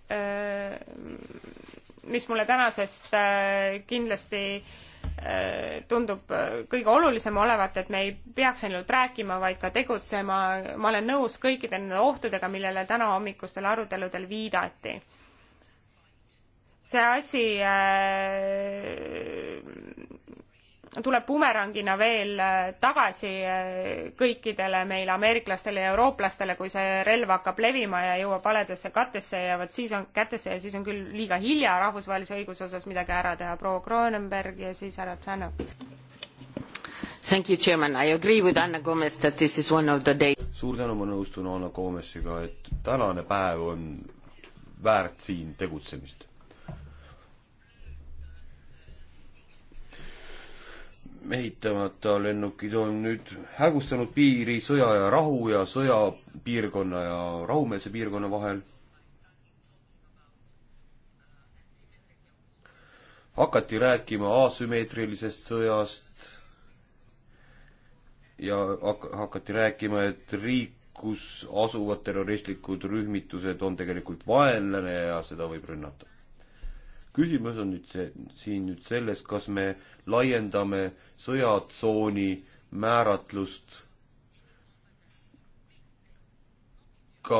mis mulle tänasest öö, kindlasti tundub kõige olulisem olevat, et me ei peaks ainult rääkima, vaid ka tegutsema. ma olen nõus kõikide nende ohtudega, millele täna hommikustel aruteludel viidati. see asi tuleb bumerangina veel äh, tagasi äh, kõikidele meile ameeriklastele ja eurooplastele, kui see relv hakkab levima ja jõuab valedesse katesse ja vot siis on, kätesse ja siis on küll liiga hilja rahvusvahelise õiguse osas midagi ära teha, proua Kronenberg ja siis härra Tšanov. Thank you, chairman, I agree with Anna Gomes that this is one of the day. suur tänu, ma nõustun Anna Gomesiga, et tänane päev on väärt siin tegutsemist mehitamata lennukid on nüüd hägustanud piiri sõja ja rahu ja sõjapiirkonna ja rahumeelse piirkonna vahel. hakati rääkima asümmeetrilisest sõjast ja hak-, hakati rääkima, et riik, kus asuvad terroristlikud rühmitused, on tegelikult vaenlane ja seda võib rünnata küsimus on nüüd see, siin nüüd selles, kas me laiendame sõjatsooni määratlust ka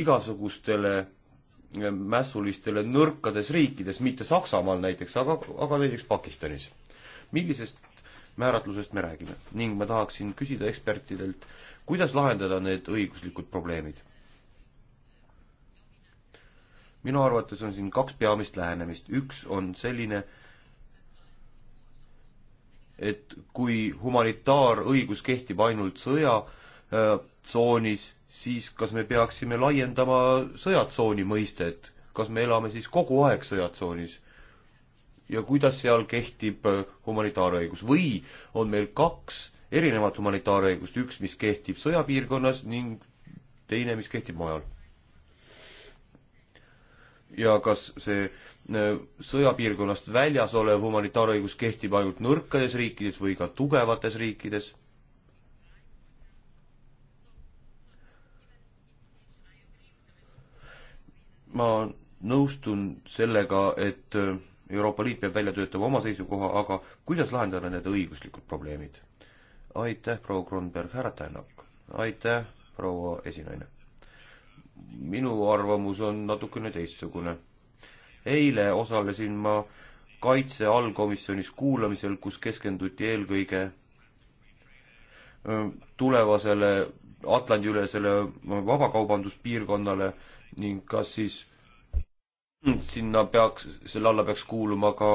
igasugustele eh, mässulistele nõrkades riikides, mitte Saksamaal näiteks, aga, aga näiteks Pakistanis. millisest määratlusest me räägime ning ma tahaksin küsida ekspertidelt, kuidas lahendada need õiguslikud probleemid minu arvates on siin kaks peamist lähenemist, üks on selline, et kui humanitaarõigus kehtib ainult sõjatsoonis, äh, siis kas me peaksime laiendama sõjatsooni mõistet, kas me elame siis kogu aeg sõjatsoonis? ja kuidas seal kehtib äh, humanitaarõigus või on meil kaks erinevat humanitaarõigust, üks, mis kehtib sõjapiirkonnas ning teine, mis kehtib mujal? ja kas see äh, sõjapiirkonnast väljas olev humanitaarõigus kehtib ainult nõrkades riikides või ka tugevates riikides? ma nõustun sellega, et äh, Euroopa Liit peab välja töötama oma seisukoha, aga kuidas lahendada need õiguslikud probleemid? aitäh, proua Kronberg, härra Tänak. aitäh, proua esinaine minu arvamus on natukene teistsugune. eile osalesin ma kaitse allkomisjonis kuulamisel, kus keskenduti eelkõige tulevasele Atlandi-ülesele vabakaubanduspiirkonnale ning kas siis sinna peaks, selle alla peaks kuuluma ka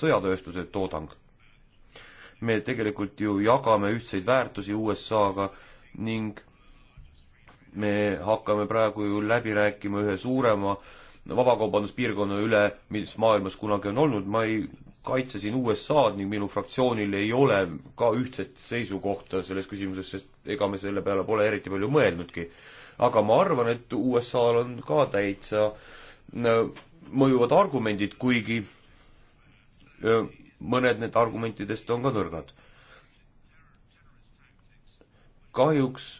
sõjatööstuse toodang. me tegelikult ju jagame ühtseid väärtusi USA-ga ning me hakkame praegu ju läbi rääkima ühe suurema vabakaubanduspiirkonna üle, mis maailmas kunagi on olnud, ma ei kaitse siin USA-d ning minu fraktsioonil ei ole ka ühtset seisukohta selles küsimuses, sest ega me selle peale pole eriti palju mõelnudki. aga ma arvan, et USA-l on ka täitsa mõjuvad argumendid, kuigi mõned need argumentidest on ka nõrgad. kahjuks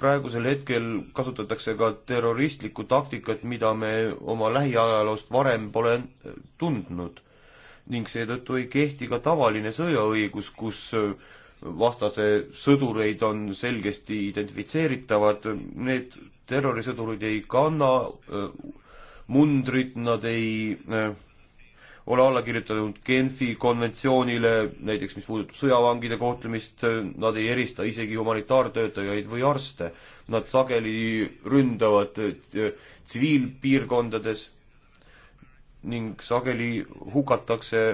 praegusel hetkel kasutatakse ka terroristlikku taktikat, mida me oma lähiajaloost varem pole tundnud. ning seetõttu ei kehti ka tavaline sõjaõigus, kus vastase sõdureid on selgesti identifitseeritavad, need terrorisõdurid ei kanna äh, mundrit, nad ei äh, ole alla kirjutanud Genfi konventsioonile, näiteks mis puudutab sõjavangide kohtlemist, nad ei erista isegi humanitaartöötajaid või arste. Nad sageli ründavad äh, tsiviilpiirkondades ning sageli hukatakse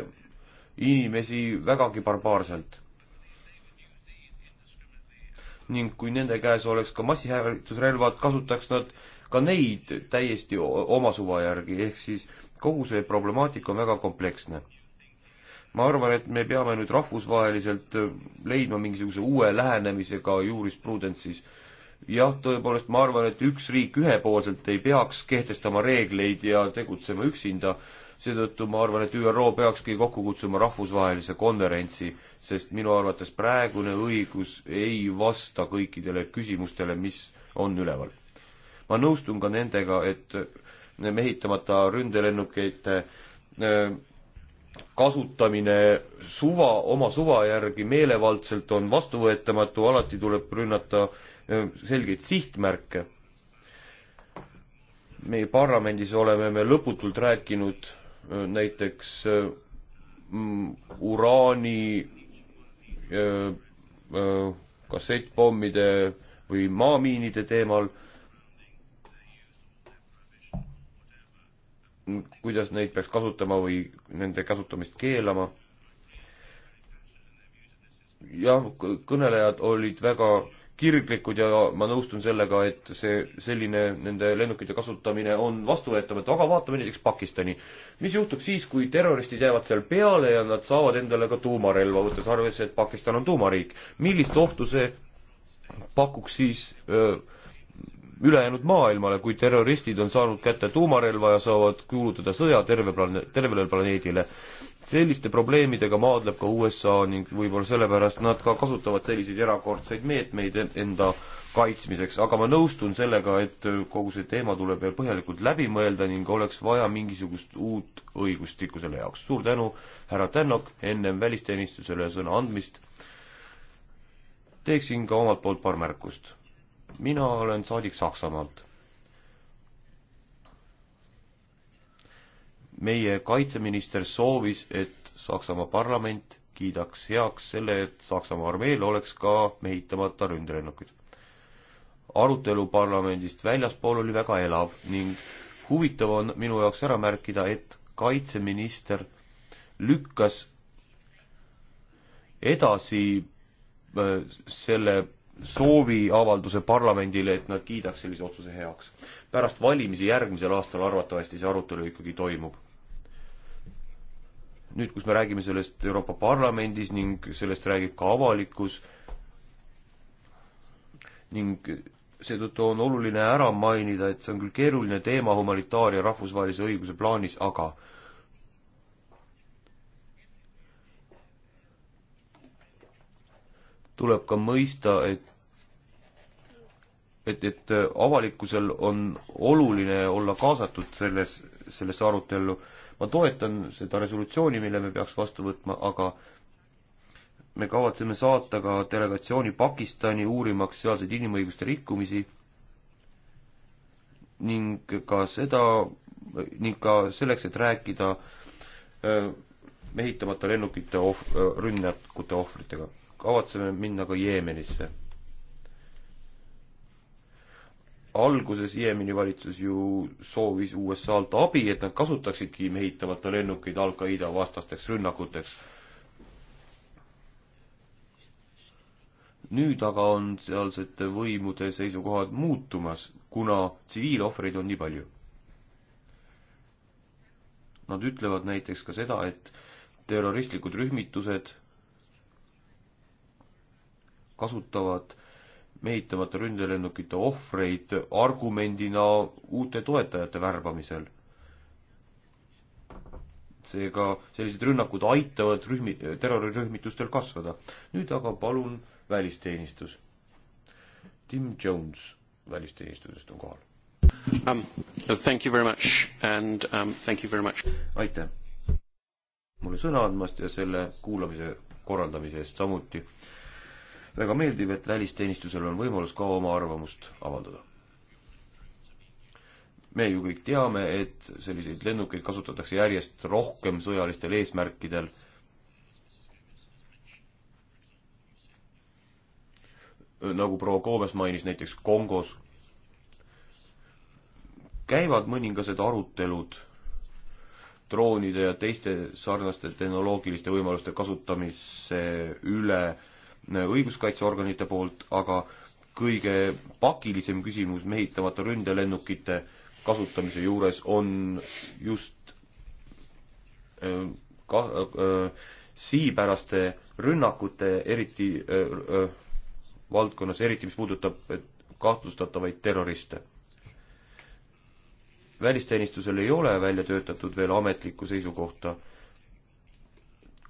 inimesi vägagi barbaarselt. ning kui nende käes oleks ka massihävitusrelvad, kasutaks nad ka neid täiesti oma suva järgi, ehk siis äh, kogu see problemaatika on väga kompleksne. ma arvan, et me peame nüüd rahvusvaheliselt äh, leidma mingisuguse uue lähenemise ka juurispruudentsis. jah, tõepoolest, ma arvan, et üks riik ühepoolselt ei peaks kehtestama reegleid ja tegutsema üksinda, seetõttu ma arvan, et ÜRO peakski kokku kutsuma rahvusvahelise konverentsi, sest minu arvates praegune õigus ei vasta kõikidele küsimustele, mis on üleval. ma nõustun ka nendega, et mehitamata ründelennukeid äh, kasutamine suva, oma suva järgi meelevaldselt on vastuvõetamatu, alati tuleb rünnata äh, selgeid sihtmärke. meie parlamendis oleme me lõputult rääkinud äh, näiteks uraani, kassettpommide või maamiinide teemal kuidas neid peaks kasutama või nende kasutamist keelama. jah, kõnelejad olid väga kirglikud ja ma nõustun sellega, et see selline nende lennukite kasutamine on vastuvõetamatu, aga vaatame näiteks Pakistani. mis juhtub siis, kui terroristid jäävad seal peale ja nad saavad endale ka tuumarelva, võttes arvesse, et Pakistan on tuumariik. millist ohtu see pakuks siis öö, ülejäänud maailmale, kui terroristid on saanud kätte tuumarelva ja saavad kuulutada sõja terve plane-, tervele planeedile. selliste probleemidega maadleb ka USA ning võib-olla sellepärast nad ka kasutavad selliseid erakordseid meetmeid enda kaitsmiseks, aga ma nõustun sellega, et kogu see teema tuleb veel põhjalikult läbi mõelda ning oleks vaja mingisugust uut õigustikku selle jaoks. suur tänu, härra Tännok, ennem välisteenistusele sõna andmist teeksin ka omalt poolt paar märkust mina olen saadik Saksamaalt. meie kaitseminister soovis, et Saksamaa parlament kiidaks heaks selle, et Saksamaa armeel oleks ka mehitamata ründelennukeid. arutelu parlamendist väljaspool oli väga elav ning huvitav on minu jaoks ära märkida, et kaitseminister lükkas edasi äh, selle sooviavalduse parlamendile, et nad kiidaks sellise otsuse heaks. pärast valimisi järgmisel aastal arvatavasti see arutelu ikkagi toimub. nüüd, kus me räägime sellest Euroopa Parlamendis ning sellest räägib ka avalikkus ning seetõttu on oluline ära mainida, et see on küll keeruline teema humanitaar- ja rahvusvahelise õiguse plaanis, aga tuleb ka mõista, et et, et avalikkusel on oluline olla kaasatud selles, sellesse arutellu. ma toetan seda resolutsiooni, mille me peaks vastu võtma, aga me kavatseme saata ka delegatsiooni Pakistani uurimaks sealseid inimõiguste rikkumisi ning ka seda, ning ka selleks, et rääkida äh, mehitamata lennukite ohv-, äh, rünnakute ohvritega kavatseme minna ka Jeemenisse. alguses Jeemeni valitsus ju soovis USA-lt abi, et nad kasutaksidki mehitamata lennukeid Al-Qaeda vastasteks rünnakuteks. nüüd aga on sealsete võimude seisukohad muutumas, kuna tsiviilohvreid on nii palju. Nad ütlevad näiteks ka seda, et terroristlikud rühmitused kasutavad mehitamata ründelennukite ohvreid argumendina uute toetajate värbamisel. seega sellised rünnakud aitavad rühmi, terrorirühmitustel kasvada. nüüd aga palun välisteenistus. Tim Jones välisteenistusest on kohal. Um, thank you very much and um, thank you very much. aitäh mulle sõna andmast ja selle kuulamise korraldamise eest samuti väga meeldiv, et välisteenistusel on võimalus ka oma arvamust avaldada. me ju kõik teame, et selliseid lennukeid kasutatakse järjest rohkem sõjalistel eesmärkidel. nagu proua Koomes mainis, näiteks Kongos käivad mõningased arutelud droonide ja teiste sarnaste tehnoloogiliste võimaluste kasutamise üle õiguskaitseorganite poolt, aga kõige pakilisem küsimus mehitamata ründelennukite kasutamise juures on just äh, ka-, äh, siipäraste rünnakute, eriti öö, äh, valdkonnas, eriti mis puudutab kahtlustatavaid terroriste. välisteenistusel ei ole välja töötatud veel ametlikku seisukohta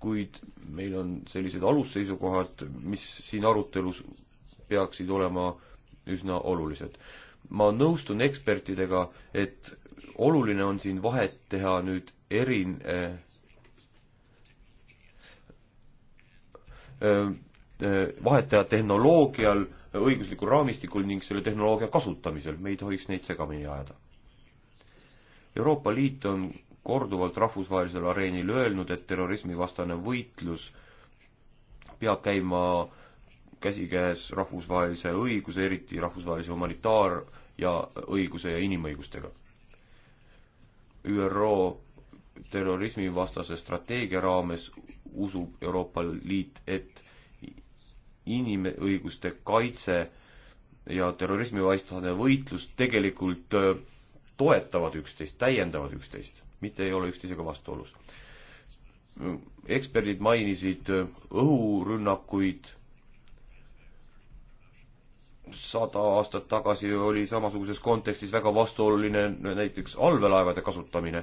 kuid meil on sellised alusseisukohad, mis siin arutelus peaksid olema üsna olulised. ma nõustun ekspertidega, et oluline on siin vahet teha nüüd erin- äh, äh, vahet teha tehnoloogial, õiguslikul raamistikul ning selle tehnoloogia kasutamisel, me ei tohiks neid segamini ajada. Euroopa Liit on korduvalt rahvusvahelisel areenil öelnud, et terrorismivastane võitlus peab käima käsikäes rahvusvahelise õiguse, eriti rahvusvahelise humanitaar- ja õiguse ja inimõigustega. ÜRO terrorismivastase strateegia raames usub Euroopa Liit, et inimõiguste kaitse ja terrorismivastane võitlus tegelikult äh, toetavad üksteist, täiendavad üksteist mitte ei ole üksteisega vastuolus. eksperdid mainisid õhurünnakuid, sada aastat tagasi oli samasuguses kontekstis väga vastuoluline näiteks allveelaevade kasutamine.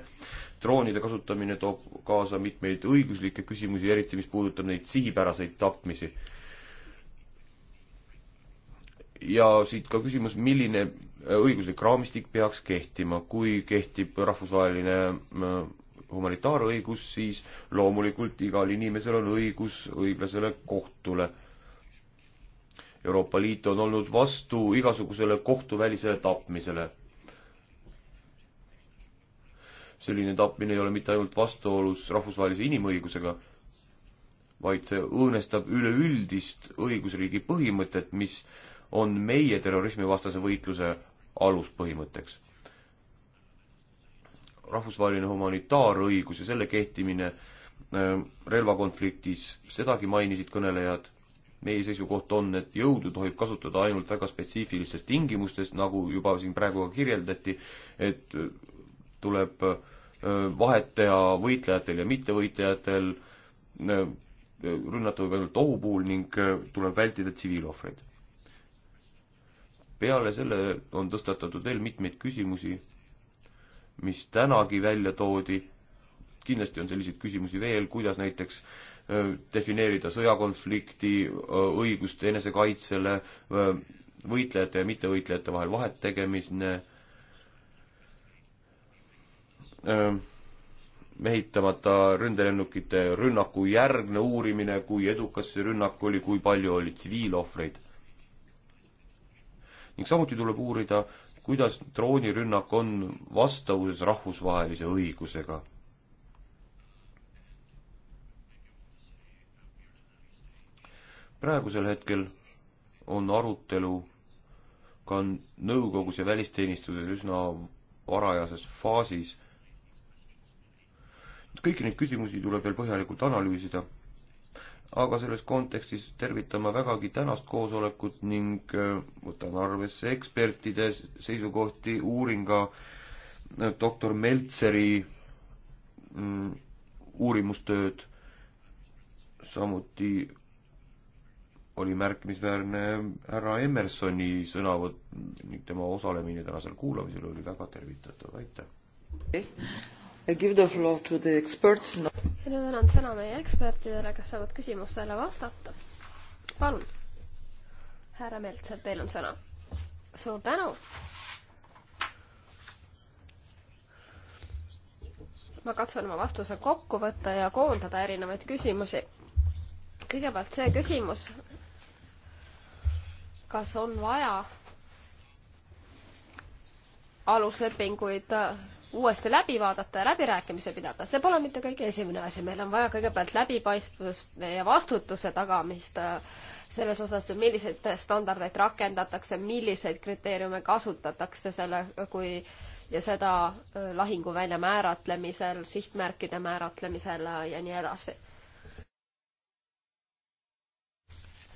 droonide kasutamine toob kaasa mitmeid õiguslikke küsimusi, eriti mis puudutab neid sihipäraseid tapmisi ja siit ka küsimus, milline äh, õiguslik raamistik peaks kehtima, kui kehtib rahvusvaheline äh, humanitaarõigus, siis loomulikult igal inimesel on õigus õiglasele kohtule. Euroopa Liit on olnud vastu igasugusele kohtuvälisele tapmisele. selline tapmine ei ole mitte ainult vastuolus rahvusvahelise inimõigusega, vaid see õõnestab üleüldist õigusriigi põhimõtet, mis äh, on meie terrorismivastase võitluse aluspõhimõtteks. rahvusvaheline humanitaarõigus ja selle kehtimine ähm, relvakonfliktis, sedagi mainisid kõnelejad, meie seisukoht on, et jõudu tohib kasutada ainult väga spetsiifilistes tingimustes, nagu juba siin praegu ka kirjeldati, et äh, tuleb äh, vahet teha võitlejatel ja mittevõitlejatel, äh, rünnata võib ainult ohu puhul ning tuleb vältida tsiviilohvreid peale selle on tõstatatud veel mitmeid küsimusi, mis tänagi välja toodi. kindlasti on selliseid küsimusi veel, kuidas näiteks defineerida sõjakonflikti, õigust enesekaitsele, võitlejate ja mittevõitlejate vahel vahet tegemine, mehitamata ründelennukite rünnaku järgne uurimine, kui edukas see rünnak oli, kui palju oli tsiviilohvreid ning samuti tuleb uurida, kuidas droonirünnak on vastavuses rahvusvahelise õigusega. praegusel hetkel on arutelu ka nõukogus ja välisteenistuses üsna varajases faasis. kõiki neid küsimusi tuleb veel põhjalikult analüüsida aga selles kontekstis tervitan ma vägagi tänast koosolekut ning äh, võtan arvesse ekspertide seisukohti, uuringa äh, doktor Meltseri mm, uurimustööd. samuti oli märkimisväärne härra Emersoni sõnavõtt ning tema osalemine tänasel kuulamisel oli väga tervitatav, aitäh! I give the floor to the experts no.. ja nüüd annan sõna meie ekspertidele, kes saavad küsimustele vastata. palun, härra Meltser, teil on sõna. suur tänu. ma katsun oma vastuse kokku võtta ja koondada erinevaid küsimusi. kõigepealt see küsimus, kas on vaja aluslepinguid uuesti läbi vaadata ja läbirääkimisi pidada, see pole mitte kõige esimene asi, meil on vaja kõigepealt läbipaistvust ja vastutuse tagamist äh, selles osas, milliseid standardeid rakendatakse, milliseid kriteeriume kasutatakse selle, äh, kui ja seda äh, lahinguvälja määratlemisel, sihtmärkide määratlemisel ja nii edasi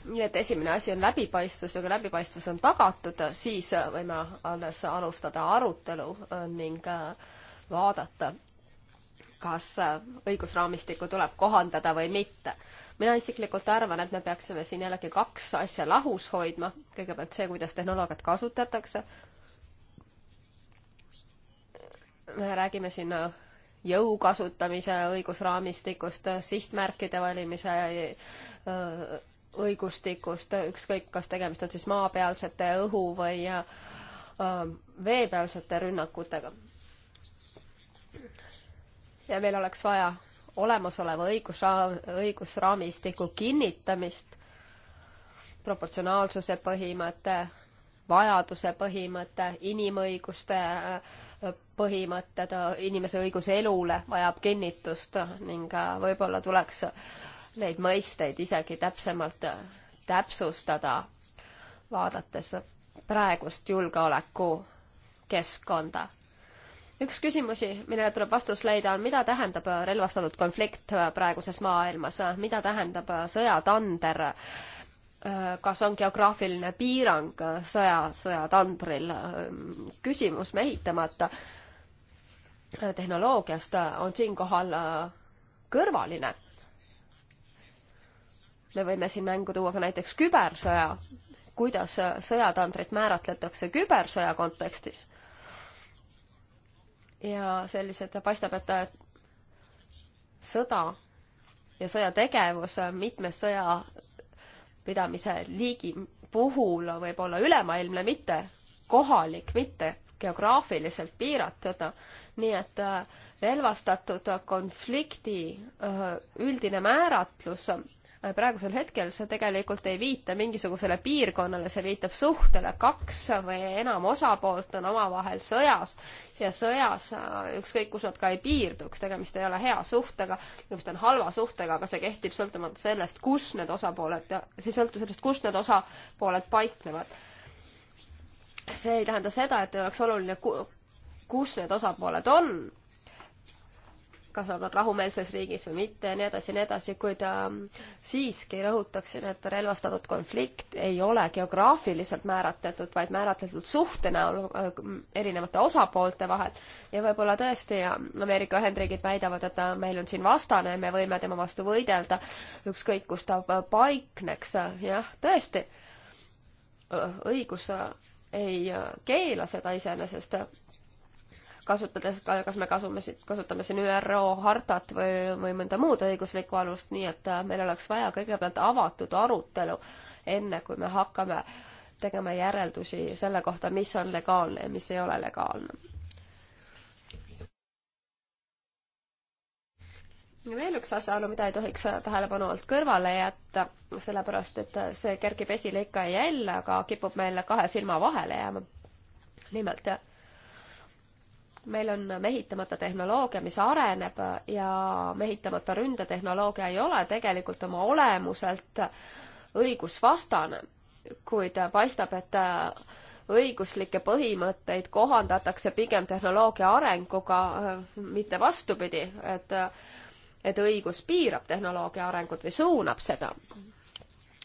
nii et esimene asi on läbipaistvus ja kui läbipaistvus on tagatud, siis võime alles alustada arutelu äh, ning äh, vaadata, kas äh, õigusraamistikku tuleb kohandada või mitte. mina isiklikult arvan, et me peaksime siin jällegi kaks asja lahus hoidma. kõigepealt see, kuidas tehnoloogiat kasutatakse. me räägime siin jõu kasutamise õigusraamistikust, sihtmärkide valimise õigustikust, ükskõik, kas tegemist on siis maapealsete õhu või äh, veepealsete rünnakutega. ja meil oleks vaja olemasoleva õigusraam, õigusraamistiku kinnitamist, proportsionaalsuse põhimõte, vajaduse põhimõte, inimõiguste äh, põhimõtted, inimese õigus elule vajab kinnitust ning äh, võib-olla tuleks neid mõisteid isegi täpsemalt äh, täpsustada, vaadates praegust julgeolekukeskkonda. üks küsimusi, millele tuleb vastus leida, on mida tähendab äh, relvastatud konflikt äh, praeguses maailmas, mida tähendab sõjatander, kas on geograafiline piirang sõja, sõjatandril, küsimus mehitamata tehnoloogiast on siinkohal kõrvaline me võime siin mängu tuua ka näiteks kübersõja, kuidas sõjatandrit määratletakse kübersõja kontekstis. ja sellised, paistab, et sõda ja sõjategevus mitmes sõjapidamise liigi puhul võib olla ülemaailmne, mitte kohalik, mitte geograafiliselt piiratud, nii et äh, relvastatud konflikti äh, üldine määratlus praegusel hetkel see tegelikult ei viita mingisugusele piirkonnale, see viitab suhtele, kaks või enam osapoolt on omavahel sõjas ja sõjas, äh, ükskõik kus nad ka ei piirduks, tegemist ei ole hea suhtega, tegemist on halva suhtega, aga see kehtib sõltumata sellest, kus need osapooled, see ei sõltu sellest, kus need osapooled paiknevad. see ei tähenda seda, et ei oleks oluline, kus need osapooled on kas nad on rahumeelses riigis või mitte ja nii edasi ja nii edasi, kuid ähm, siiski rõhutaksin, et relvastatud konflikt ei ole geograafiliselt määratletud, vaid määratletud suhte näol äh, erinevate osapoolte vahel. ja võib-olla tõesti ähm, Ameerika Ühendriigid väidavad, et äh, meil on siin vastane, me võime tema vastu võidelda, ükskõik kus ta äh, paikneks, jah, tõesti, õigus ei keela seda iseenesest kasutades ka, kas me kasume, kasutame siin ÜRO hartat või, või mõnda muud õiguslikku alust, nii et äh, meil oleks vaja kõigepealt avatud arutelu, enne kui me hakkame tegema järeldusi selle kohta, mis on legaalne ja mis ei ole legaalne. ja veel üks asjaolu, mida ei tohiks tähelepanu alt kõrvale jätta, sellepärast et äh, see kerkib esile ikka ja jälle, aga kipub meil kahe silma vahele jääma. nimelt jah äh, meil on mehitamata tehnoloogia, mis areneb ja mehitamata ründetehnoloogia ei ole tegelikult oma olemuselt õigusvastane, kuid paistab, et õiguslikke põhimõtteid kohandatakse pigem tehnoloogia arenguga, mitte vastupidi, et, et õigus piirab tehnoloogia arengut või suunab seda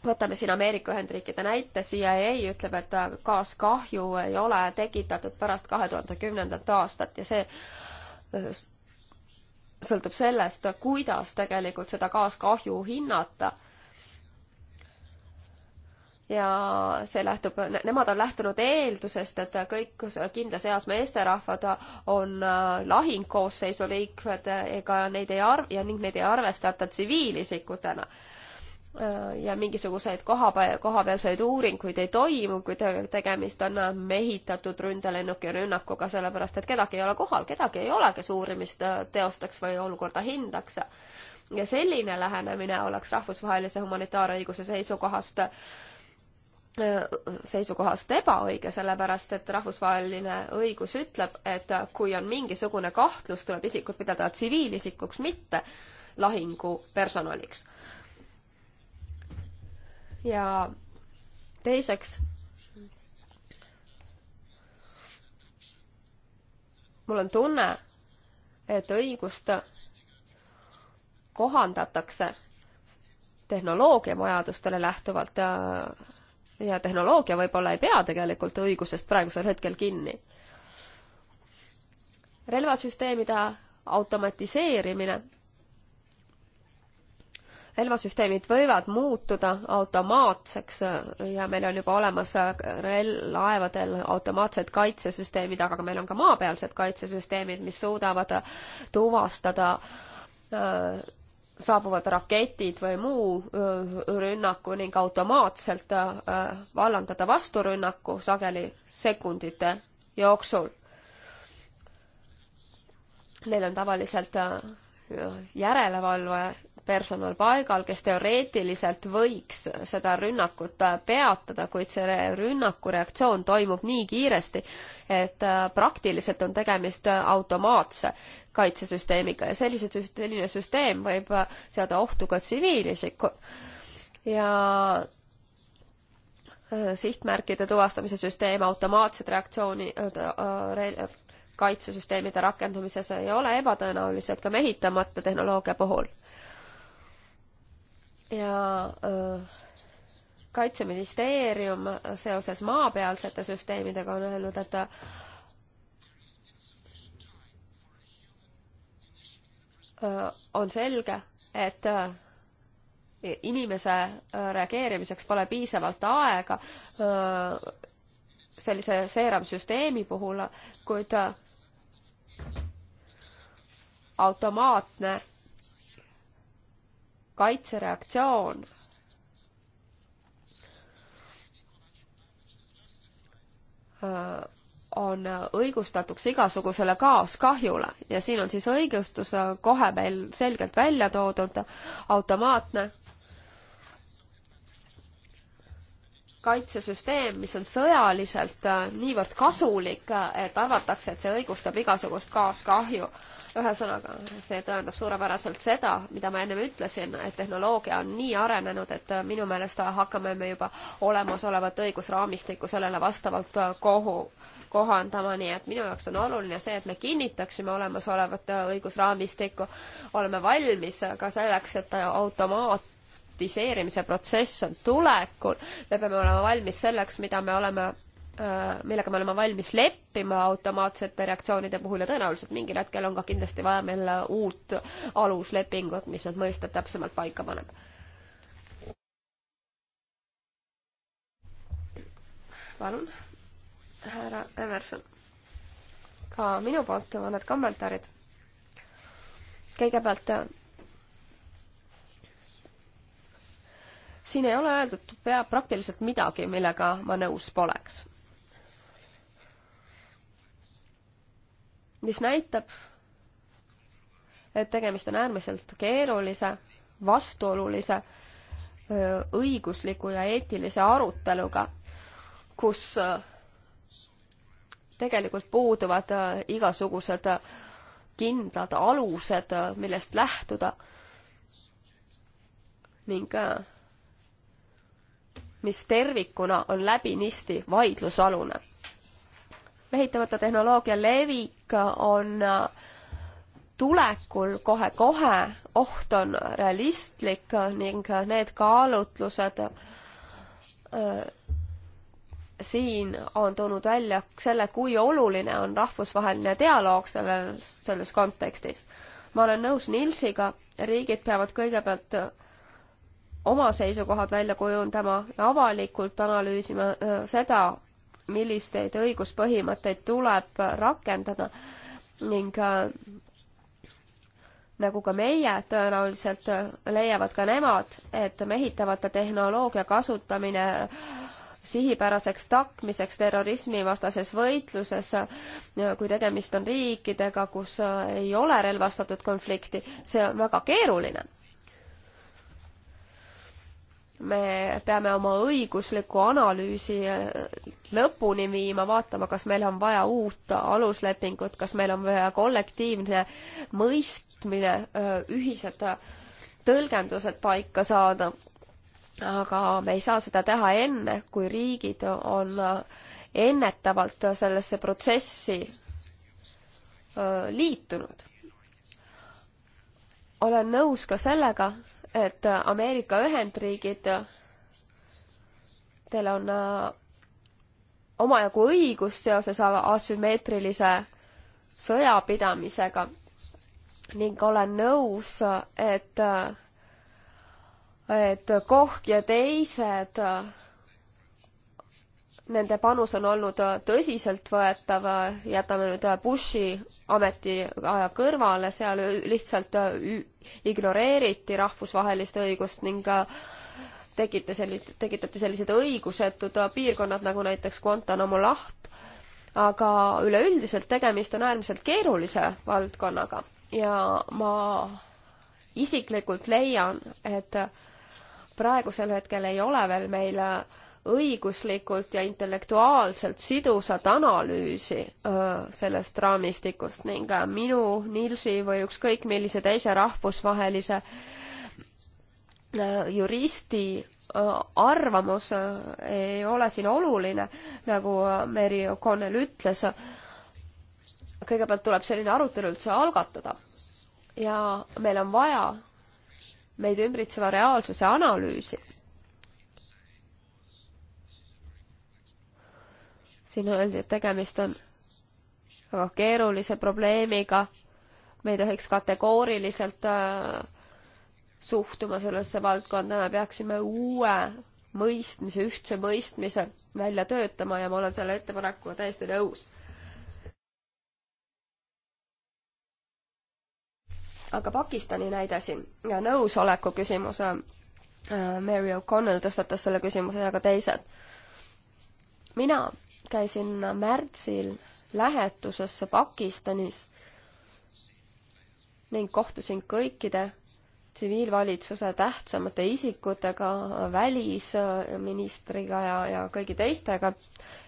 võtame siin Ameerika Ühendriikide näite, CIA ütleb, et kaaskahju ei ole tekitatud pärast kahe tuhande kümnendat aastat ja see äh, sõltub sellest, kuidas tegelikult seda kaaskahju hinnata. ja see lähtub, nemad on lähtunud eeldusest, et kõik kindlas eas meesterahvad on äh, lahingkoosseisu liikmed ega neid ei arv- ja ning neid ei arvestata tsiviilisikutena Äh, ja mingisuguseid kohape-, kohapealseid uuringuid ei toimu, kui te-, tegemist on äh, mehitatud ründelennuki rünnakuga, sellepärast et kedagi ei ole kohal, kedagi ei ole, kes uurimist äh, teostaks või olukorda hindaks. ja selline lähenemine oleks rahvusvahelise humanitaarõiguse seisukohast seisukohast ebaõige, sellepärast et rahvusvaheline õigus ütleb, et kui on mingisugune kahtlus, tuleb isikut pidada tsiviilisikuks, mitte lahingupersonaliks ja teiseks, mul on tunne, et õigust kohandatakse tehnoloogia vajadustele lähtuvalt ja, äh, ja tehnoloogia võib-olla ei pea tegelikult õigusest praegusel hetkel kinni. relvasüsteemide automatiseerimine relvasüsteemid võivad muutuda automaatseks ja meil on juba olemas laevadel automaatsed kaitsesüsteemid, aga meil on ka maapealsed kaitsesüsteemid, mis suudavad tuvastada äh, saabuvad raketid või muu äh, rünnaku ning automaatselt äh, vallandada vasturünnaku sageli sekundite jooksul. Neil on tavaliselt järelevalve personal paigal, kes teoreetiliselt võiks seda rünnakut äh, peatada, kuid selle rünnaku reaktsioon toimub nii kiiresti, et äh, praktiliselt on tegemist äh, automaatse kaitsesüsteemiga ja sellise, selline süsteem võib seada ohtu ka tsiviilisiku. ja sihtmärkide tuvastamise süsteem, automaatsed reaktsiooni re, kaitsesüsteemide rakendumises ei ole ebatõenäoliselt ka mehitamata tehnoloogia puhul ja äh, kaitseministeerium seoses maapealsete süsteemidega on öelnud, et äh, on selge, et äh, inimese reageerimiseks pole piisavalt aega sellise seeramsüsteemi puhul, kuid automaatne kaitsereaktsioon on õigustatuks igasugusele kaaskahjule ja siin on siis õigustus kohe meil selgelt välja toodud, automaatne kaitsesüsteem, mis on sõjaliselt äh, niivõrd kasulik, äh, et arvatakse, et see õigustab igasugust kaaskahju. ühesõnaga, see tõendab suurepäraselt seda, mida ma ennem ütlesin, et tehnoloogia on nii arenenud, et äh, minu meelest hakkame me juba olemasolevat õigusraamistikku sellele vastavalt kohu, kohandama, nii et minu jaoks on oluline see, et me kinnitaksime olemasolevat õigusraamistikku, oleme valmis ka selleks, et automaat demokratiseerimise protsess on tulekul, me peame olema valmis selleks, mida me oleme äh, millega me oleme valmis leppima automaatsete reaktsioonide puhul ja tõenäoliselt mingil hetkel on ka kindlasti vaja meil uut aluslepingut, mis need mõisted täpsemalt paika paneb. palun, härra Emerson. ka minu poolt mõned kommentaarid. kõigepealt siin ei ole öeldud pea praktiliselt midagi, millega ma nõus poleks. mis näitab, et tegemist on äärmiselt keerulise, vastuolulise õigusliku ja eetilise aruteluga, kus tegelikult puuduvad igasugused kindlad alused, millest lähtuda ning mis tervikuna on läbinisti vaidlusalune. mehitavate tehnoloogia levik on äh, tulekul kohe-kohe, oht on realistlik ning need kaalutlused äh, siin on toonud välja selle, kui oluline on rahvusvaheline dialoog sellel, selles kontekstis. ma olen nõus Nilsiga, riigid peavad kõigepealt oma seisukohad välja kujundama ja avalikult analüüsima äh, seda, millisteid õiguspõhimõtteid tuleb rakendada ning äh, nagu ka meie, tõenäoliselt äh, leiavad ka nemad, et mehitavate tehnoloogia kasutamine sihipäraseks tapmiseks terrorismivastases võitluses, kui tegemist on riikidega, kus ei ole relvastatud konflikti, see on väga keeruline me peame oma õigusliku analüüsi lõpuni viima, vaatama, kas meil on vaja uut aluslepingut, kas meil on vaja kollektiivne mõistmine, ühised tõlgendused paika saada. aga me ei saa seda teha enne, kui riigid on ennetavalt sellesse protsessi liitunud. olen nõus ka sellega, et Ameerika Ühendriigid, teil on äh, omajagu õigust seoses asümmeetrilise sõjapidamisega ning olen nõus, et, äh, et Koch ja teised äh, Nende panus on olnud äh, tõsiseltvõetav, äh, jätame nüüd äh, Bushi ametiaja kõrvale, seal lihtsalt ignoreeriti rahvusvahelist õigust ning tekitati sellised, tekitati sellised õigusetud piirkonnad nagu näiteks Guantanamo laht, aga üleüldiselt tegemist on äärmiselt keerulise valdkonnaga ja ma isiklikult leian, et praegusel hetkel ei ole veel meil õiguslikult ja intellektuaalselt sidusat analüüsi sellest raamistikust ning äh, minu, Nilsi või ükskõik millise teise rahvusvahelise juristi arvamus ei ole siin oluline, nagu Mary O'Connell ütles. kõigepealt tuleb selline arutelu üldse algatada ja meil on vaja meid ümbritseva reaalsuse analüüsi siin öeldi, et tegemist on väga keerulise probleemiga, me ei tohiks kategooriliselt äh, suhtuma sellesse valdkonda, me peaksime uue mõistmise, ühtse mõistmise välja töötama ja ma olen selle ettepanekuga täiesti nõus. aga Pakistani näide siin ja nõusoleku küsimus, äh, Mary O'Connell tõstatas selle küsimuse ja ka teised. mina käisin märtsil lähetuses Pakistanis ning kohtusin kõikide tsiviilvalitsuse tähtsamate isikutega, välisministriga ja, ja kõigi teistega,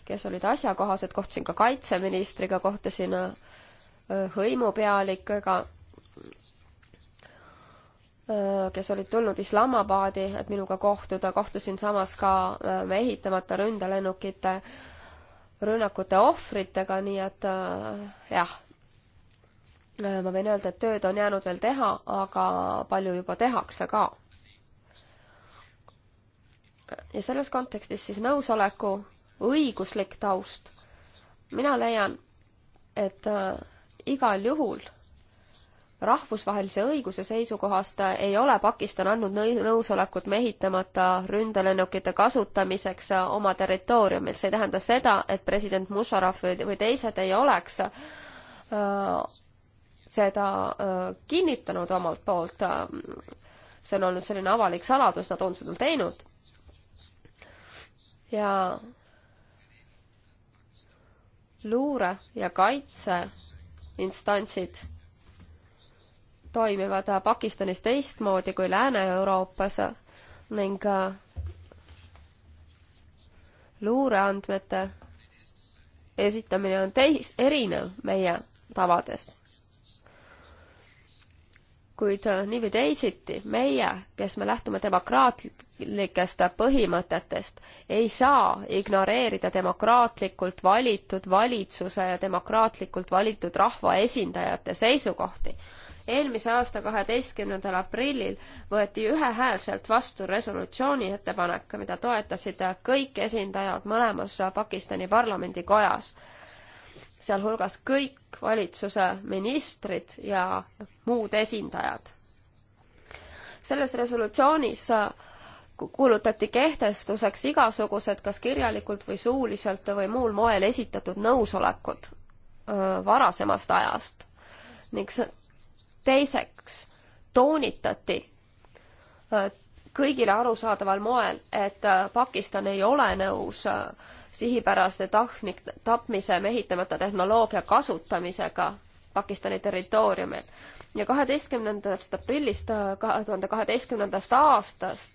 kes olid asjakohased, kohtusin ka kaitseministriga, kohtusin hõimupealikega, kes olid tulnud Islamabadi, et minuga kohtuda, kohtusin samas ka mehitamata ründalennukite äh, rünnakute ohvritega, nii et äh, jah, ma võin öelda, et tööd on jäänud veel teha, aga palju juba tehakse ka. ja selles kontekstis siis nõusoleku õiguslik taust. mina leian, et äh, igal juhul rahvusvahelise õiguse seisukohast ei ole Pakistan andnud nõusolekut mehitamata ründelennukite kasutamiseks oma territooriumil. see ei tähenda seda, et president Musharraf või teised ei oleks äh, seda äh, kinnitanud omalt poolt. see on olnud selline avalik saladus, nad on seda teinud. ja luure ja kaitse instantsid toimivad Pakistanis teistmoodi kui Lääne-Euroopas ning äh, luureandmete esitamine on teis-, erinev meie tavadest. kuid äh, nii või teisiti, meie, kes me lähtume demokraatlikest põhimõtetest, ei saa ignoreerida demokraatlikult valitud valitsuse ja demokraatlikult valitud rahvaesindajate seisukohti eelmise aasta kaheteistkümnendal aprillil võeti ühehäälselt vastu resolutsiooni ettepanek, mida toetasid kõik esindajad mõlemas Pakistani parlamendikojas, sealhulgas kõik valitsuse ministrid ja muud esindajad. selles resolutsioonis kuulutati kehtestuseks igasugused kas kirjalikult või suuliselt või muul moel esitatud nõusolekud öö, äh, varasemast ajast ning teiseks toonitati äh, kõigile arusaadaval moel, et äh, Pakistan ei ole nõus äh, sihipäraste tahnik-, tapmise mehitamata tehnoloogia kasutamisega Pakistani territooriumil. ja kaheteistkümnendast aprillist kahe tuhande kaheteistkümnendast aastast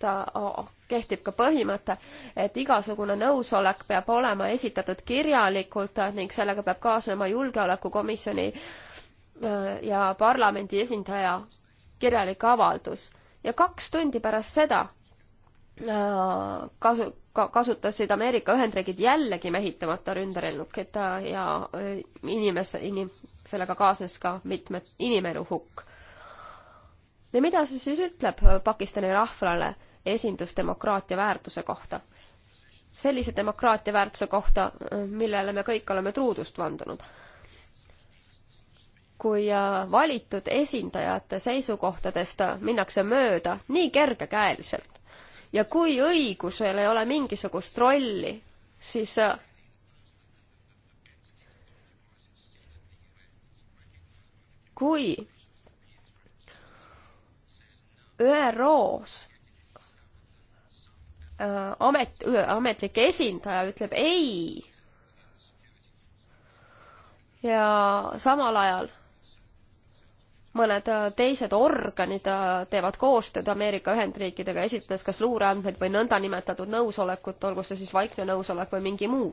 kehtib ka põhimõte, et igasugune nõusolek peab olema esitatud kirjalikult ning sellega peab kaasnema julgeolekukomisjoni äh, ja parlamendi esindaja kirjalik avaldus ja kaks tundi pärast seda äh, kasu, kasutasid Ameerika Ühendriigid jällegi mehitamata ründerelnukit äh, ja äh, inimese, inim-, sellega kaasnes ka mitmed inimelu hukk. ja mida see siis ütleb Pakistani rahvale esindusdemokraatia väärtuse kohta? sellise demokraatia väärtuse kohta, millele me kõik oleme truudust vandunud kui äh, valitud esindajate seisukohtadest minnakse mööda nii kergekäeliselt ja kui õigusel ei ole mingisugust rolli, siis äh, kui ÜRO-s äh, amet, ametlik esindaja ütleb ei ja samal ajal mõned äh, teised organid äh, teevad koostööd Ameerika Ühendriikidega, esitades kas luureandmeid või nõndanimetatud nõusolekut, olgu see siis vaikne nõusolek või mingi muu.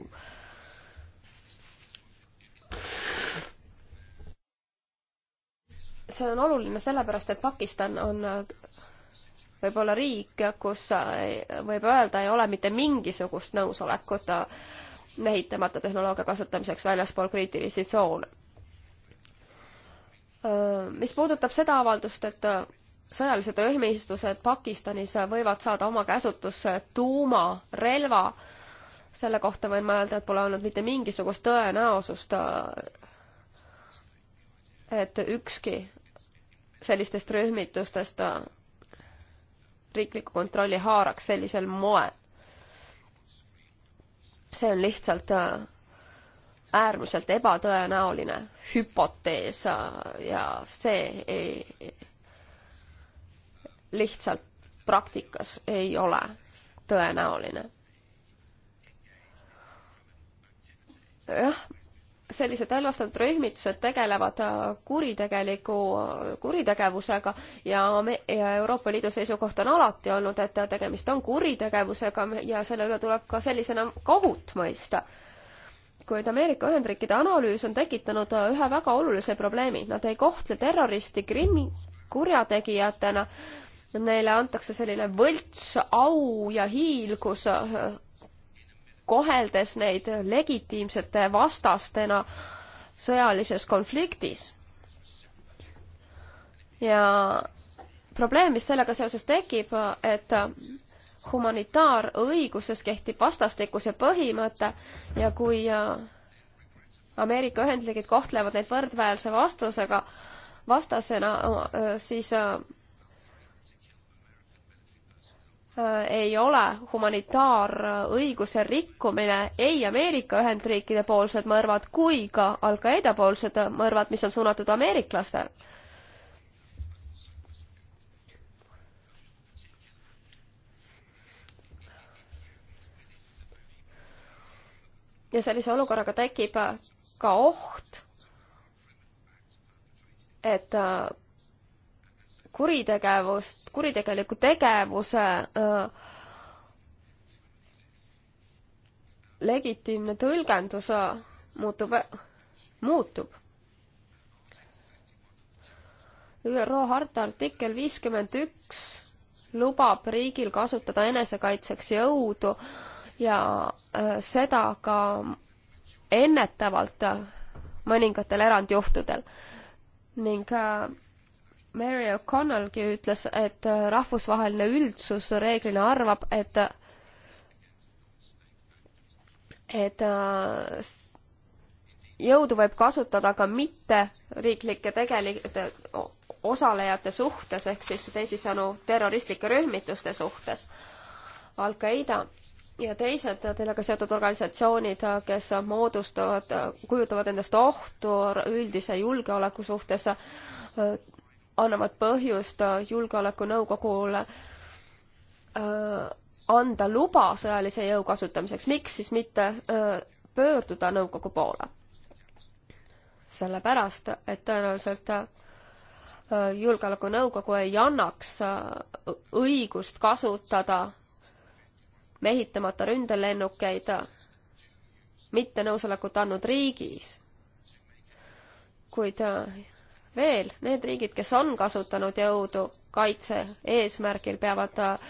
see on oluline sellepärast, et Pakistan on äh, võib-olla riik, kus võib öelda, ei ole mitte mingisugust nõusolekut mehitamata tehnoloogia kasutamiseks väljaspool kriitilisi tsoone mis puudutab seda avaldust, et äh, sõjalised rühmistused Pakistanis võivad saada oma käsutusse tuumarelva, selle kohta võin ma öelda, et pole olnud mitte mingisugust tõenäosust, äh, et ükski sellistest rühmitustest äh, riikliku kontrolli haaraks sellisel moel. see on lihtsalt äärmiselt ebatõenäoline hüpotees ja see ei, lihtsalt praktikas ei ole tõenäoline. jah, sellised relvastatud rühmitused tegelevad äh, kuritegeliku, kuritegevusega ja me, ja Euroopa Liidu seisukoht on alati olnud, et tegemist on kuritegevusega ja selle üle tuleb ka sellisena kohut mõista kuid Ameerika Ühendriikide analüüs on tekitanud äh, ühe väga olulise probleemi. Nad ei kohtle terroristi krimmi kurjategijatena. Neile antakse selline võlts au ja hiilgus, äh, koheldes neid legitiimsete vastastena sõjalises konfliktis. ja probleem, mis sellega seoses tekib, äh, et humanitaarõiguses kehtib vastastikuse põhimõte ja kui äh, Ameerika Ühendriigid kohtlevad neid võrdväärse vastusega, vastasena, äh, siis äh, ei ole humanitaarõiguse rikkumine ei Ameerika Ühendriikide poolsed mõrvad kui ka Al-Qaeda poolsed mõrvad, mis on suunatud ameeriklastele. ja sellise olukorraga tekib äh, ka oht, et äh, kuritegevust, kuritegeliku tegevuse äh, legitiimne tõlgendus äh, muutub, muutub. ÜRO harta artikkel viiskümmend üks lubab riigil kasutada enesekaitseks jõudu äh, ja äh, seda ka ennetavalt mõningatel erandjuhtudel. ning äh, Mary O'Connellgi ütles, et äh, rahvusvaheline üldsus reeglina arvab, et et jõudu võib kasutada ka mitte riiklike tegeli-, osalejate suhtes, ehk siis teisisõnu terroristlike rühmituste suhtes. Al-Qaeda ja teised teelega seotud organisatsioonid, kes moodustavad, kujutavad endast ohtu üldise julgeoleku suhtes, annavad põhjust Julgeolekunõukogule äh, anda luba sõjalise jõu kasutamiseks, miks siis mitte äh, pöörduda nõukogu poole? sellepärast, et tõenäoliselt äh, Julgeolekunõukogu ei annaks õigust kasutada mehitamata ründelennukeid mittenõusolekut andnud riigis. kuid äh, veel, need riigid, kes on kasutanud jõudu kaitse eesmärgil, peavad äh,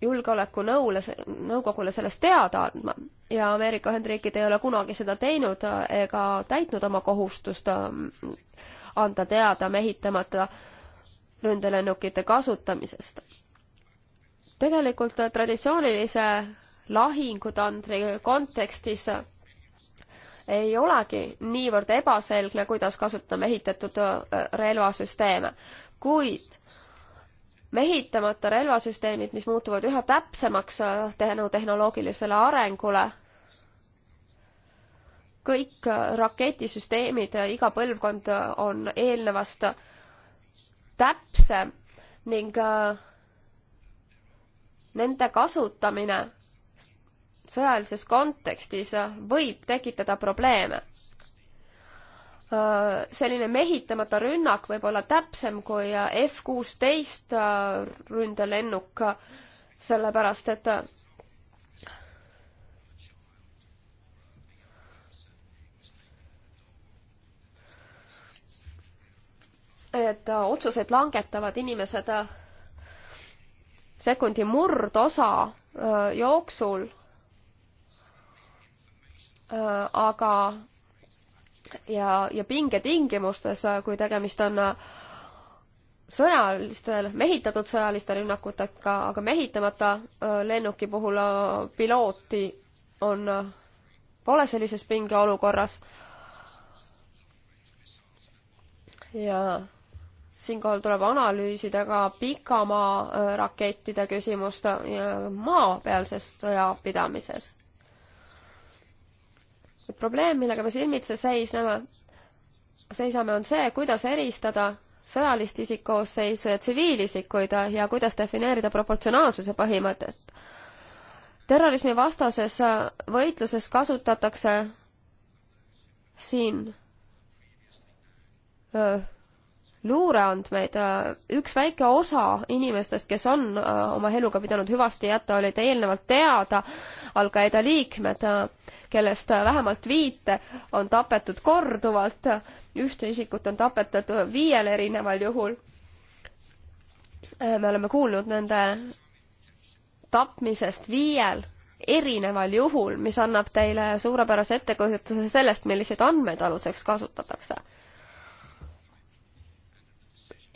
julgeolekunõule, nõukogule sellest teada andma ja Ameerika Ühendriigid ei ole kunagi seda teinud äh, ega täitnud oma kohustust anda teada mehitamata ründelennukite kasutamisest tegelikult äh, traditsioonilise lahingutandri kontekstis äh, ei olegi niivõrd ebaselgne, kuidas kasutame ehitatud äh, relvasüsteeme, kuid mehitamata relvasüsteemid, mis muutuvad üha täpsemaks tänu tehnoloogilisele arengule, kõik raketisüsteemid, iga põlvkond on eelnevast täpsem ning äh, nende kasutamine sõjalises kontekstis võib tekitada probleeme. selline mehitamata rünnak võib olla täpsem kui F kuusteist ründelennuk, sellepärast et et otsuseid langetavad inimesed sekundi murdosa jooksul, aga ja, ja pingetingimustes, kui tegemist on sõjalistel, mehitatud sõjaliste rünnakutega, aga mehitamata lennuki puhul pilooti on, pole sellises pingeolukorras. ja siinkohal tuleb analüüsida ka pikamaa äh, rakettide küsimust maapealses sõjapidamises. probleem, millega me silmitsi seisneme, seisame, on see, kuidas eristada sõjalist isikkoosseisu ja tsiviilisikuid ja kuidas defineerida proportsionaalsuse põhimõtet. terrorismivastases äh, võitluses kasutatakse siin öö, äh, luureandmeid, äh, üks väike osa inimestest, kes on äh, oma eluga pidanud hüvasti jätta, olid eelnevalt teada Al-Qaeda liikmed, äh, kellest vähemalt viite on tapetud korduvalt, ühte isikut on tapetud viiel erineval juhul. me oleme kuulnud nende tapmisest viiel erineval juhul, mis annab teile suurepärase ettekujutuse sellest, milliseid andmeid aluseks kasutatakse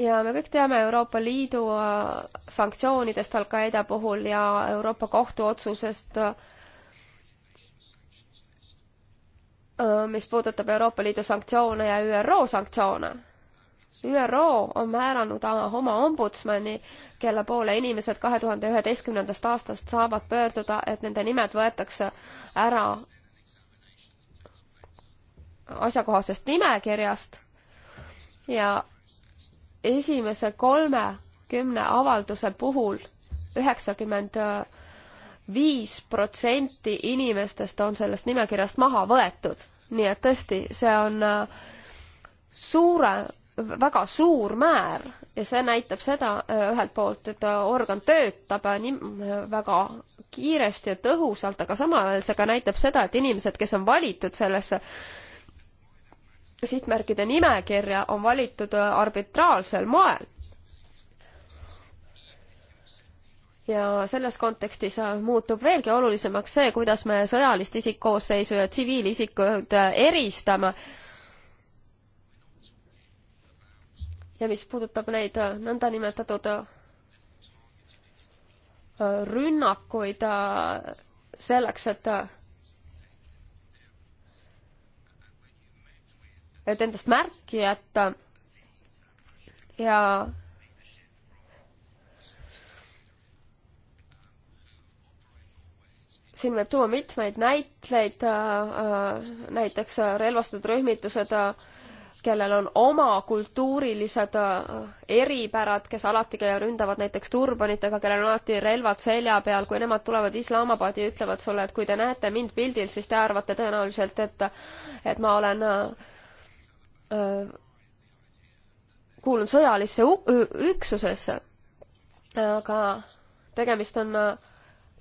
ja me kõik teame Euroopa Liidu äh, sanktsioonidest Al-Qaeda puhul ja Euroopa Kohtu otsusest, äh, mis puudutab Euroopa Liidu sanktsioone ja ÜRO sanktsioone. ÜRO on määranud oma ombudsmani, kelle poole inimesed kahe tuhande üheteistkümnendast aastast saavad pöörduda, et nende nimed võetakse ära asjakohasest nimekirjast ja esimese kolme kümne avalduse puhul üheksakümmend viis protsenti inimestest on sellest nimekirjast maha võetud. nii et tõesti, see on äh, suure, väga suur määr ja see näitab seda äh, ühelt poolt, et äh, organ töötab nii väga kiiresti ja tõhusalt, aga samal ajal see ka näitab seda, et inimesed, kes on valitud sellesse sihtmärkide nimekirja on valitud äh, arbitraalsel moel. ja selles kontekstis äh, muutub veelgi olulisemaks see, kuidas me sõjalist isikkoosseisu ja tsiviilisikut äh, eristame. ja mis puudutab neid nõndanimetatud rünnakuid selleks, et et endast märki jätta ja siin võib tuua mitmeid näitleid, äh, näiteks relvastatud rühmitused, kellel on oma kultuurilised äh, eripärad, kes alati ründavad näiteks turbanitega, kellel on alati relvad selja peal, kui nemad tulevad Islamabadi ja ütlevad sulle, et kui te näete mind pildil, siis te arvate tõenäoliselt, et, et ma olen äh, kuulun sõjalisse üksusesse, aga tegemist on äh,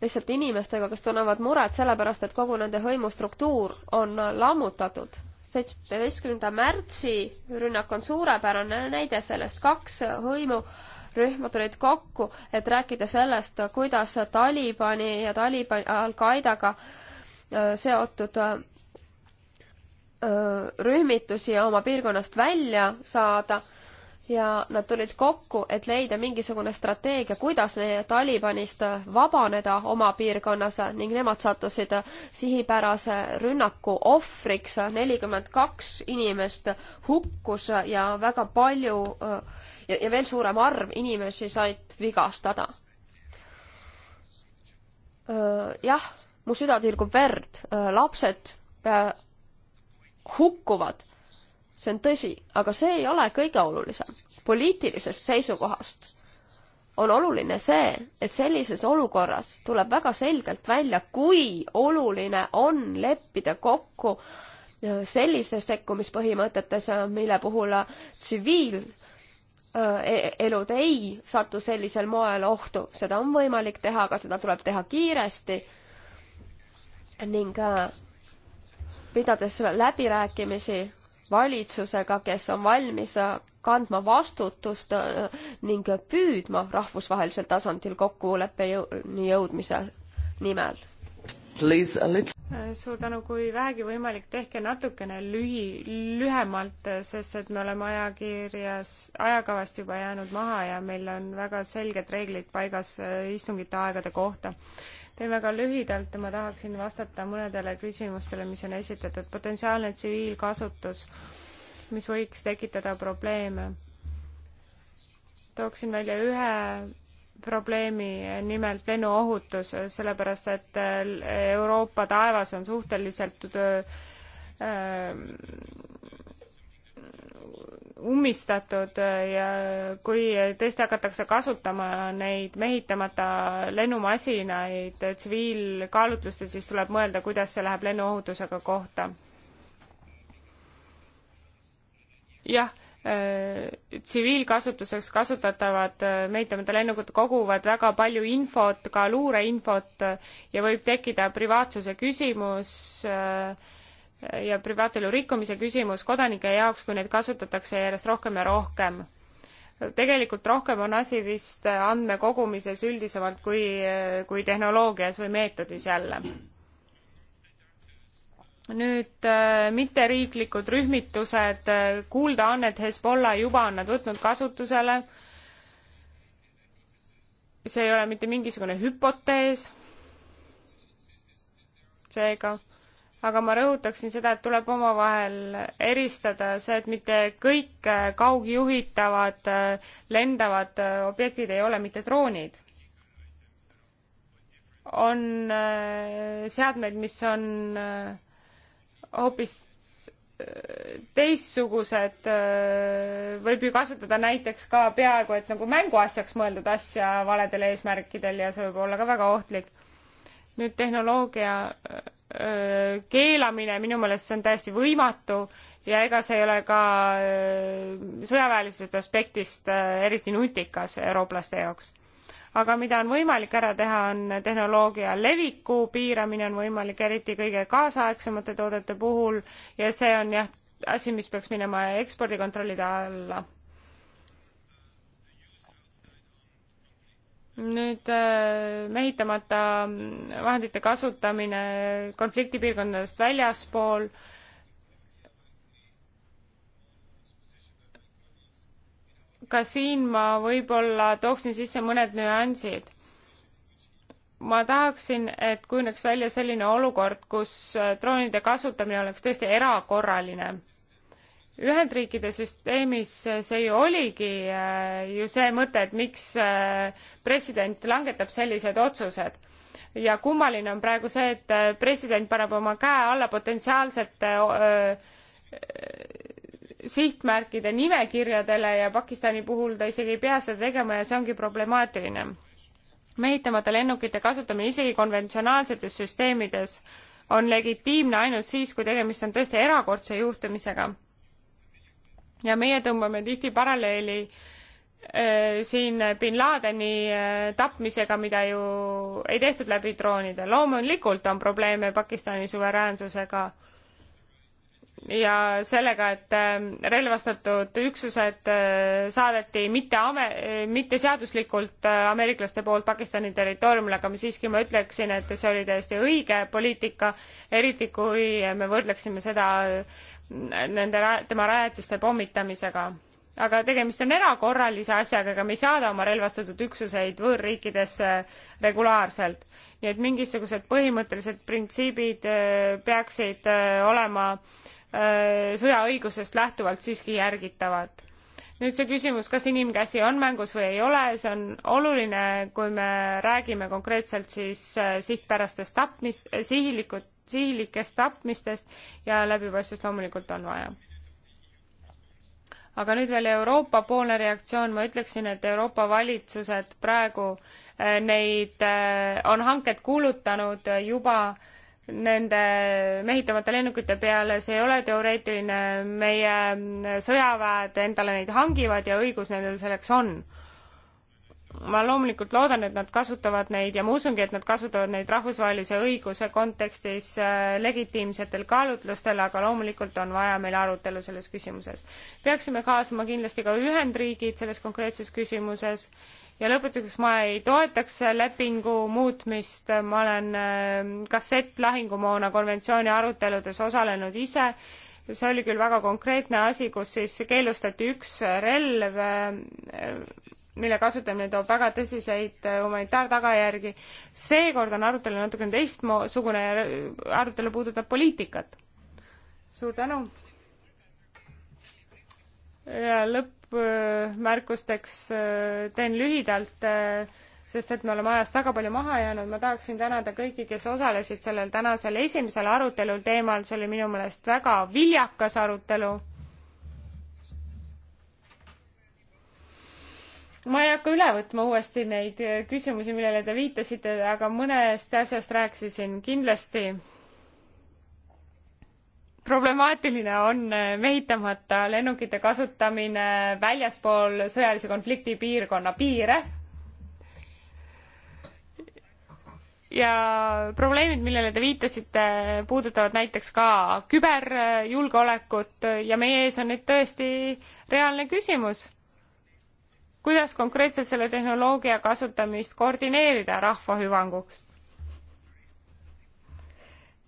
lihtsalt inimestega, kes tunnevad muret sellepärast, et kogu nende hõimustruktuur on äh, lammutatud. seitsmeteistkümnenda märtsi rünnak on suurepärane näide sellest, kaks äh, hõimu rühma tulid kokku, et rääkida sellest, kuidas Talibani ja Taliban, Al-Qaedaga seotud rühmitusi oma piirkonnast välja saada ja nad tulid kokku, et leida mingisugune strateegia, kuidas Talibanist vabaneda oma piirkonnas ning nemad sattusid sihipärase rünnaku ohvriks. nelikümmend kaks inimest hukkus ja väga palju ja, ja veel suurem arv inimesi said vigastada. jah, mu süda tilgub verd, lapsed hukkuvad. see on tõsi, aga see ei ole kõige olulisem. poliitilisest seisukohast on oluline see, et sellises olukorras tuleb väga selgelt välja, kui oluline on leppida kokku äh, sellises sekkumispõhimõtetes, äh, mille puhul äh, tsiviilelud e, ei satu sellisel moel ohtu. seda on võimalik teha, aga seda tuleb teha kiiresti ning pidades läbirääkimisi valitsusega, kes on valmis äh, kandma vastutust äh, ning püüdma rahvusvahelisel tasandil kokkuleppeni jõudmise nimel. Äh, suur tänu, kui vähegi võimalik, tehke natukene lühi, lühemalt, sest et me oleme ajakirjas, ajakavast juba jäänud maha ja meil on väga selged reeglid paigas istungite aegade kohta teen väga lühidalt ja ma tahaksin vastata mõnedele küsimustele, mis on esitatud. potentsiaalne tsiviilkasutus, mis võiks tekitada probleeme. tooksin välja ühe probleemi, nimelt lennuohutus, sellepärast et äh, Euroopa taevas on suhteliselt öö, äh, ummistatud äh, ja kui tõesti hakatakse kasutama neid mehitamata lennumasinaid tsiviilkaalutlustel, siis tuleb mõelda, kuidas see läheb lennuohutusega kohta. jah äh, tsiviilkasutuseks kasutatavad äh, mehitamata lennukid koguvad väga palju infot, ka luureinfot ja võib tekkida privaatsuse küsimus äh, ja privaatelu rikkumise küsimus kodanike jaoks, kui neid kasutatakse järjest rohkem ja rohkem. tegelikult rohkem on asi vist andmekogumises üldisemalt kui, kui tehnoloogias või meetodis jälle. nüüd äh, mitteriiklikud rühmitused, äh, kuulda on, et Hezbollah juba on nad võtnud kasutusele. see ei ole mitte mingisugune hüpotees. seega aga ma rõhutaksin seda, et tuleb omavahel eristada see, et mitte kõik äh, kaugjuhitavad äh, lendavad äh, objektid ei ole mitte droonid. on seadmeid, mis on hoopis teistsugused, võib ju kasutada näiteks ka peaaegu et nagu mänguasjaks mõeldud asja valedel eesmärkidel ja see võib olla ka väga ohtlik. nüüd tehnoloogia keelamine, minu meelest see on täiesti võimatu ja ega see ei ole ka sõjaväelisest aspektist eriti nutikas eurooplaste jaoks. aga mida on võimalik ära teha, on tehnoloogia leviku piiramine on võimalik eriti kõige kaasaegsemate toodete puhul ja see on jah, asi, mis peaks minema ekspordikontrollide alla nüüd äh, mehitamata vahendite kasutamine konfliktipiirkondadest väljaspool. ka siin ma võib-olla tooksin sisse mõned nüansid. ma tahaksin, et kujuneks välja selline olukord, kus äh, droonide kasutamine oleks tõesti erakorraline Ühendriikide süsteemis see ju oligi äh, ju see mõte, et miks äh, president langetab sellised otsused. ja kummaline on praegu see, et äh, president paneb oma käe alla potentsiaalsete öö, sihtmärkide nimekirjadele ja Pakistani puhul ta isegi ei pea seda tegema ja see ongi problemaatiline. mehitamata lennukite kasutamine isegi konventsionaalsetes süsteemides on legitiimne ainult siis, kui tegemist on tõesti erakordse juhtumisega ja meie tõmbame tihti paralleeli äh, siin bin Ladeni äh, tapmisega, mida ju ei tehtud läbi droonide. loomulikult on probleeme Pakistani suveräänsusega ja sellega, et äh, relvastatud üksused saadeti mitte ame-, mitteseaduslikult ameeriklaste poolt Pakistani territooriumile, aga ma siiski, ma ütleksin, et see oli täiesti õige poliitika, eriti kui me võrdleksime seda äh, nende, tema rajatiste pommitamisega. aga tegemist on erakorralise asjaga, ega me ei saada oma relvastatud üksuseid võõrriikidesse regulaarselt. nii et mingisugused põhimõttelised printsiibid äh, peaksid äh, olema äh, sõjaõigusest lähtuvalt siiski järgitavad nüüd see küsimus, kas inimkäsi on mängus või ei ole, see on oluline, kui me räägime konkreetselt siis sihtpärastest tapmist, sihilikud, sihilikest tapmistest ja läbipaistvust loomulikult on vaja. aga nüüd veel Euroopa poolne reaktsioon, ma ütleksin, et Euroopa valitsused praegu äh, neid, äh, on hanked kuulutanud juba nende mehitamata lennukite peale, see ei ole teoreetiline, meie mm, sõjaväed endale neid hangivad ja õigus nendel selleks on ma loomulikult loodan, et nad kasutavad neid ja ma usungi, et nad kasutavad neid rahvusvahelise õiguse kontekstis äh, legitiimsetel kaalutlustel, aga loomulikult on vaja meil arutelu selles küsimuses. peaksime kaasama kindlasti ka Ühendriigid selles konkreetses küsimuses ja lõpetuseks ma ei toetaks lepingu muutmist, ma olen äh, kassettlahingumoona konventsiooni aruteludes osalenud ise see oli küll väga konkreetne asi, kus siis keelustati üks relv äh, mille kasutamine toob väga tõsiseid äh, humanitaartagajärgi. seekord on arutelu natukene teistsugune ja arutelu puudutab poliitikat. suur tänu. ja lõppmärkusteks äh, teen lühidalt, äh, sest et me oleme ajast väga palju maha jäänud, ma tahaksin tänada kõiki, kes osalesid sellel tänasel esimesel arutelul teemal, see oli minu meelest väga viljakas arutelu ma ei hakka üle võtma uuesti neid eh, küsimusi, millele te viitasite, aga mõnest asjast rääkisin kindlasti. problemaatiline on eh, mehitamata lennukite kasutamine väljaspool sõjalise konflikti piirkonna piire ja probleemid, millele te viitasite, puudutavad näiteks ka küberjulgeolekut ja meie ees on nüüd tõesti reaalne küsimus kuidas konkreetselt selle tehnoloogia kasutamist koordineerida rahva hüvanguks?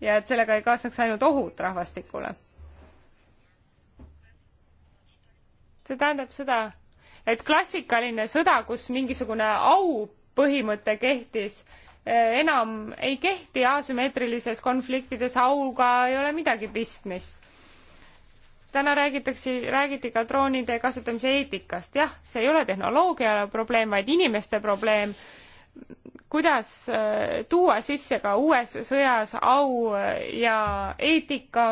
ja et sellega ei kaasneks ainult ohud rahvastikule. see tähendab seda, et klassikaline sõda, kus mingisugune aupõhimõte kehtis, enam ei kehti asümmeetrilises konfliktides, auga ei ole midagi pistmist täna räägitakse, räägiti ka droonide kasutamise eetikast, jah, see ei ole tehnoloogia probleem, vaid inimeste probleem, kuidas äh, tuua sisse ka uues sõjas au äh, ja eetika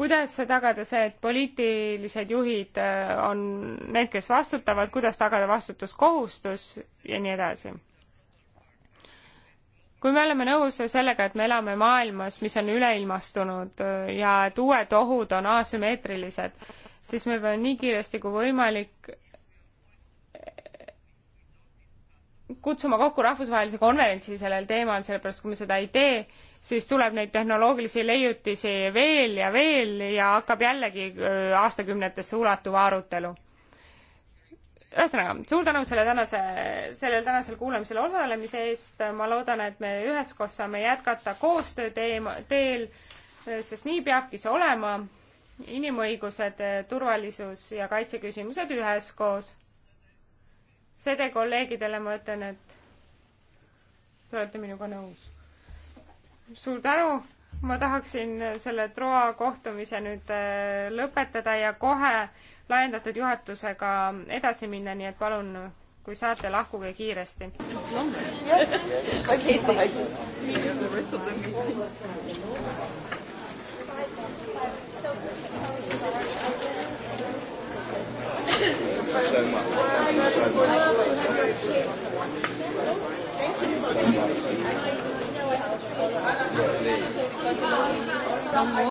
kuidas tagada see, et poliitilised juhid äh, on need, kes vastutavad, kuidas tagada vastutuskohustus ja nii edasi kui me oleme nõus sellega, et me elame maailmas, mis on üleilmastunud äh, ja et uued ohud on asümmeetrilised, siis me peame nii kiiresti kui võimalik äh, kutsuma kokku rahvusvahelise konverentsi sellel teemal, sellepärast kui me seda ei tee, siis tuleb neid tehnoloogilisi leiutisi veel ja veel ja hakkab jällegi äh, aastakümnetesse ulatuva arutelu ühesõnaga, suur tänu selle tänase, sellel tänasel kuulamisel osalemise eest, ma loodan, et me üheskoos saame jätkata koostöö teema, teel, sest nii peabki see olema, inimõigused, turvalisus ja kaitseküsimused üheskoos. sede kolleegidele ma ütlen, et te olete minuga nõus. suur tänu, ma tahaksin selle TROA kohtumise nüüd äh, lõpetada ja kohe laiendatud juhatusega edasi minna, nii et palun, kui saate, lahkuge kiiresti. Thank you.